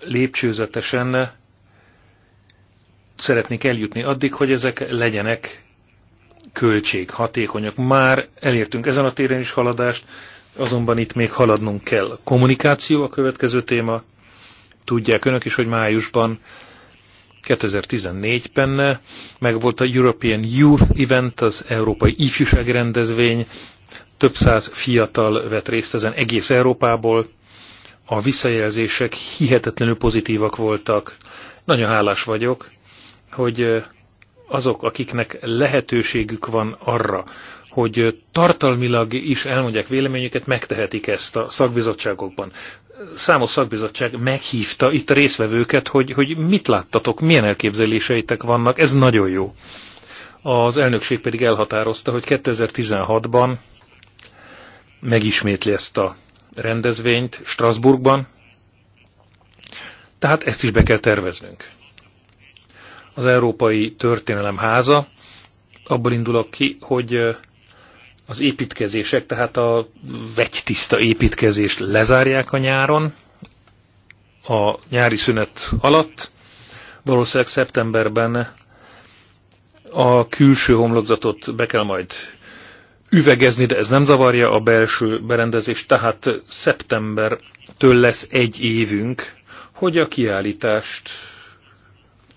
Lépcsőzetesen szeretnék eljutni addig, hogy ezek legyenek költséghatékonyak. Már elértünk ezen a téren is haladást, azonban itt még haladnunk kell. Kommunikáció a következő téma. Tudják önök is, hogy májusban 2014-ben meg volt a European Youth Event, az Európai Ifjúság Rendezvény, több száz fiatal vett részt ezen egész Európából. A visszajelzések hihetetlenül pozitívak voltak. Nagyon hálás vagyok, hogy azok, akiknek lehetőségük van arra, hogy tartalmilag is elmondják véleményüket, megtehetik ezt a szakbizottságokban. Számos szakbizottság meghívta itt a részvevőket, hogy, hogy mit láttatok, milyen elképzeléseitek vannak, ez nagyon jó. Az elnökség pedig elhatározta, hogy 2016-ban megismétli ezt a rendezvényt Strasbourgban, tehát ezt is be kell terveznünk. Az Európai Történelem Háza abból indulok ki, hogy az építkezések, tehát a vegytiszta építkezést lezárják a nyáron, a nyári szünet alatt, valószínűleg szeptemberben a külső homlokzatot be kell majd üvegezni, de ez nem zavarja a belső berendezést, tehát szeptembertől lesz egy évünk, hogy a kiállítást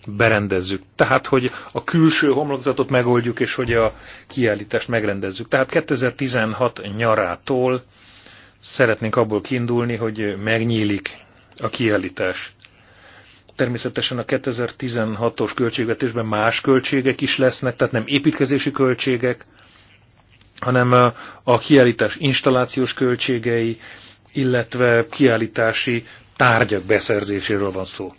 berendezzük. Tehát, hogy a külső homlokzatot megoldjuk, és hogy a kiállítást megrendezzük. Tehát 2016 nyarától szeretnénk abból kiindulni, hogy megnyílik a kiállítás. Természetesen a 2016-os költségvetésben más költségek is lesznek, tehát nem építkezési költségek, hanem a kiállítás installációs költségei, illetve kiállítási tárgyak beszerzéséről van szó.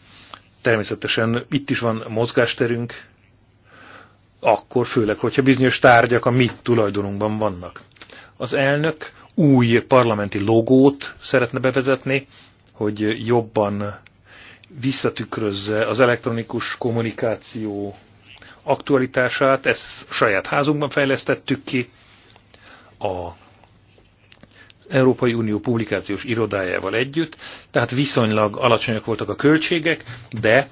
Természetesen itt is van mozgásterünk, akkor főleg, hogyha bizonyos tárgyak a mi tulajdonunkban vannak. Az elnök új parlamenti logót szeretne bevezetni, hogy jobban visszatükrözze az elektronikus kommunikáció aktualitását, ezt saját házunkban fejlesztettük ki, a Európai Unió publikációs irodájával együtt, tehát viszonylag alacsonyak voltak a költségek, de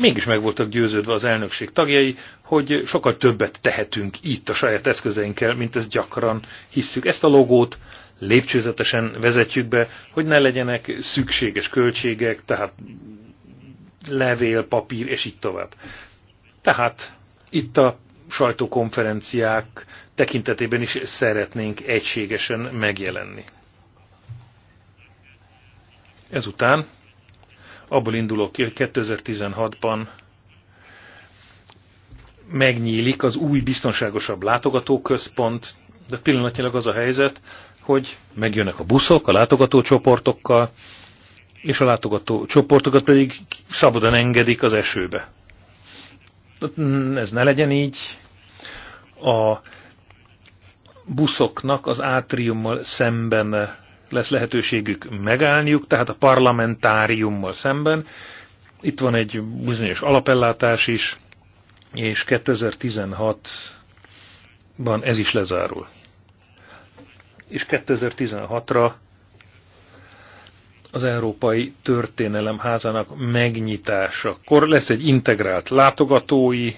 mégis meg voltak győződve az elnökség tagjai, hogy sokkal többet tehetünk itt a saját eszközeinkkel, mint ezt gyakran hisszük. Ezt a logót lépcsőzetesen vezetjük be, hogy ne legyenek szükséges költségek, tehát levél, papír, és így tovább. Tehát itt a sajtókonferenciák tekintetében is szeretnénk egységesen megjelenni. Ezután abból indulok ki, hogy 2016-ban megnyílik az új biztonságosabb látogatóközpont, de pillanatnyilag az a helyzet, hogy megjönnek a buszok a látogatócsoportokkal, és a látogatócsoportokat csoportokat pedig szabadon engedik az esőbe ez ne legyen így. A buszoknak az átriummal szemben lesz lehetőségük megállniuk, tehát a parlamentáriummal szemben. Itt van egy bizonyos alapellátás is, és 2016-ban ez is lezárul. És 2016-ra az Európai Történelem házának Akkor lesz egy integrált látogatói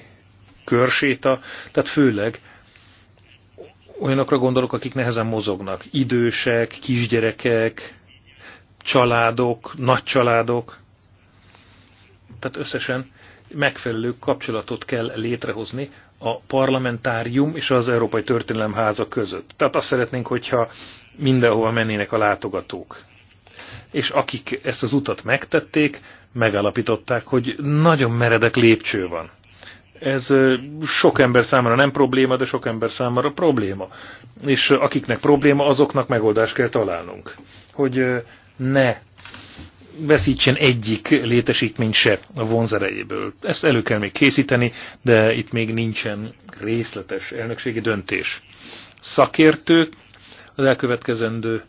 körséta, tehát főleg olyanokra gondolok, akik nehezen mozognak. Idősek, kisgyerekek, családok, nagycsaládok. Tehát összesen megfelelő kapcsolatot kell létrehozni a parlamentárium és az Európai Történelem Háza között. Tehát azt szeretnénk, hogyha mindenhova mennének a látogatók és akik ezt az utat megtették, megállapították, hogy nagyon meredek lépcső van. Ez sok ember számára nem probléma, de sok ember számára probléma. És akiknek probléma, azoknak megoldást kell találnunk. Hogy ne veszítsen egyik létesítmény se a vonzerejéből. Ezt elő kell még készíteni, de itt még nincsen részletes elnökségi döntés. Szakértők az elkövetkezendő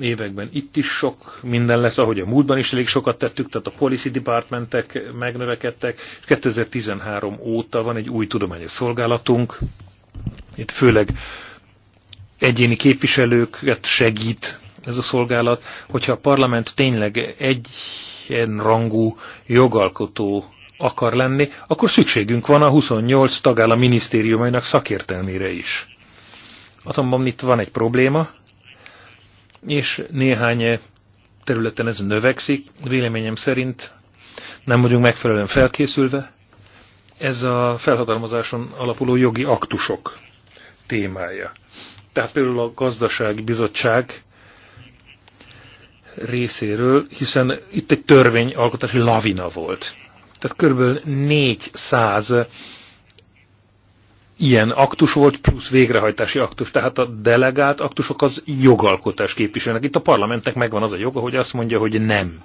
években itt is sok minden lesz, ahogy a múltban is elég sokat tettük, tehát a policy departmentek megnövekedtek, és 2013 óta van egy új tudományos szolgálatunk, itt főleg egyéni képviselőket segít ez a szolgálat, hogyha a parlament tényleg egyenrangú jogalkotó akar lenni, akkor szükségünk van a 28 tagállam minisztériumainak szakértelmére is. Azonban itt van egy probléma, és néhány területen ez növekszik. Véleményem szerint nem vagyunk megfelelően felkészülve. Ez a felhatalmazáson alapuló jogi aktusok témája. Tehát például a gazdasági bizottság részéről, hiszen itt egy törvényalkotási lavina volt. Tehát körülbelül 400 ilyen aktus volt, plusz végrehajtási aktus. Tehát a delegált aktusok az jogalkotás képviselnek. Itt a parlamentnek megvan az a joga, hogy azt mondja, hogy nem.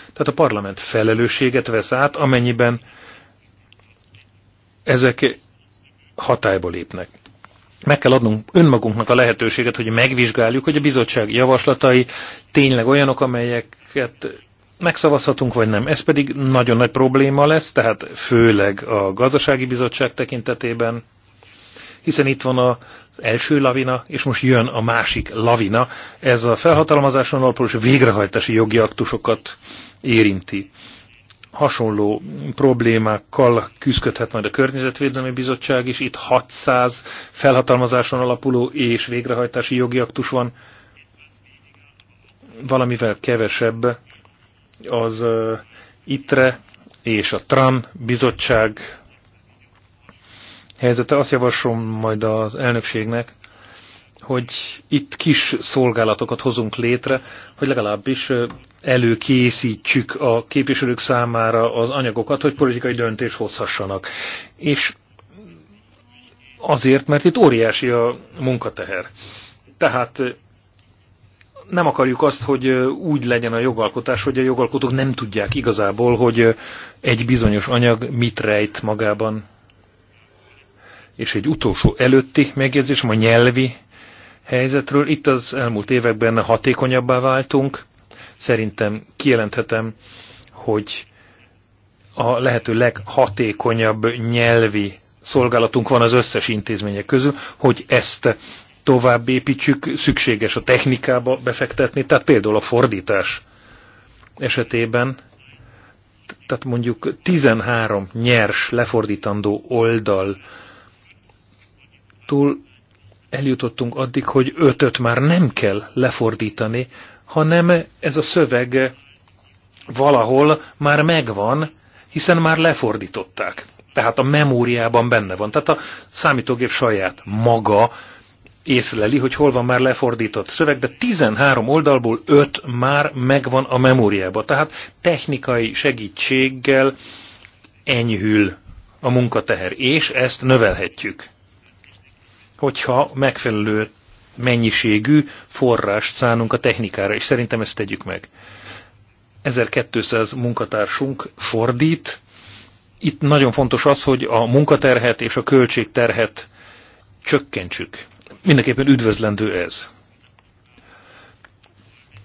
Tehát a parlament felelősséget vesz át, amennyiben ezek hatályba lépnek. Meg kell adnunk önmagunknak a lehetőséget, hogy megvizsgáljuk, hogy a bizottság javaslatai tényleg olyanok, amelyeket megszavazhatunk, vagy nem. Ez pedig nagyon nagy probléma lesz, tehát főleg a gazdasági bizottság tekintetében, hiszen itt van az első lavina, és most jön a másik lavina. Ez a felhatalmazáson alapul és végrehajtási jogi aktusokat érinti. Hasonló problémákkal küzdködhet majd a Környezetvédelmi Bizottság is. Itt 600 felhatalmazáson alapuló és végrehajtási jogi aktus van, valamivel kevesebb, az ITRE és a TRAN bizottság helyzete. Azt javaslom majd az elnökségnek, hogy itt kis szolgálatokat hozunk létre, hogy legalábbis előkészítsük a képviselők számára az anyagokat, hogy politikai döntés hozhassanak. És azért, mert itt óriási a munkateher. Tehát nem akarjuk azt, hogy úgy legyen a jogalkotás, hogy a jogalkotók nem tudják igazából, hogy egy bizonyos anyag mit rejt magában. És egy utolsó előtti megjegyzés, a nyelvi helyzetről. Itt az elmúlt években hatékonyabbá váltunk. Szerintem kijelenthetem, hogy a lehető leghatékonyabb nyelvi szolgálatunk van az összes intézmények közül, hogy ezt tovább építsük, szükséges a technikába befektetni, tehát például a fordítás esetében, tehát mondjuk 13 nyers lefordítandó oldal túl eljutottunk addig, hogy ötöt már nem kell lefordítani, hanem ez a szöveg valahol már megvan, hiszen már lefordították. Tehát a memóriában benne van. Tehát a számítógép saját maga észleli, hogy hol van már lefordított szöveg, de 13 oldalból 5 már megvan a memóriába. Tehát technikai segítséggel enyhül a munkateher, és ezt növelhetjük, hogyha megfelelő mennyiségű forrást szánunk a technikára, és szerintem ezt tegyük meg. 1200 munkatársunk fordít, itt nagyon fontos az, hogy a munkaterhet és a költségterhet csökkentsük mindenképpen üdvözlendő ez.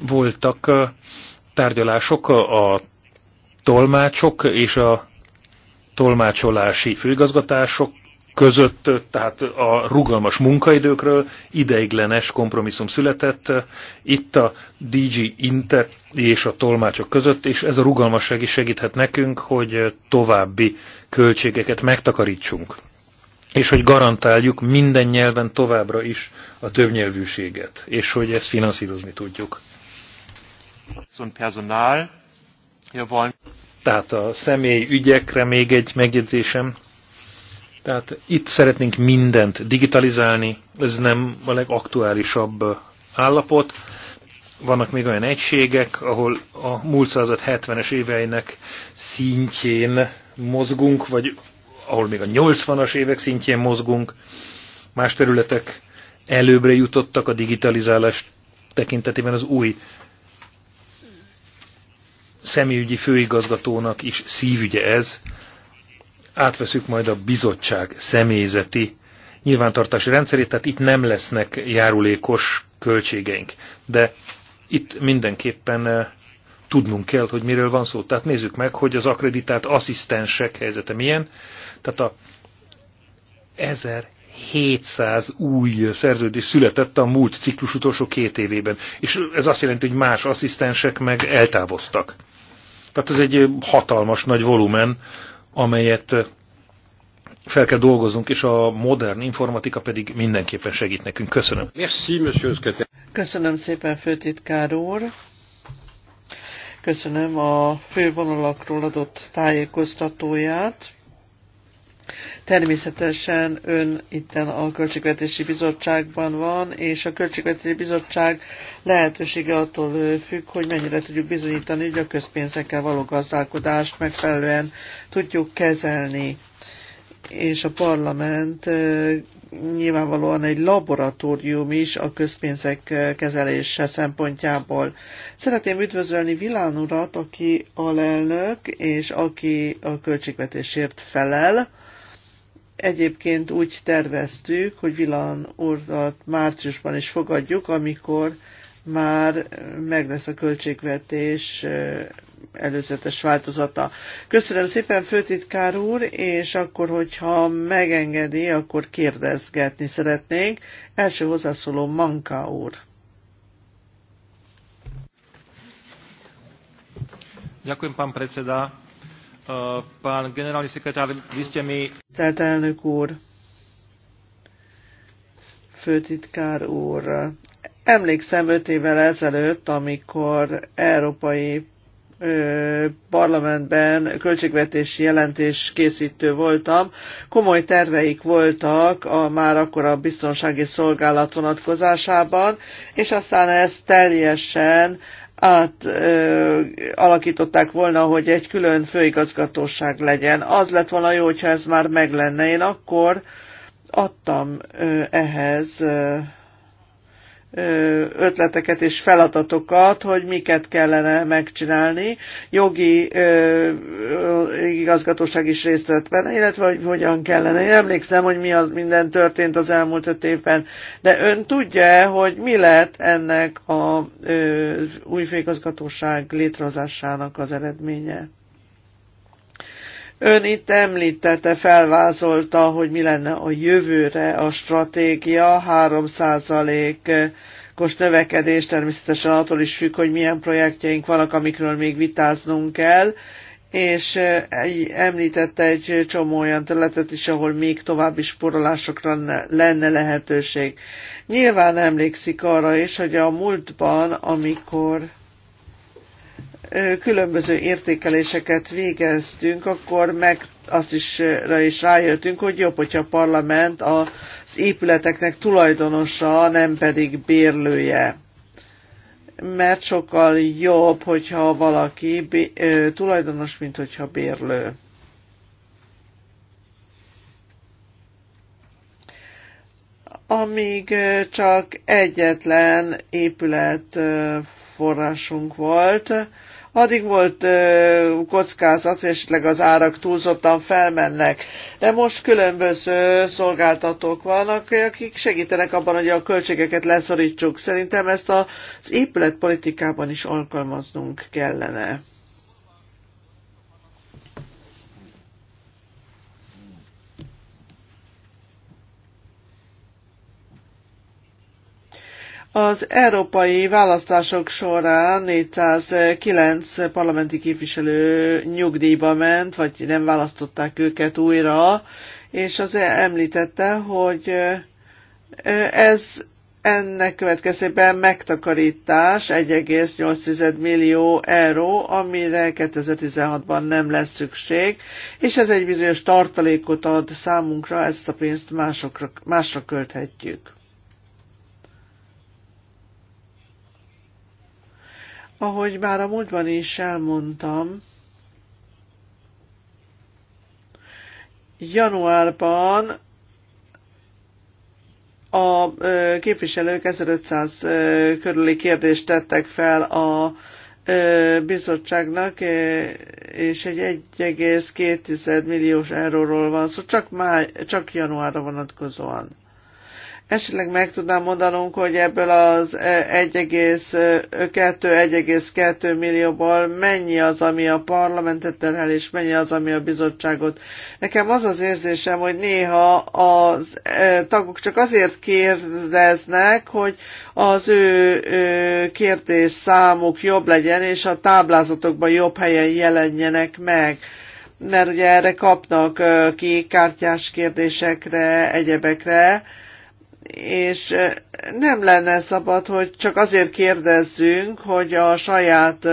Voltak tárgyalások a tolmácsok és a tolmácsolási főigazgatások között, tehát a rugalmas munkaidőkről ideiglenes kompromisszum született itt a DG Inter és a tolmácsok között, és ez a rugalmasság is segíthet nekünk, hogy további költségeket megtakarítsunk és hogy garantáljuk minden nyelven továbbra is a többnyelvűséget, és hogy ezt finanszírozni tudjuk. Tehát a személy ügyekre még egy megjegyzésem. Tehát itt szeretnénk mindent digitalizálni, ez nem a legaktuálisabb állapot. Vannak még olyan egységek, ahol a múlt század 70-es éveinek szintjén mozgunk, vagy ahol még a 80-as évek szintjén mozgunk, más területek előbbre jutottak a digitalizálás tekintetében az új személyügyi főigazgatónak is szívügye ez. Átveszük majd a bizottság személyzeti nyilvántartási rendszerét, tehát itt nem lesznek járulékos költségeink. De itt mindenképpen eh, tudnunk kell, hogy miről van szó. Tehát nézzük meg, hogy az akreditált asszisztensek helyzete milyen, tehát a 1700 új szerződés született a múlt ciklus utolsó két évében, és ez azt jelenti, hogy más asszisztensek meg eltávoztak. Tehát ez egy hatalmas nagy volumen, amelyet fel kell dolgoznunk, és a modern informatika pedig mindenképpen segít nekünk. Köszönöm. Merci, Köszönöm szépen, főtitkár úr. Köszönöm a fővonalakról adott tájékoztatóját. Természetesen ön itten a Költségvetési Bizottságban van, és a Költségvetési Bizottság lehetősége attól függ, hogy mennyire tudjuk bizonyítani, hogy a közpénzekkel való gazdálkodást megfelelően tudjuk kezelni. És a parlament nyilvánvalóan egy laboratórium is a közpénzek kezelése szempontjából. Szeretném üdvözölni Vilán urat, aki alelnök, és aki a költségvetésért felel Egyébként úgy terveztük, hogy Vilan urat márciusban is fogadjuk, amikor már meg lesz a költségvetés előzetes változata. Köszönöm szépen, főtitkár úr, és akkor, hogyha megengedi, akkor kérdezgetni szeretnénk. Első hozzászóló Manka úr. Ďakujem, pán predseda. Eh, pán generálni szekretár, visztje mi... elnök úr, főtitkár úr, emlékszem öt évvel ezelőtt, amikor európai parlamentben költségvetési jelentés készítő voltam. Komoly terveik voltak a már akkor a biztonsági szolgálat vonatkozásában, és aztán ezt teljesen át alakították volna, hogy egy külön főigazgatóság legyen. Az lett volna jó, hogyha ez már meg lenne. Én akkor adtam ehhez ötleteket és feladatokat, hogy miket kellene megcsinálni. Jogi igazgatóság is részt vett benne, illetve hogy hogyan kellene. Én emlékszem, hogy mi az minden történt az elmúlt öt évben, de ön tudja, hogy mi lett ennek a új főigazgatóság létrehozásának az eredménye? Ön itt említette, felvázolta, hogy mi lenne a jövőre a stratégia, 3%-os növekedés, természetesen attól is függ, hogy milyen projektjeink vannak, amikről még vitáznunk kell, és eh, említette egy csomó olyan területet is, ahol még további sporolásokra lenne lehetőség. Nyilván emlékszik arra is, hogy a múltban, amikor különböző értékeléseket végeztünk, akkor meg azt is, rá is rájöttünk, hogy jobb, hogyha a parlament az épületeknek tulajdonosa, nem pedig bérlője. Mert sokkal jobb, hogyha valaki tulajdonos, mint hogyha bérlő. Amíg csak egyetlen épület forrásunk volt, Addig volt kockázat, és esetleg az árak túlzottan felmennek. De most különböző szolgáltatók vannak, akik segítenek abban, hogy a költségeket leszorítsuk. Szerintem ezt az épületpolitikában is alkalmaznunk kellene. Az európai választások során 409 parlamenti képviselő nyugdíjba ment, vagy nem választották őket újra, és az e említette, hogy ez ennek következtében megtakarítás 1,8 millió euró, amire 2016-ban nem lesz szükség, és ez egy bizonyos tartalékot ad számunkra, ezt a pénzt másokra, másra költhetjük. Ahogy már a múltban is elmondtam, januárban a képviselők 1500 körüli kérdést tettek fel a bizottságnak, és egy 1,2 milliós euróról van szó, szóval csak, csak januárra vonatkozóan. Esetleg meg tudnám mondanunk, hogy ebből az 1,2-1,2 e, e, millióból mennyi az, ami a parlamentet terhel, és mennyi az, ami a bizottságot. Nekem az az érzésem, hogy néha a e, tagok csak azért kérdeznek, hogy az ő kérdés számuk jobb legyen, és a táblázatokban jobb helyen jelenjenek meg mert ugye erre kapnak kártyás kérdésekre, egyebekre, és nem lenne szabad, hogy csak azért kérdezzünk, hogy a saját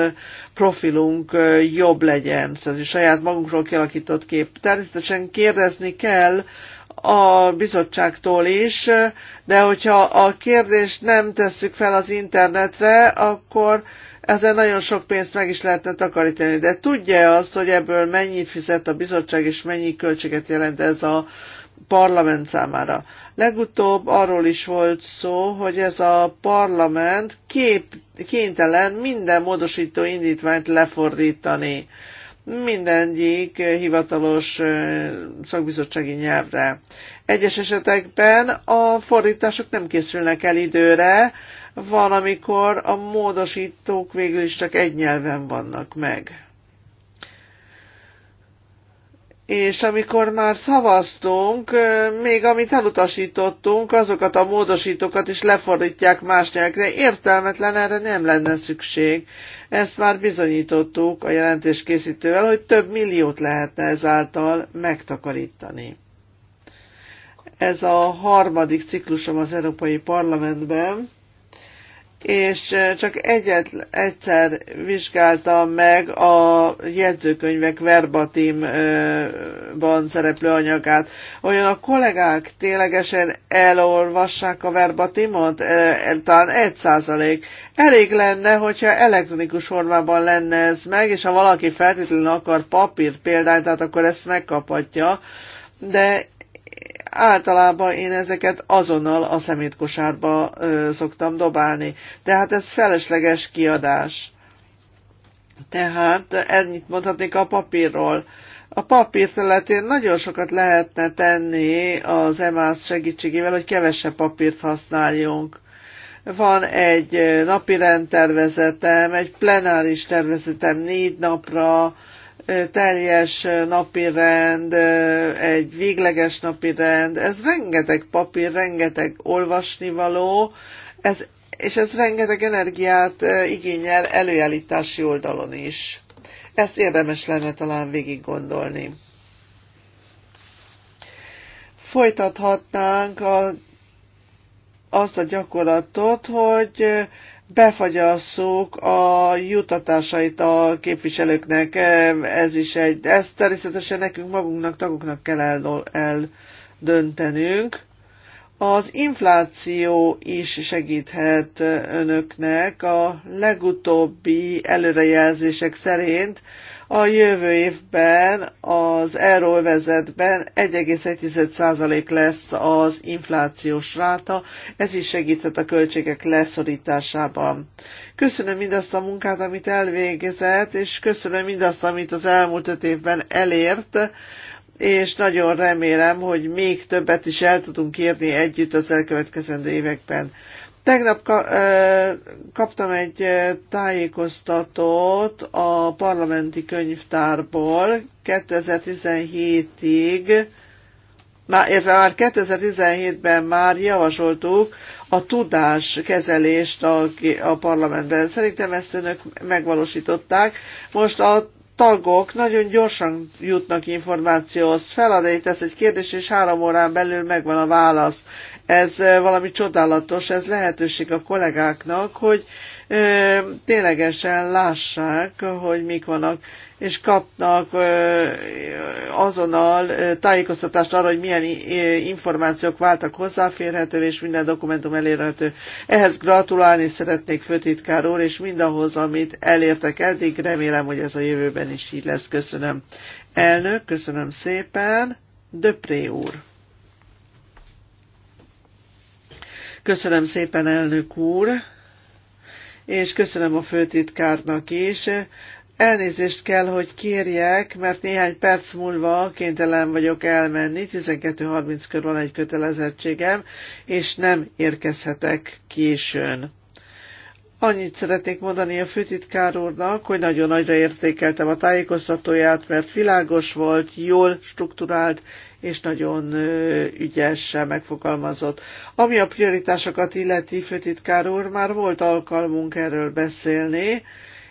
profilunk jobb legyen, tehát a saját magunkról kialakított kép. Természetesen kérdezni kell a bizottságtól is, de hogyha a kérdést nem tesszük fel az internetre, akkor ezzel nagyon sok pénzt meg is lehetne takarítani. De tudja azt, hogy ebből mennyit fizet a bizottság, és mennyi költséget jelent ez a parlament számára. Legutóbb arról is volt szó, hogy ez a parlament kép, kénytelen minden módosító indítványt lefordítani mindegyik hivatalos szakbizottsági nyelvre. Egyes esetekben a fordítások nem készülnek el időre, van, amikor a módosítók végül is csak egy nyelven vannak meg és amikor már szavaztunk, még amit elutasítottunk, azokat a módosítókat is lefordítják más nyelvre. Értelmetlen erre nem lenne szükség. Ezt már bizonyítottuk a jelentés készítővel, hogy több milliót lehetne ezáltal megtakarítani. Ez a harmadik ciklusom az Európai Parlamentben és csak egyet, egyszer vizsgáltam meg a jegyzőkönyvek verbatimban szereplő anyagát. Olyan a kollégák ténylegesen elolvassák a verbatimot? E, talán egy százalék. Elég lenne, hogyha elektronikus formában lenne ez meg, és ha valaki feltétlenül akar papír példányt, tehát akkor ezt megkaphatja de általában én ezeket azonnal a szemétkosárba ö, szoktam dobálni. De hát ez felesleges kiadás. Tehát ennyit mondhatnék a papírról. A papír területén nagyon sokat lehetne tenni az EMAS segítségével, hogy kevesebb papírt használjunk. Van egy napi rendtervezetem, egy plenáris tervezetem négy napra, teljes rend, egy végleges rend, ez rengeteg papír, rengeteg olvasnivaló, ez, és ez rengeteg energiát igényel előállítási oldalon is. Ezt érdemes lenne talán végig gondolni. Folytathatnánk a, azt a gyakorlatot, hogy befagyasszuk a jutatásait a képviselőknek. Ez is egy, ezt természetesen nekünk magunknak, tagoknak kell eldöntenünk. Az infláció is segíthet önöknek. A legutóbbi előrejelzések szerint a jövő évben az euróvezetben 1,1% lesz az inflációs ráta, ez is segített a költségek leszorításában. Köszönöm mindazt a munkát, amit elvégezett, és köszönöm mindazt, amit az elmúlt öt évben elért, és nagyon remélem, hogy még többet is el tudunk érni együtt az elkövetkezendő években. Tegnap kaptam egy tájékoztatót a parlamenti könyvtárból 2017-ig, már, értve már 2017-ben már javasoltuk a kezelést a, a parlamentben. Szerintem ezt önök megvalósították. Most a tagok nagyon gyorsan jutnak információhoz. Feladat, ez egy kérdés, és három órán belül megvan a válasz. Ez valami csodálatos, ez lehetőség a kollégáknak, hogy ö, ténylegesen lássák, hogy mik vannak, és kapnak ö, azonnal ö, tájékoztatást arra, hogy milyen információk váltak hozzáférhető, és minden dokumentum elérhető. Ehhez gratulálni szeretnék főtitkár úr, és mindahhoz, amit elértek eddig, remélem, hogy ez a jövőben is így lesz. Köszönöm. Elnök, köszönöm szépen. Döpré úr. Köszönöm szépen, elnök úr, és köszönöm a főtitkárnak is. Elnézést kell, hogy kérjek, mert néhány perc múlva kénytelen vagyok elmenni, 12.30 kör van egy kötelezettségem, és nem érkezhetek későn. Annyit szeretnék mondani a főtitkár úrnak, hogy nagyon nagyra értékeltem a tájékoztatóját, mert világos volt, jól strukturált és nagyon ügyesen megfogalmazott. Ami a prioritásokat illeti, főtitkár úr, már volt alkalmunk erről beszélni,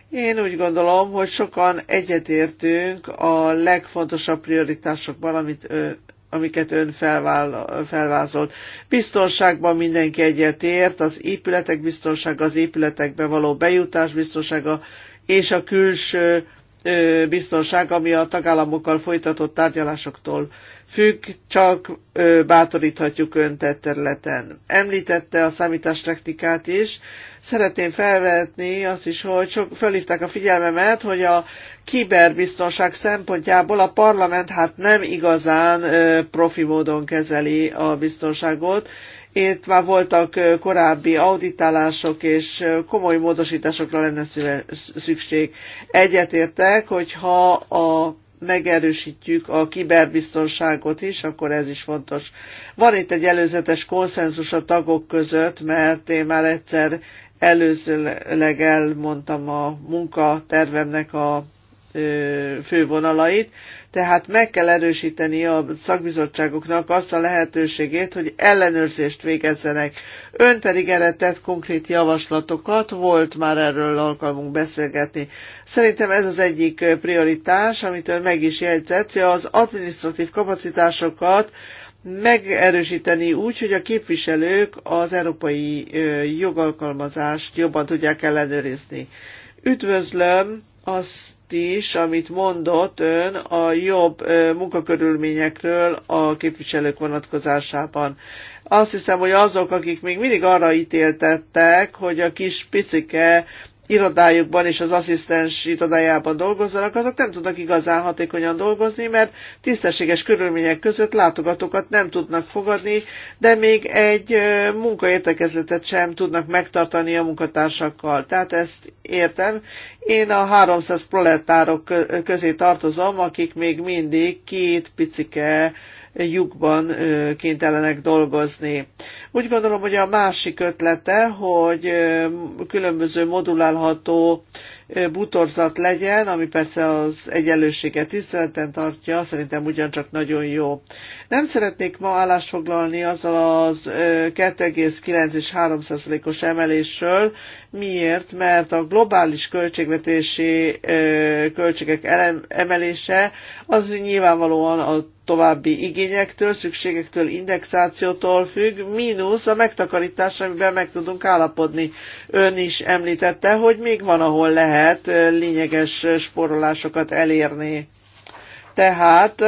én úgy gondolom, hogy sokan egyetértünk a legfontosabb prioritásokban, amit ő, amiket ön felvál, felvázolt. Biztonságban mindenki egyetért, az épületek biztonsága, az épületekbe való bejutás biztonsága, és a külső biztonság, ami a tagállamokkal folytatott tárgyalásoktól függ, csak bátoríthatjuk önt e területen. Említette a számítástechnikát is. Szeretném felvetni azt is, hogy sok, fölhívták a figyelmemet, hogy a kiberbiztonság szempontjából a parlament hát nem igazán profi módon kezeli a biztonságot, itt már voltak korábbi auditálások, és komoly módosításokra lenne szükség. Egyetértek, hogyha a megerősítjük a kiberbiztonságot is, akkor ez is fontos. Van itt egy előzetes konszenzus a tagok között, mert én már egyszer előzőleg elmondtam a munkatervemnek a fővonalait, tehát meg kell erősíteni a szakbizottságoknak azt a lehetőségét, hogy ellenőrzést végezzenek. Ön pedig erre tett konkrét javaslatokat, volt már erről alkalmunk beszélgetni. Szerintem ez az egyik prioritás, amit ön meg is jegyzett, hogy az administratív kapacitásokat megerősíteni úgy, hogy a képviselők az európai jogalkalmazást jobban tudják ellenőrizni. Üdvözlöm azt is, amit mondott ön a jobb munkakörülményekről a képviselők vonatkozásában. Azt hiszem, hogy azok, akik még mindig arra ítéltettek, hogy a kis picike irodájukban és az asszisztens irodájában dolgozzanak, azok nem tudnak igazán hatékonyan dolgozni, mert tisztességes körülmények között látogatókat nem tudnak fogadni, de még egy munkaértekezletet sem tudnak megtartani a munkatársakkal. Tehát ezt értem. Én a 300 proletárok közé tartozom, akik még mindig két picike lyukban kénytelenek dolgozni. Úgy gondolom, hogy a másik ötlete, hogy különböző modulálható butorzat legyen, ami persze az egyenlőséget tiszteletben tartja, szerintem ugyancsak nagyon jó. Nem szeretnék ma állást foglalni azzal az 2,9 és 3 os emelésről. Miért? Mert a globális költségvetési költségek emelése az nyilvánvalóan a további igényektől, szükségektől, indexációtól függ, mínusz a megtakarítás, amiben meg tudunk állapodni. Ön is említette, hogy még van, ahol lehet lehet lényeges spórolásokat elérni. Tehát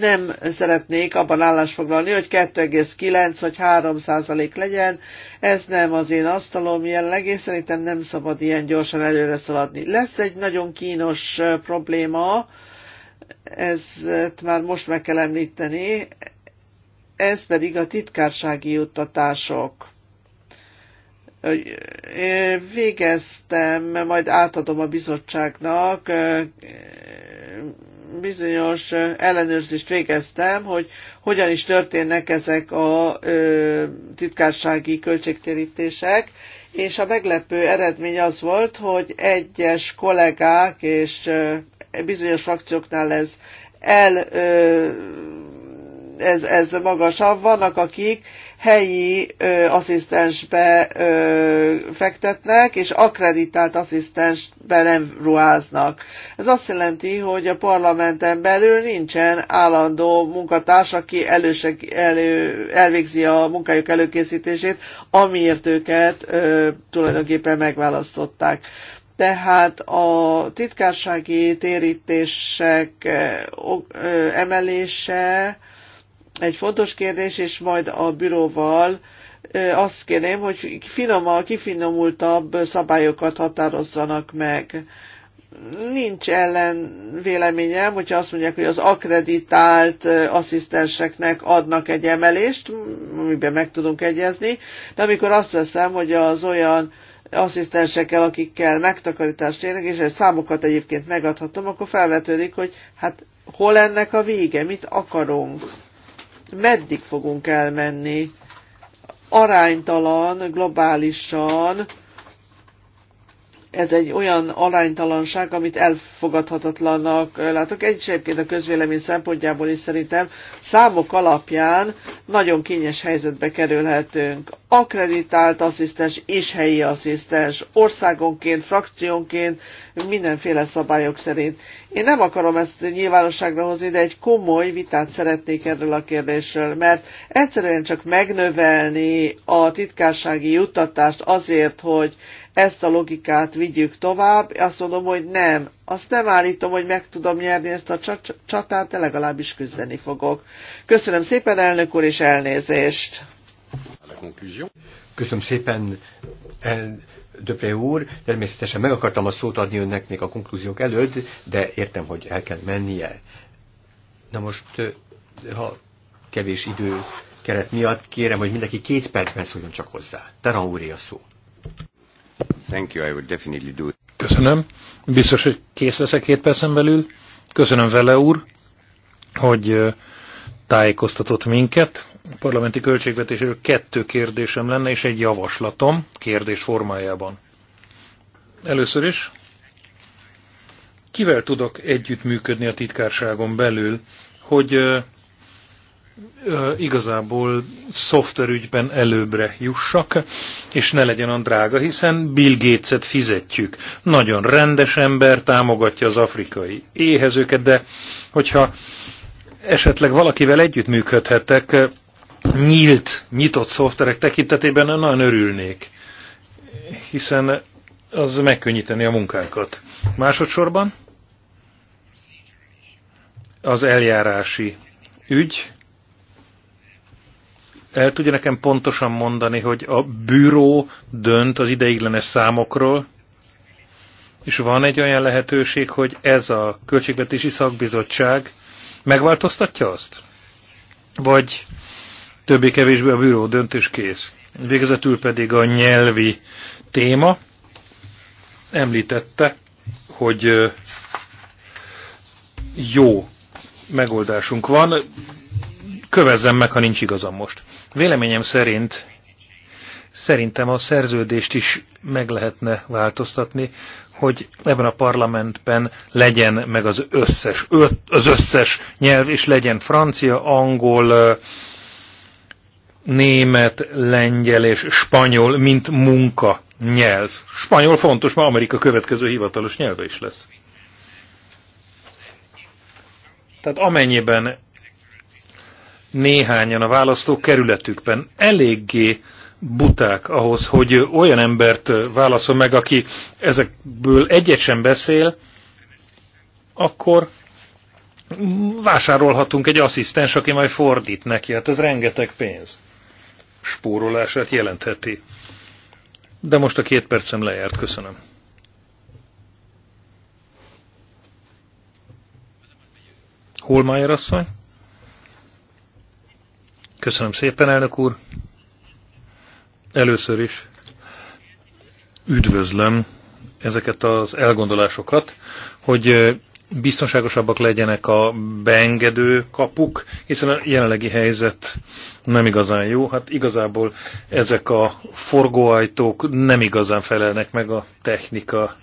nem szeretnék abban állásfoglalni, hogy 2,9 vagy 3 százalék legyen. Ez nem az én asztalom jelenleg, és szerintem nem szabad ilyen gyorsan előre szaladni. Lesz egy nagyon kínos probléma, ezt már most meg kell említeni, ez pedig a titkársági juttatások végeztem, majd átadom a bizottságnak, bizonyos ellenőrzést végeztem, hogy hogyan is történnek ezek a titkársági költségtérítések, és a meglepő eredmény az volt, hogy egyes kollégák és bizonyos frakcióknál ez el, ez, ez magasabb, vannak akik helyi ö, asszisztensbe ö, fektetnek, és akreditált asszisztensbe nem ruháznak. Ez azt jelenti, hogy a parlamenten belül nincsen állandó munkatárs, aki előseg, elő, elvégzi a munkájuk előkészítését, amiért őket ö, tulajdonképpen megválasztották tehát a titkársági térítések emelése egy fontos kérdés, és majd a büróval azt kérném, hogy finomabb, kifinomultabb szabályokat határozzanak meg. Nincs ellen véleményem, hogyha azt mondják, hogy az akreditált asszisztenseknek adnak egy emelést, amiben meg tudunk egyezni, de amikor azt veszem, hogy az olyan asszisztensekkel, akikkel megtakarítást érnek, és egy számokat egyébként megadhatom, akkor felvetődik, hogy hát hol ennek a vége, mit akarunk meddig fogunk elmenni. Aránytalan, globálisan ez egy olyan aránytalanság, amit elfogadhatatlannak eh, látok. Egy a közvélemény szempontjából is szerintem számok alapján nagyon kényes helyzetbe kerülhetünk. Akreditált asszisztens és helyi asszisztens, országonként, frakciónként, mindenféle szabályok szerint. Én nem akarom ezt nyilvánosságra hozni, de egy komoly vitát szeretnék erről a kérdésről, mert egyszerűen csak megnövelni a titkársági juttatást azért, hogy ezt a logikát vigyük tovább, azt mondom, hogy nem, azt nem állítom, hogy meg tudom nyerni ezt a csatát, de legalábbis küzdeni fogok. Köszönöm szépen, elnök úr, és elnézést! Köszönöm szépen, el, Döpré úr. Természetesen meg akartam a szót adni önnek még a konklúziók előtt, de értem, hogy el kell mennie. Na most, ha kevés idő keret miatt, kérem, hogy mindenki két percben szóljon csak hozzá. Terán úré a szó. Thank you, I would definitely do it. Köszönöm. Biztos, hogy kész leszek két percen belül. Köszönöm vele úr, hogy tájékoztatott minket. A parlamenti költségvetésről kettő kérdésem lenne, és egy javaslatom kérdés formájában. Először is, kivel tudok együttműködni a titkárságon belül, hogy igazából szoftverügyben előbbre jussak, és ne legyen olyan drága, hiszen Bill Gates-et fizetjük. Nagyon rendes ember, támogatja az afrikai éhezőket, de hogyha esetleg valakivel együttműködhetek, nyílt, nyitott szoftverek tekintetében nagyon örülnék, hiszen az megkönnyíteni a munkánkat. Másodszorban az eljárási ügy, el tudja nekem pontosan mondani, hogy a bűró dönt az ideiglenes számokról, és van egy olyan lehetőség, hogy ez a költségvetési szakbizottság megváltoztatja azt? Vagy többé-kevésbé a bűró döntés kész. Végezetül pedig a nyelvi téma. Említette, hogy jó megoldásunk van kövezzem meg, ha nincs igazam most. Véleményem szerint szerintem a szerződést is meg lehetne változtatni, hogy ebben a parlamentben legyen meg az összes, öt, az összes nyelv, és legyen francia, angol, német, lengyel és spanyol, mint munka nyelv. Spanyol fontos, ma Amerika következő hivatalos nyelve is lesz. Tehát amennyiben néhányan a választók kerületükben eléggé buták ahhoz, hogy olyan embert válaszol meg, aki ezekből egyet sem beszél, akkor vásárolhatunk egy asszisztens, aki majd fordít neki. Hát ez rengeteg pénz. Spórolását jelentheti. De most a két percem lejárt, köszönöm. Holmájer asszony? Köszönöm szépen, elnök úr. Először is üdvözlöm ezeket az elgondolásokat, hogy biztonságosabbak legyenek a beengedő kapuk, hiszen a jelenlegi helyzet nem igazán jó. Hát igazából ezek a forgóajtók nem igazán felelnek meg a technika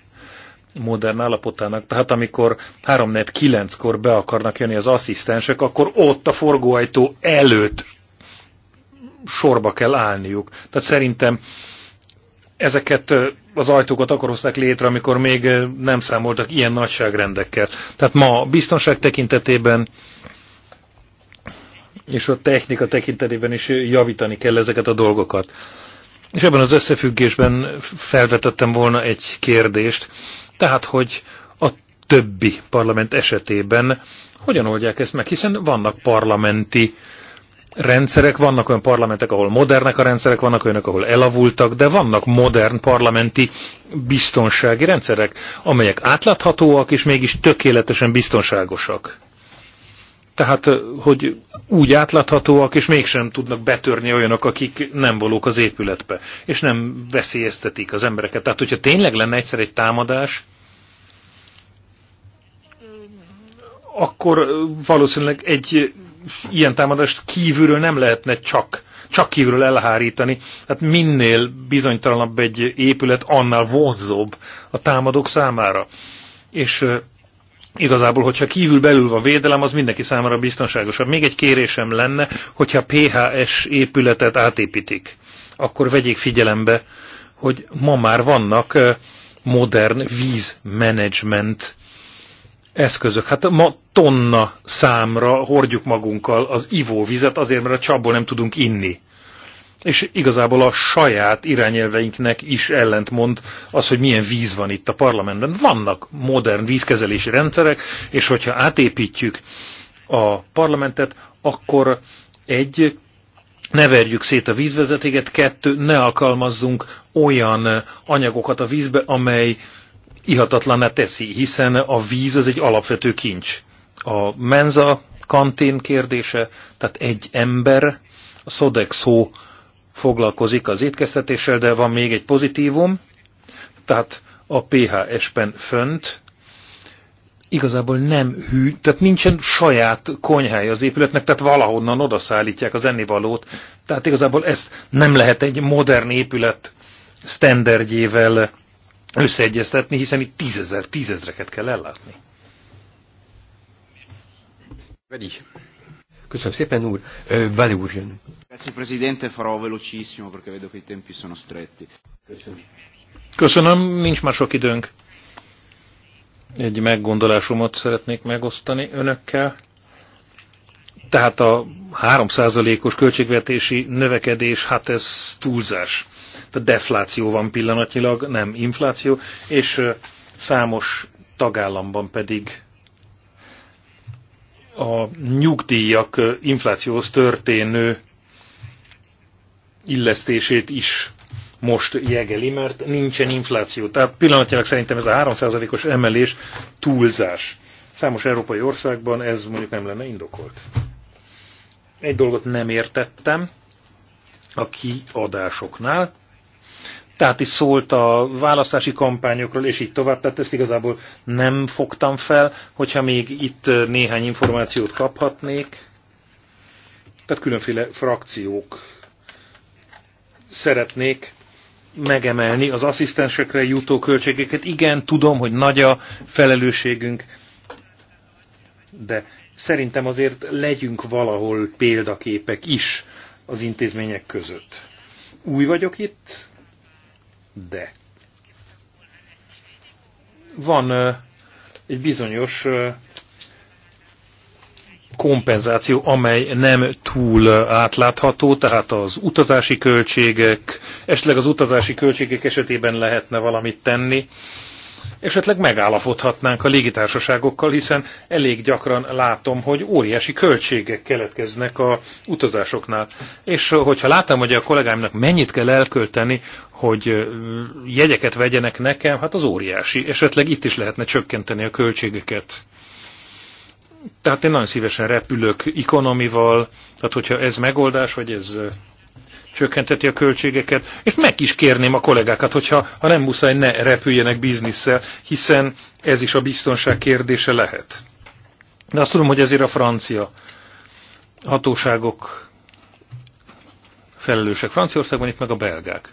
modern állapotának. Tehát amikor 3 9 kor be akarnak jönni az asszisztensek, akkor ott a forgóajtó előtt sorba kell állniuk. Tehát szerintem ezeket az ajtókat akkor hozták létre, amikor még nem számoltak ilyen nagyságrendekkel. Tehát ma a biztonság tekintetében és a technika tekintetében is javítani kell ezeket a dolgokat. És ebben az összefüggésben felvetettem volna egy kérdést, tehát hogy a többi parlament esetében hogyan oldják ezt meg, hiszen vannak parlamenti rendszerek, vannak olyan parlamentek, ahol modernek a rendszerek, vannak olyanok, ahol elavultak, de vannak modern parlamenti biztonsági rendszerek, amelyek átláthatóak és mégis tökéletesen biztonságosak. Tehát, hogy úgy átláthatóak, és mégsem tudnak betörni olyanok, akik nem valók az épületbe, és nem veszélyeztetik az embereket. Tehát, hogyha tényleg lenne egyszer egy támadás, akkor valószínűleg egy ilyen támadást kívülről nem lehetne csak, csak kívülről elhárítani. Hát minél bizonytalanabb egy épület, annál vonzóbb a támadók számára. És igazából, hogyha kívül belül van védelem, az mindenki számára biztonságosabb. Még egy kérésem lenne, hogyha PHS épületet átépítik, akkor vegyék figyelembe, hogy ma már vannak modern vízmenedzsment eszközök. Hát ma tonna számra hordjuk magunkkal az ivóvizet azért, mert a csapból nem tudunk inni. És igazából a saját irányelveinknek is ellentmond az, hogy milyen víz van itt a parlamentben. Vannak modern vízkezelési rendszerek, és hogyha átépítjük a parlamentet, akkor egy, ne verjük szét a vízvezetéket, kettő, ne alkalmazzunk olyan anyagokat a vízbe, amely ihatatlaná teszi, hiszen a víz az egy alapvető kincs. A menza kantén kérdése, tehát egy ember, a szó foglalkozik az étkeztetéssel, de van még egy pozitívum, tehát a PHS-ben fönt, igazából nem hű, tehát nincsen saját konyhája az épületnek, tehát valahonnan odaszállítják az ennivalót, tehát igazából ezt nem lehet egy modern épület sztenderdjével összeegyeztetni, hiszen itt tízezer, tízezreket kell ellátni. Vedi. Köszönöm szépen, úr. Vali úr jön. Köszönöm, Presidente, farò velocissimo, perché vedo che i tempi sono stretti. Köszönöm. Köszönöm, nincs már sok időnk. Egy meggondolásomat szeretnék megosztani önökkel. Tehát a 3%-os költségvetési növekedés, hát ez túlzás defláció van pillanatnyilag, nem infláció, és számos tagállamban pedig a nyugdíjak inflációhoz történő illesztését is most jegeli, mert nincsen infláció. Tehát pillanatnyilag szerintem ez a 3%-os emelés túlzás. Számos európai országban ez mondjuk nem lenne indokolt. Egy dolgot nem értettem a kiadásoknál, tehát is szólt a választási kampányokról, és így tovább, tehát ezt igazából nem fogtam fel, hogyha még itt eh, néhány információt kaphatnék. Tehát különféle frakciók szeretnék megemelni az asszisztensekre jutó költségeket. Igen, tudom, hogy nagy a felelősségünk, de szerintem azért legyünk valahol példaképek is az intézmények között. Új vagyok itt, de van egy bizonyos kompenzáció, amely nem túl átlátható, tehát az utazási költségek, esetleg az utazási költségek esetében lehetne valamit tenni, esetleg megállapodhatnánk a légitársaságokkal, hiszen elég gyakran látom, hogy óriási költségek keletkeznek a utazásoknál. És hogyha látom, hogy a kollégáimnak mennyit kell elkölteni, hogy jegyeket vegyenek nekem, hát az óriási. Esetleg itt is lehetne csökkenteni a költségeket. Tehát én nagyon szívesen repülök ikonomival, tehát hogyha ez megoldás, vagy ez csökkenteti a költségeket, és meg is kérném a kollégákat, hogyha ha nem muszáj, ne repüljenek bizniszel, hiszen ez is a biztonság kérdése lehet. De azt tudom, hogy ezért a francia hatóságok felelősek. Franciaországban itt meg a belgák.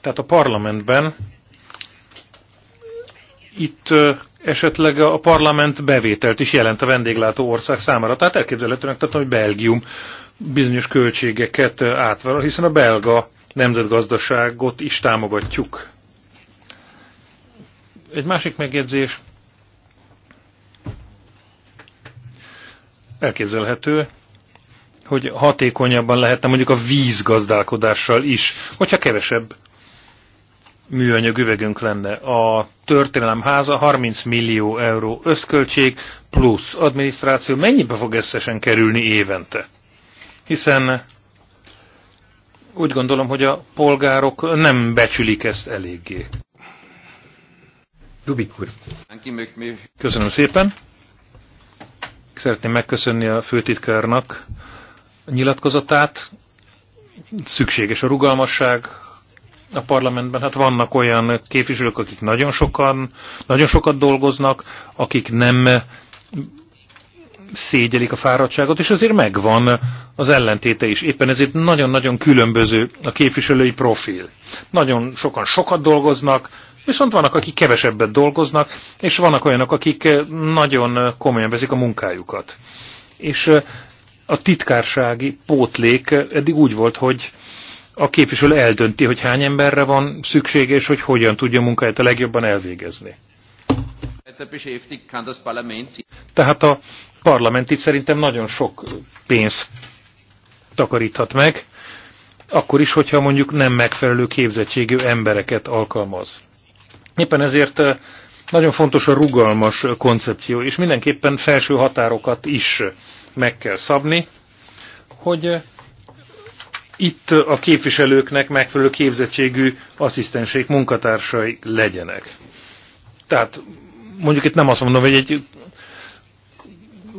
Tehát a parlamentben itt esetleg a parlament bevételt is jelent a vendéglátó ország számára. Tehát elképzelhetőnek tartom, hogy Belgium bizonyos költségeket átvállal, hiszen a belga nemzetgazdaságot is támogatjuk. Egy másik megjegyzés. Elképzelhető, hogy hatékonyabban lehetne mondjuk a vízgazdálkodással is, hogyha kevesebb műanyag üvegünk lenne. A történelem háza 30 millió euró összköltség plusz adminisztráció. Mennyibe fog összesen kerülni évente? hiszen úgy gondolom, hogy a polgárok nem becsülik ezt eléggé. Rubik úr. Köszönöm szépen. Szeretném megköszönni a főtitkárnak a nyilatkozatát. Szükséges a rugalmasság a parlamentben. Hát vannak olyan képviselők, akik nagyon sokan, nagyon sokat dolgoznak, akik nem szégyelik a fáradtságot, és azért megvan az ellentéte is. Éppen ezért nagyon-nagyon különböző a képviselői profil. Nagyon sokan sokat dolgoznak, viszont vannak, akik kevesebbet dolgoznak, és vannak olyanok, akik eh, nagyon eh, komolyan veszik a munkájukat. És eh, a titkársági pótlék eddig úgy volt, hogy a képviselő eldönti, hogy hány emberre van szüksége, és hogy hogyan tudja a munkáját a legjobban elvégezni. Tehát a parlament itt szerintem nagyon sok pénzt takaríthat meg, akkor is, hogyha mondjuk nem megfelelő képzettségű embereket alkalmaz. Éppen ezért eh, nagyon fontos a rugalmas koncepció, és mindenképpen felső határokat is meg kell szabni, hogy eh, itt a képviselőknek megfelelő képzettségű asszisztenség munkatársai legyenek. Tehát mondjuk itt nem azt mondom, hogy egy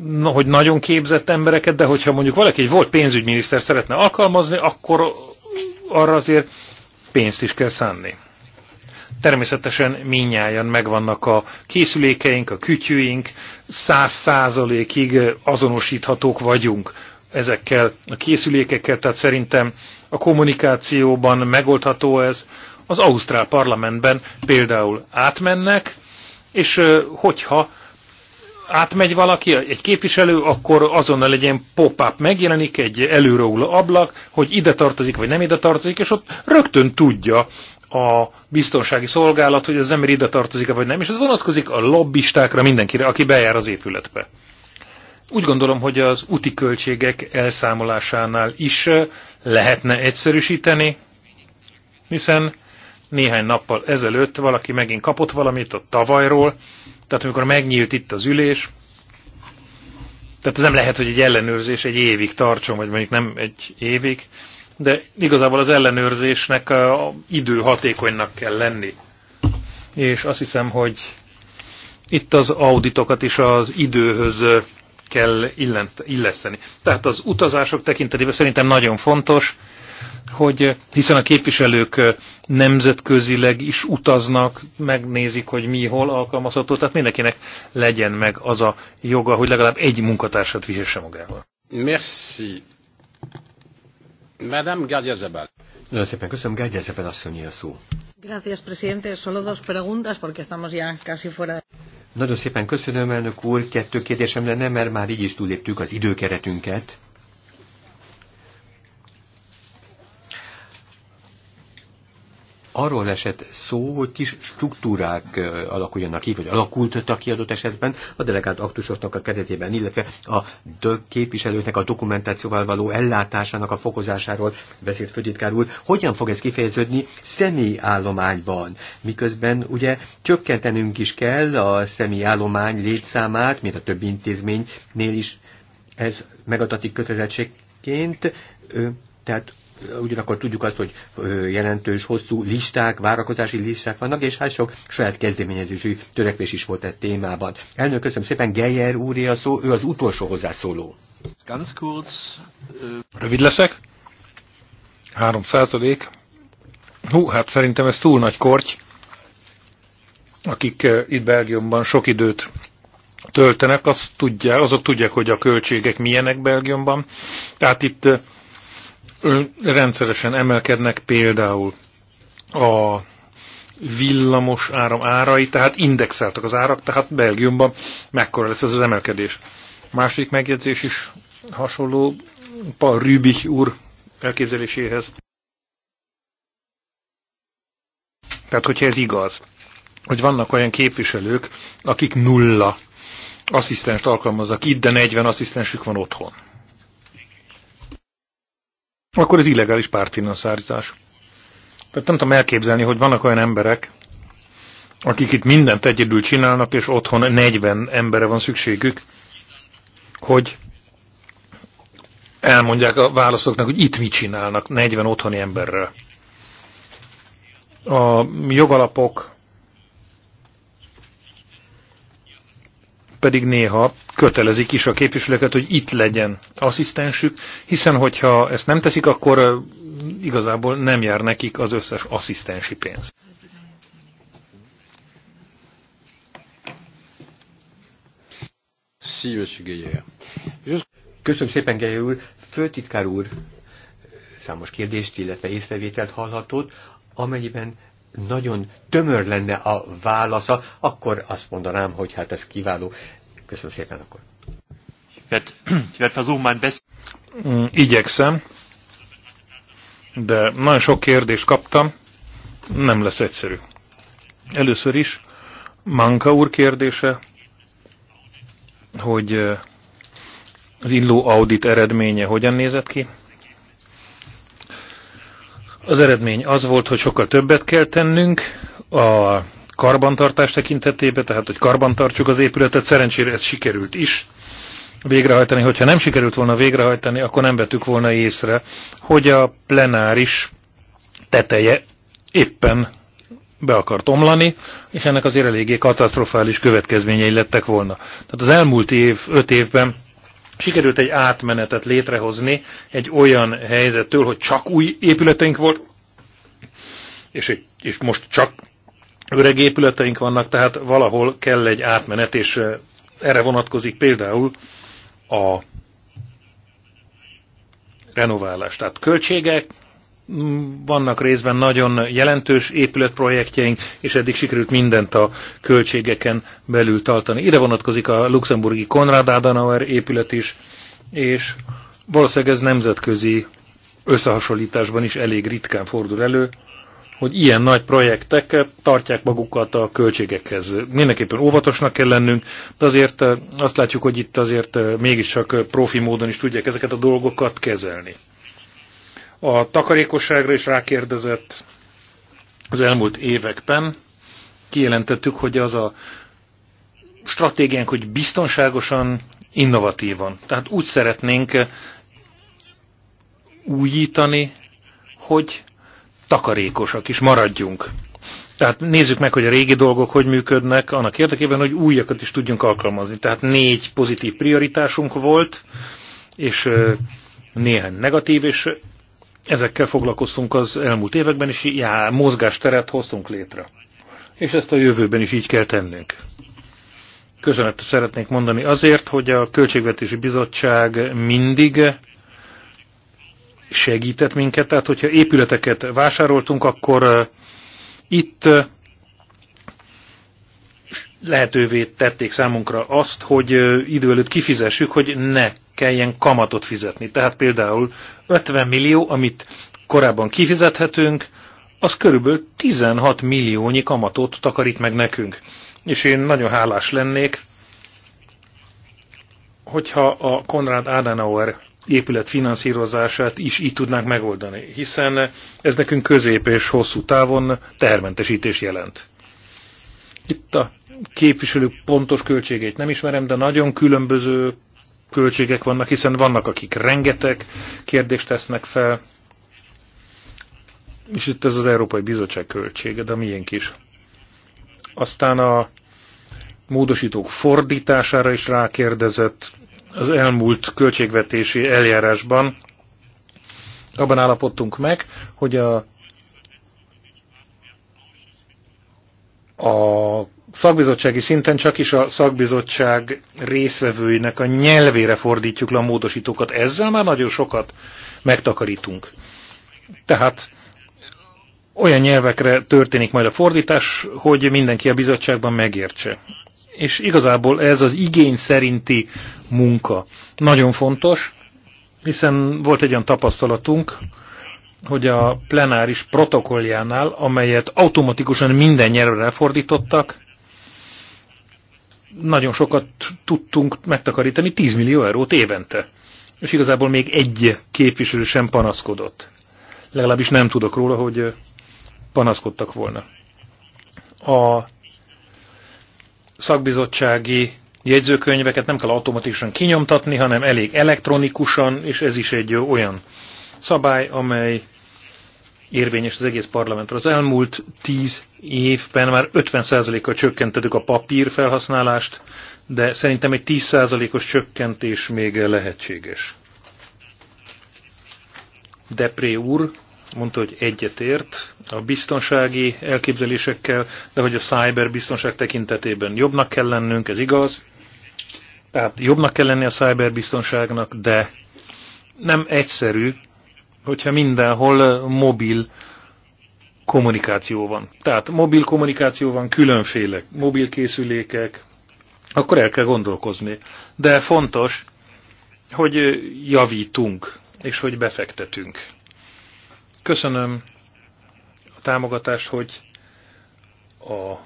na, hogy nagyon képzett embereket, de hogyha mondjuk valaki egy volt pénzügyminiszter szeretne alkalmazni, akkor arra azért pénzt is kell szánni. Természetesen minnyáján megvannak a készülékeink, a kütyűink, száz százalékig azonosíthatók vagyunk ezekkel a készülékekkel, tehát szerintem a kommunikációban megoldható ez. Az Ausztrál parlamentben például átmennek, és hogyha átmegy valaki, egy képviselő, akkor azonnal egy ilyen pop-up megjelenik, egy előróló ablak, hogy ide tartozik, vagy nem ide tartozik, és ott rögtön tudja a biztonsági szolgálat, hogy az ember ide tartozik vagy nem, és ez vonatkozik a lobbistákra, mindenkire, aki bejár az épületbe. Úgy gondolom, hogy az úti költségek elszámolásánál is eh, lehetne egyszerűsíteni, hiszen néhány nappal ezelőtt valaki megint kapott valamit a tavalyról, tehát amikor megnyílt itt az ülés, tehát ez nem lehet, hogy egy ellenőrzés egy évig tartson, vagy mondjuk nem egy évig, de igazából az ellenőrzésnek a idő hatékonynak kell lenni. És azt hiszem, hogy itt az auditokat is az időhöz kell illeszteni. Tehát az utazások tekintetében szerintem nagyon fontos, hogy hiszen a képviselők nemzetközileg is utaznak, megnézik, hogy mi hol alkalmazható, tehát mindenkinek legyen meg az a joga, hogy legalább egy munkatársat vihesse magával. Merci. Madame Gardiazabal. Zabal. Nagyon szépen köszönöm, Gardia Zabal asszonyi a szó. Gracias, presidente. Solo dos preguntas, porque estamos ya casi fuera. Nagyon szépen köszönöm, elnök úr. Kettő kérdésem lenne, mert már így is túléptük az időkeretünket. arról esett szó, hogy kis struktúrák alakuljanak ki, vagy alakultak ki adott esetben a delegált aktusoknak a keretében, illetve a képviselőknek a dokumentációval való ellátásának a fokozásáról beszélt főtitkár úr. Hogyan fog ez kifejeződni személyállományban? Miközben ugye csökkentenünk is kell a személyállomány létszámát, mint a többi intézménynél is ez megadatik kötelezettségként, tehát ugyanakkor tudjuk azt, hogy jelentős, hosszú listák, várakozási listák vannak, és hát sok saját kezdeményezési törekvés is volt e témában. Elnök, köszönöm szépen, Geyer úré a szó, ő az utolsó hozzászóló. Ganz kurz. Rövid leszek. 3 százalék. Hú, hát szerintem ez túl nagy korty. Akik itt Belgiumban sok időt töltenek, azt tudják, azok tudják, hogy a költségek milyenek Belgiumban. Tehát itt rendszeresen emelkednek például a villamos áram árai, tehát indexeltek az árak, tehát Belgiumban mekkora lesz ez az emelkedés. Másik megjegyzés is hasonló, Paul Rübich úr elképzeléséhez. Tehát, hogyha ez igaz, hogy vannak olyan képviselők, akik nulla asszisztenst alkalmaznak itt, de 40 asszisztensük van otthon akkor az illegális pártfinanszárizás. Tehát nem tudom elképzelni, hogy vannak olyan emberek, akik itt mindent egyedül csinálnak, és otthon 40 embere van szükségük, hogy elmondják a válaszoknak, hogy itt mit csinálnak 40 otthoni emberrel. A jogalapok pedig néha kötelezik is a képviselőket, hogy itt legyen asszisztensük, hiszen hogyha ezt nem teszik, akkor igazából nem jár nekik az összes asszisztensi pénz. Köszönöm szépen, Geyer úr. Főtitkár úr számos kérdést, illetve észrevételt hallhatott, amennyiben nagyon tömör lenne a válasza, akkor azt mondanám, hogy hát ez kiváló. Köszönöm szépen akkor. Mm, igyekszem, de nagyon sok kérdést kaptam, nem lesz egyszerű. Először is Manka úr kérdése, hogy eh, az illó audit eredménye hogyan nézett ki? Az eredmény az volt, hogy sokkal többet kell tennünk a karbantartás tekintetében, tehát hogy karbantartsuk az épületet, szerencsére ez sikerült is végrehajtani. Hogyha nem sikerült volna végrehajtani, akkor nem vettük volna észre, hogy a plenáris teteje éppen be akart omlani, és ennek azért eléggé katasztrofális következményei lettek volna. Tehát az elmúlt év, öt évben sikerült egy átmenetet létrehozni egy olyan helyzettől, hogy csak új épületeink volt, és, és most csak öreg épületeink vannak, tehát valahol kell egy átmenet, és erre vonatkozik például a renoválás. Tehát költségek, vannak részben nagyon jelentős épületprojektjeink, és eddig sikerült mindent a költségeken belül tartani. Ide vonatkozik a luxemburgi Konrad Adenauer épület is, és valószínűleg ez nemzetközi összehasonlításban is elég ritkán fordul elő, hogy ilyen nagy projektek tartják magukat a költségekhez. Mindenképpen óvatosnak kell lennünk, de azért eh, azt látjuk, hogy itt azért eh, mégiscsak eh, profi módon is tudják ezeket a dolgokat kezelni. A takarékosságra is rákérdezett az elmúlt években. Kijelentettük, hogy az a stratégiánk, hogy biztonságosan, innovatívan. Tehát úgy szeretnénk újítani, hogy takarékosak is maradjunk. Tehát nézzük meg, hogy a régi dolgok hogy működnek, annak érdekében, hogy újakat is tudjunk alkalmazni. Tehát négy pozitív prioritásunk volt, és néhány negatív, és Ezekkel foglalkoztunk az elmúlt években, és já, mozgásteret hoztunk létre. És ezt a jövőben is így kell tennünk. Köszönet szeretnék mondani azért, hogy a Költségvetési Bizottság mindig segített minket, tehát hogyha épületeket vásároltunk, akkor eh, itt lehetővé tették számunkra azt, hogy idő előtt kifizessük, hogy ne kelljen kamatot fizetni. Tehát például 50 millió, amit korábban kifizethetünk, az körülbelül 16 milliónyi kamatot takarít meg nekünk. És én nagyon hálás lennék, hogyha a Konrad Adenauer épület finanszírozását is így tudnánk megoldani, hiszen ez nekünk közép és hosszú távon tehermentesítés jelent. Itt a képviselők pontos költségeit nem ismerem, de nagyon különböző költségek vannak, hiszen vannak, akik rengeteg kérdést tesznek fel, és itt ez az Európai Bizottság költsége, de miénk is. Aztán a módosítók fordítására is rákérdezett az elmúlt költségvetési eljárásban. Abban állapodtunk meg, hogy a, a szakbizottsági szinten csak is a szakbizottság részvevőinek a nyelvére fordítjuk le a módosítókat. Ezzel már nagyon sokat megtakarítunk. Tehát olyan nyelvekre történik majd a fordítás, hogy mindenki a bizottságban megértse. És igazából ez az igény szerinti munka nagyon fontos, hiszen volt egy olyan tapasztalatunk, hogy a plenáris protokolljánál, amelyet automatikusan minden nyelvre fordítottak, nagyon sokat tudtunk megtakarítani, 10 millió eurót évente. És igazából még egy képviselő sem panaszkodott. Legalábbis nem tudok róla, hogy panaszkodtak volna. A szakbizottsági jegyzőkönyveket nem kell automatikusan kinyomtatni, hanem elég elektronikusan, és ez is egy olyan szabály, amely érvényes az egész parlamentre. Az elmúlt tíz évben már 50%-kal csökkentettük a papír felhasználást, de szerintem egy 10%-os csökkentés még lehetséges. Depré úr mondta, hogy egyetért a biztonsági elképzelésekkel, de hogy a cyberbiztonság tekintetében jobbnak kell lennünk, ez igaz. Tehát jobbnak kell lenni a cyberbiztonságnak, de nem egyszerű hogyha mindenhol mobil kommunikáció van. Tehát mobil kommunikáció van, különféle mobil készülékek, akkor el kell gondolkozni. De fontos, hogy javítunk, és hogy befektetünk. Köszönöm a támogatást, hogy a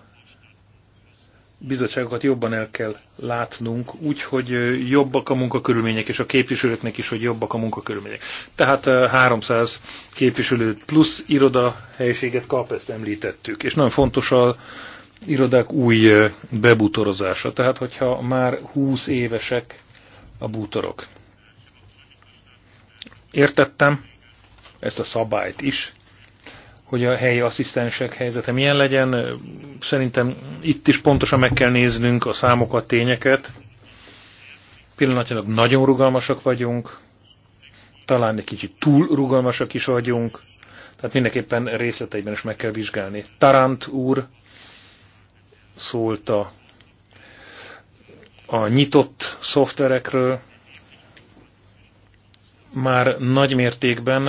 bizottságokat jobban el kell látnunk, úgy, hogy jobbak a munkakörülmények, és a képviselőknek is, hogy jobbak a munkakörülmények. Tehát 300 képviselő plusz iroda helyiséget kap, ezt említettük. És nagyon fontos a irodák új bebútorozása. Tehát, hogyha már 20 évesek a bútorok. Értettem ezt a szabályt is, hogy a helyi asszisztensek helyzete milyen legyen. Szerintem itt is pontosan meg kell néznünk a számokat, tényeket. Pillanatnyilag nagyon rugalmasak vagyunk, talán egy kicsit túl rugalmasak is vagyunk, tehát mindenképpen részleteiben is meg kell vizsgálni. Tarant úr szólt a, a nyitott szoftverekről, már nagy mértékben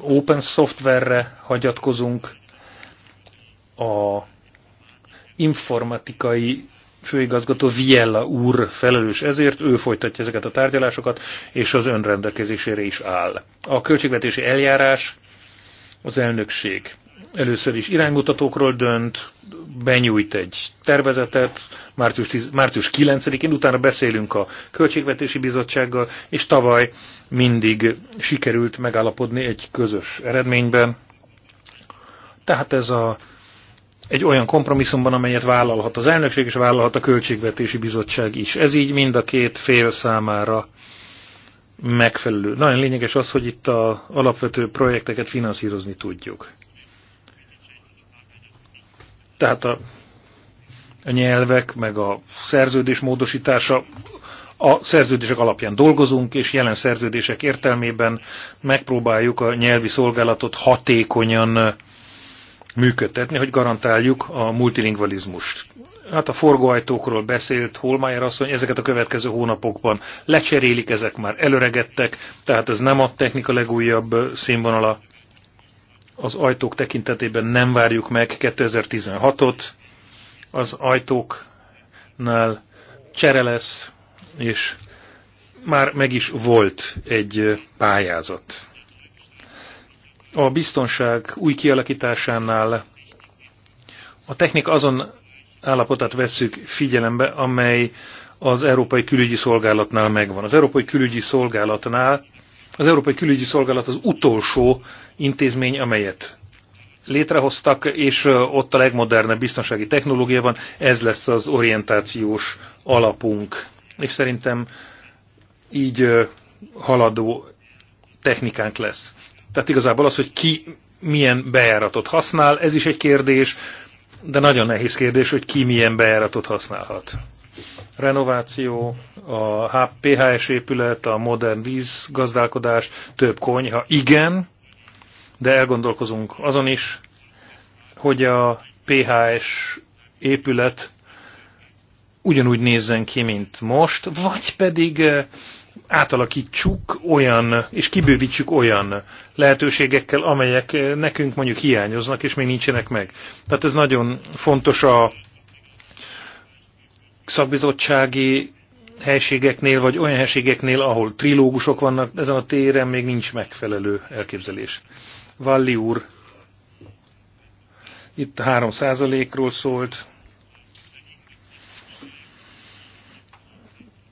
open szoftverre hagyatkozunk, a informatikai főigazgató Viella úr felelős ezért, ő folytatja ezeket a tárgyalásokat, és az önrendelkezésére is áll. A költségvetési eljárás az elnökség először is iránymutatókról dönt, benyújt egy tervezetet, március, 10, március 9-én, utána beszélünk a Költségvetési Bizottsággal, és tavaly mindig sikerült megállapodni egy közös eredményben. Tehát ez a, egy olyan kompromisszumban, amelyet vállalhat az elnökség, és vállalhat a Költségvetési Bizottság is. Ez így mind a két fél számára megfelelő. Nagyon lényeges az, hogy itt az alapvető projekteket finanszírozni tudjuk. Tehát a, a nyelvek, meg a szerződés módosítása, a szerződések alapján dolgozunk, és jelen szerződések értelmében megpróbáljuk a nyelvi szolgálatot hatékonyan működtetni, hogy garantáljuk a multilingvalizmust. Hát a forgóajtókról beszélt Holmeier asszony, ezeket a következő hónapokban lecserélik, ezek már előregettek, tehát ez nem a technika legújabb színvonala az ajtók tekintetében nem várjuk meg 2016-ot, az ajtóknál csere lesz, és már meg is volt egy pályázat. A biztonság új kialakításánál a technika azon állapotát vesszük figyelembe, amely az Európai Külügyi Szolgálatnál megvan. Az Európai Külügyi Szolgálatnál az Európai Külügyi Szolgálat az utolsó intézmény, amelyet létrehoztak, és ott a legmodernebb biztonsági technológia van, ez lesz az orientációs alapunk. És szerintem így haladó technikánk lesz. Tehát igazából az, hogy ki milyen bejáratot használ, ez is egy kérdés, de nagyon nehéz kérdés, hogy ki milyen bejáratot használhat renováció, a PHS épület, a modern vízgazdálkodás, több konyha. Igen, de elgondolkozunk azon is, hogy a PHS épület ugyanúgy nézzen ki, mint most, vagy pedig eh, átalakítsuk olyan, és kibővítsük olyan lehetőségekkel, amelyek eh, nekünk mondjuk hiányoznak, és még nincsenek meg. Tehát ez nagyon fontos a szakbizottsági helységeknél, vagy olyan helységeknél, ahol trilógusok vannak, ezen a téren még nincs megfelelő elképzelés. Valli úr itt 3%-ról szólt.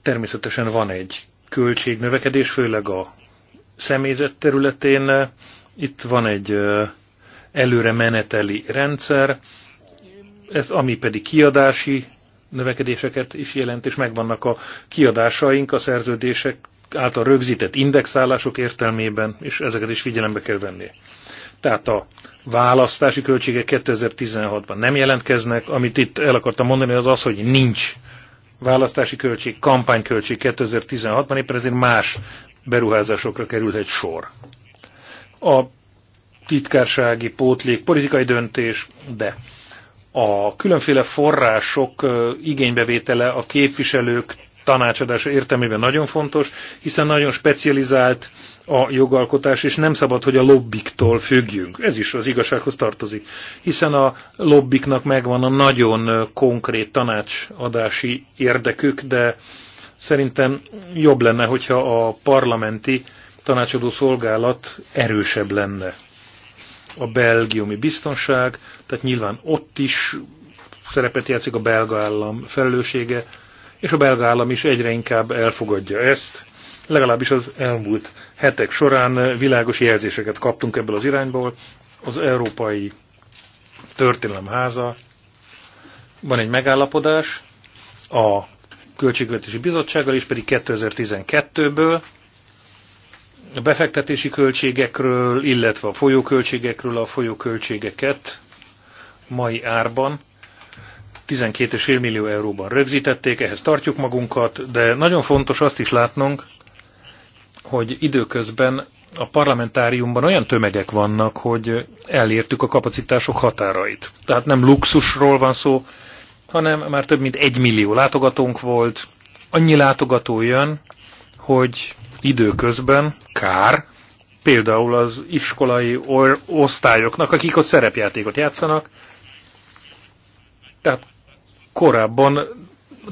Természetesen van egy költségnövekedés, főleg a személyzet területén. Itt van egy előre meneteli rendszer, ez ami pedig kiadási növekedéseket is jelent, és megvannak a kiadásaink, a szerződések által rögzített indexálások értelmében, és ezeket is figyelembe kell venni. Tehát a választási költségek 2016-ban nem jelentkeznek, amit itt el akartam mondani, az az, hogy nincs választási költség, kampányköltség 2016-ban, éppen ezért más beruházásokra kerülhet sor. A titkársági pótlék, politikai döntés, de a különféle források igénybevétele a képviselők tanácsadása értelmében nagyon fontos, hiszen nagyon specializált a jogalkotás, és nem szabad, hogy a lobbiktól függjünk. Ez is az igazsághoz tartozik, hiszen a lobbiknak megvan a nagyon konkrét tanácsadási érdekük, de szerintem jobb lenne, hogyha a parlamenti tanácsadó szolgálat erősebb lenne a belgiumi biztonság, tehát nyilván ott is szerepet játszik a belga állam felelőssége, és a belga állam is egyre inkább elfogadja ezt. Legalábbis az elmúlt hetek során világos jelzéseket kaptunk ebből az irányból. Az Európai Történelemháza van egy megállapodás a Költségvetési Bizottsággal, és pedig 2012-ből a befektetési költségekről, illetve a folyóköltségekről a folyóköltségeket mai árban 12,5 millió euróban rögzítették, ehhez tartjuk magunkat, de nagyon fontos azt is látnunk, hogy időközben a parlamentáriumban olyan tömegek vannak, hogy elértük a kapacitások határait. Tehát nem luxusról van szó, hanem már több mint egy millió látogatónk volt. Annyi látogató jön, hogy időközben kár, például az iskolai osztályoknak, akik ott szerepjátékot játszanak. Tehát korábban,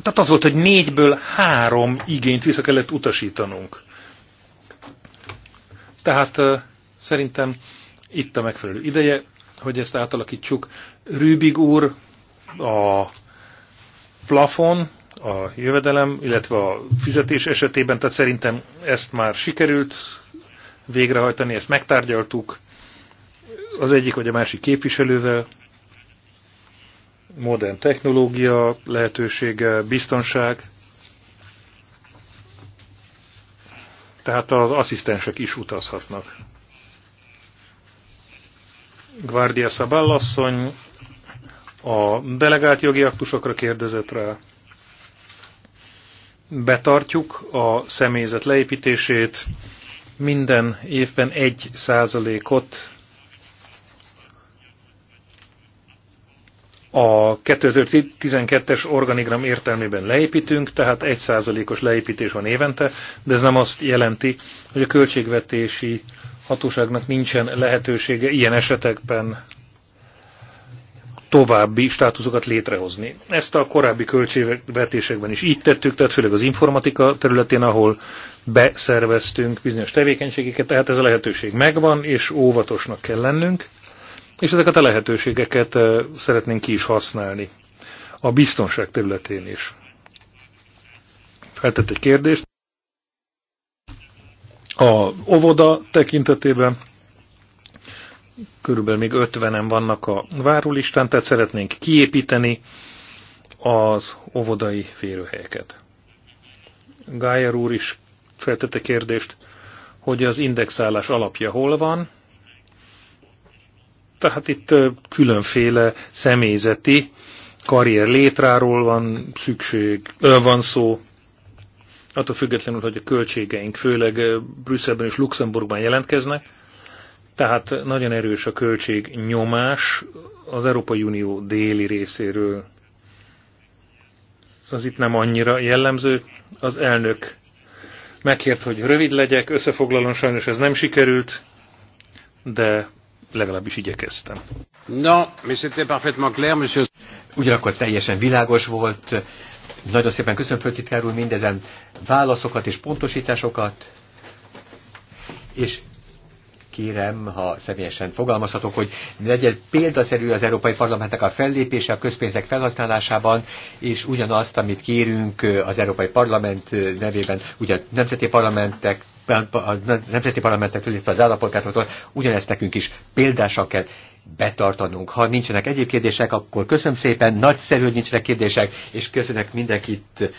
tehát az volt, hogy négyből három igényt vissza kellett utasítanunk. Tehát szerintem itt a megfelelő ideje, hogy ezt átalakítsuk. Rübig úr, a plafon a jövedelem, illetve a fizetés esetében, tehát szerintem ezt már sikerült végrehajtani, ezt megtárgyaltuk az egyik vagy a másik képviselővel, modern technológia lehetősége, biztonság, tehát az asszisztensek is utazhatnak. Guardia Szabállasszony a delegált jogi aktusokra kérdezett rá, betartjuk a személyzet leépítését, minden évben egy százalékot a 2012-es organigram értelmében leépítünk, tehát egy százalékos leépítés van évente, de ez nem azt jelenti, hogy a költségvetési hatóságnak nincsen lehetősége ilyen esetekben további státuszokat létrehozni. Ezt a korábbi költségvetésekben is így tettük, tehát főleg az informatika területén, ahol beszerveztünk bizonyos tevékenységeket, tehát ez a lehetőség megvan, és óvatosnak kell lennünk, és ezeket a lehetőségeket szeretnénk ki is használni. A biztonság területén is. Feltett egy kérdést. A óvoda tekintetében körülbelül még 50-en vannak a várólistán, tehát szeretnénk kiépíteni az óvodai férőhelyeket. Gájer úr is feltette kérdést, hogy az indexálás alapja hol van. Tehát itt különféle személyzeti karrier létráról van szükség, van szó, attól függetlenül, hogy a költségeink főleg Brüsszelben és Luxemburgban jelentkeznek, tehát nagyon erős a költség nyomás az Európai Unió déli részéről. Az itt nem annyira jellemző. Az elnök megkért, hogy rövid legyek, összefoglalom, sajnos ez nem sikerült, de legalábbis igyekeztem. No, mais parfaitement clair, monsieur. Ugyanakkor teljesen világos volt. Nagyon szépen köszönöm, főtitkár úr, mindezen válaszokat és pontosításokat. És kérem, ha személyesen fogalmazhatok, hogy legyen példaszerű az Európai Parlamentnek a fellépése a közpénzek felhasználásában, és ugyanazt, amit kérünk az Európai Parlament nevében, ugye nemzeti parlamentek a nemzeti parlamentek illetve az állampolgároktól ugyanezt nekünk is példásra kell betartanunk. Ha nincsenek egyéb kérdések, akkor köszönöm szépen, nagyszerű, hogy nincsenek kérdések, és köszönök mindenkit,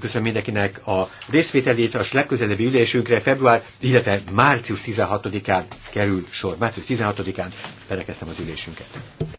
köszönöm mindenkinek a részvételét, a legközelebbi ülésünkre február, illetve március 16-án kerül sor. Március 16-án felekeztem az ülésünket.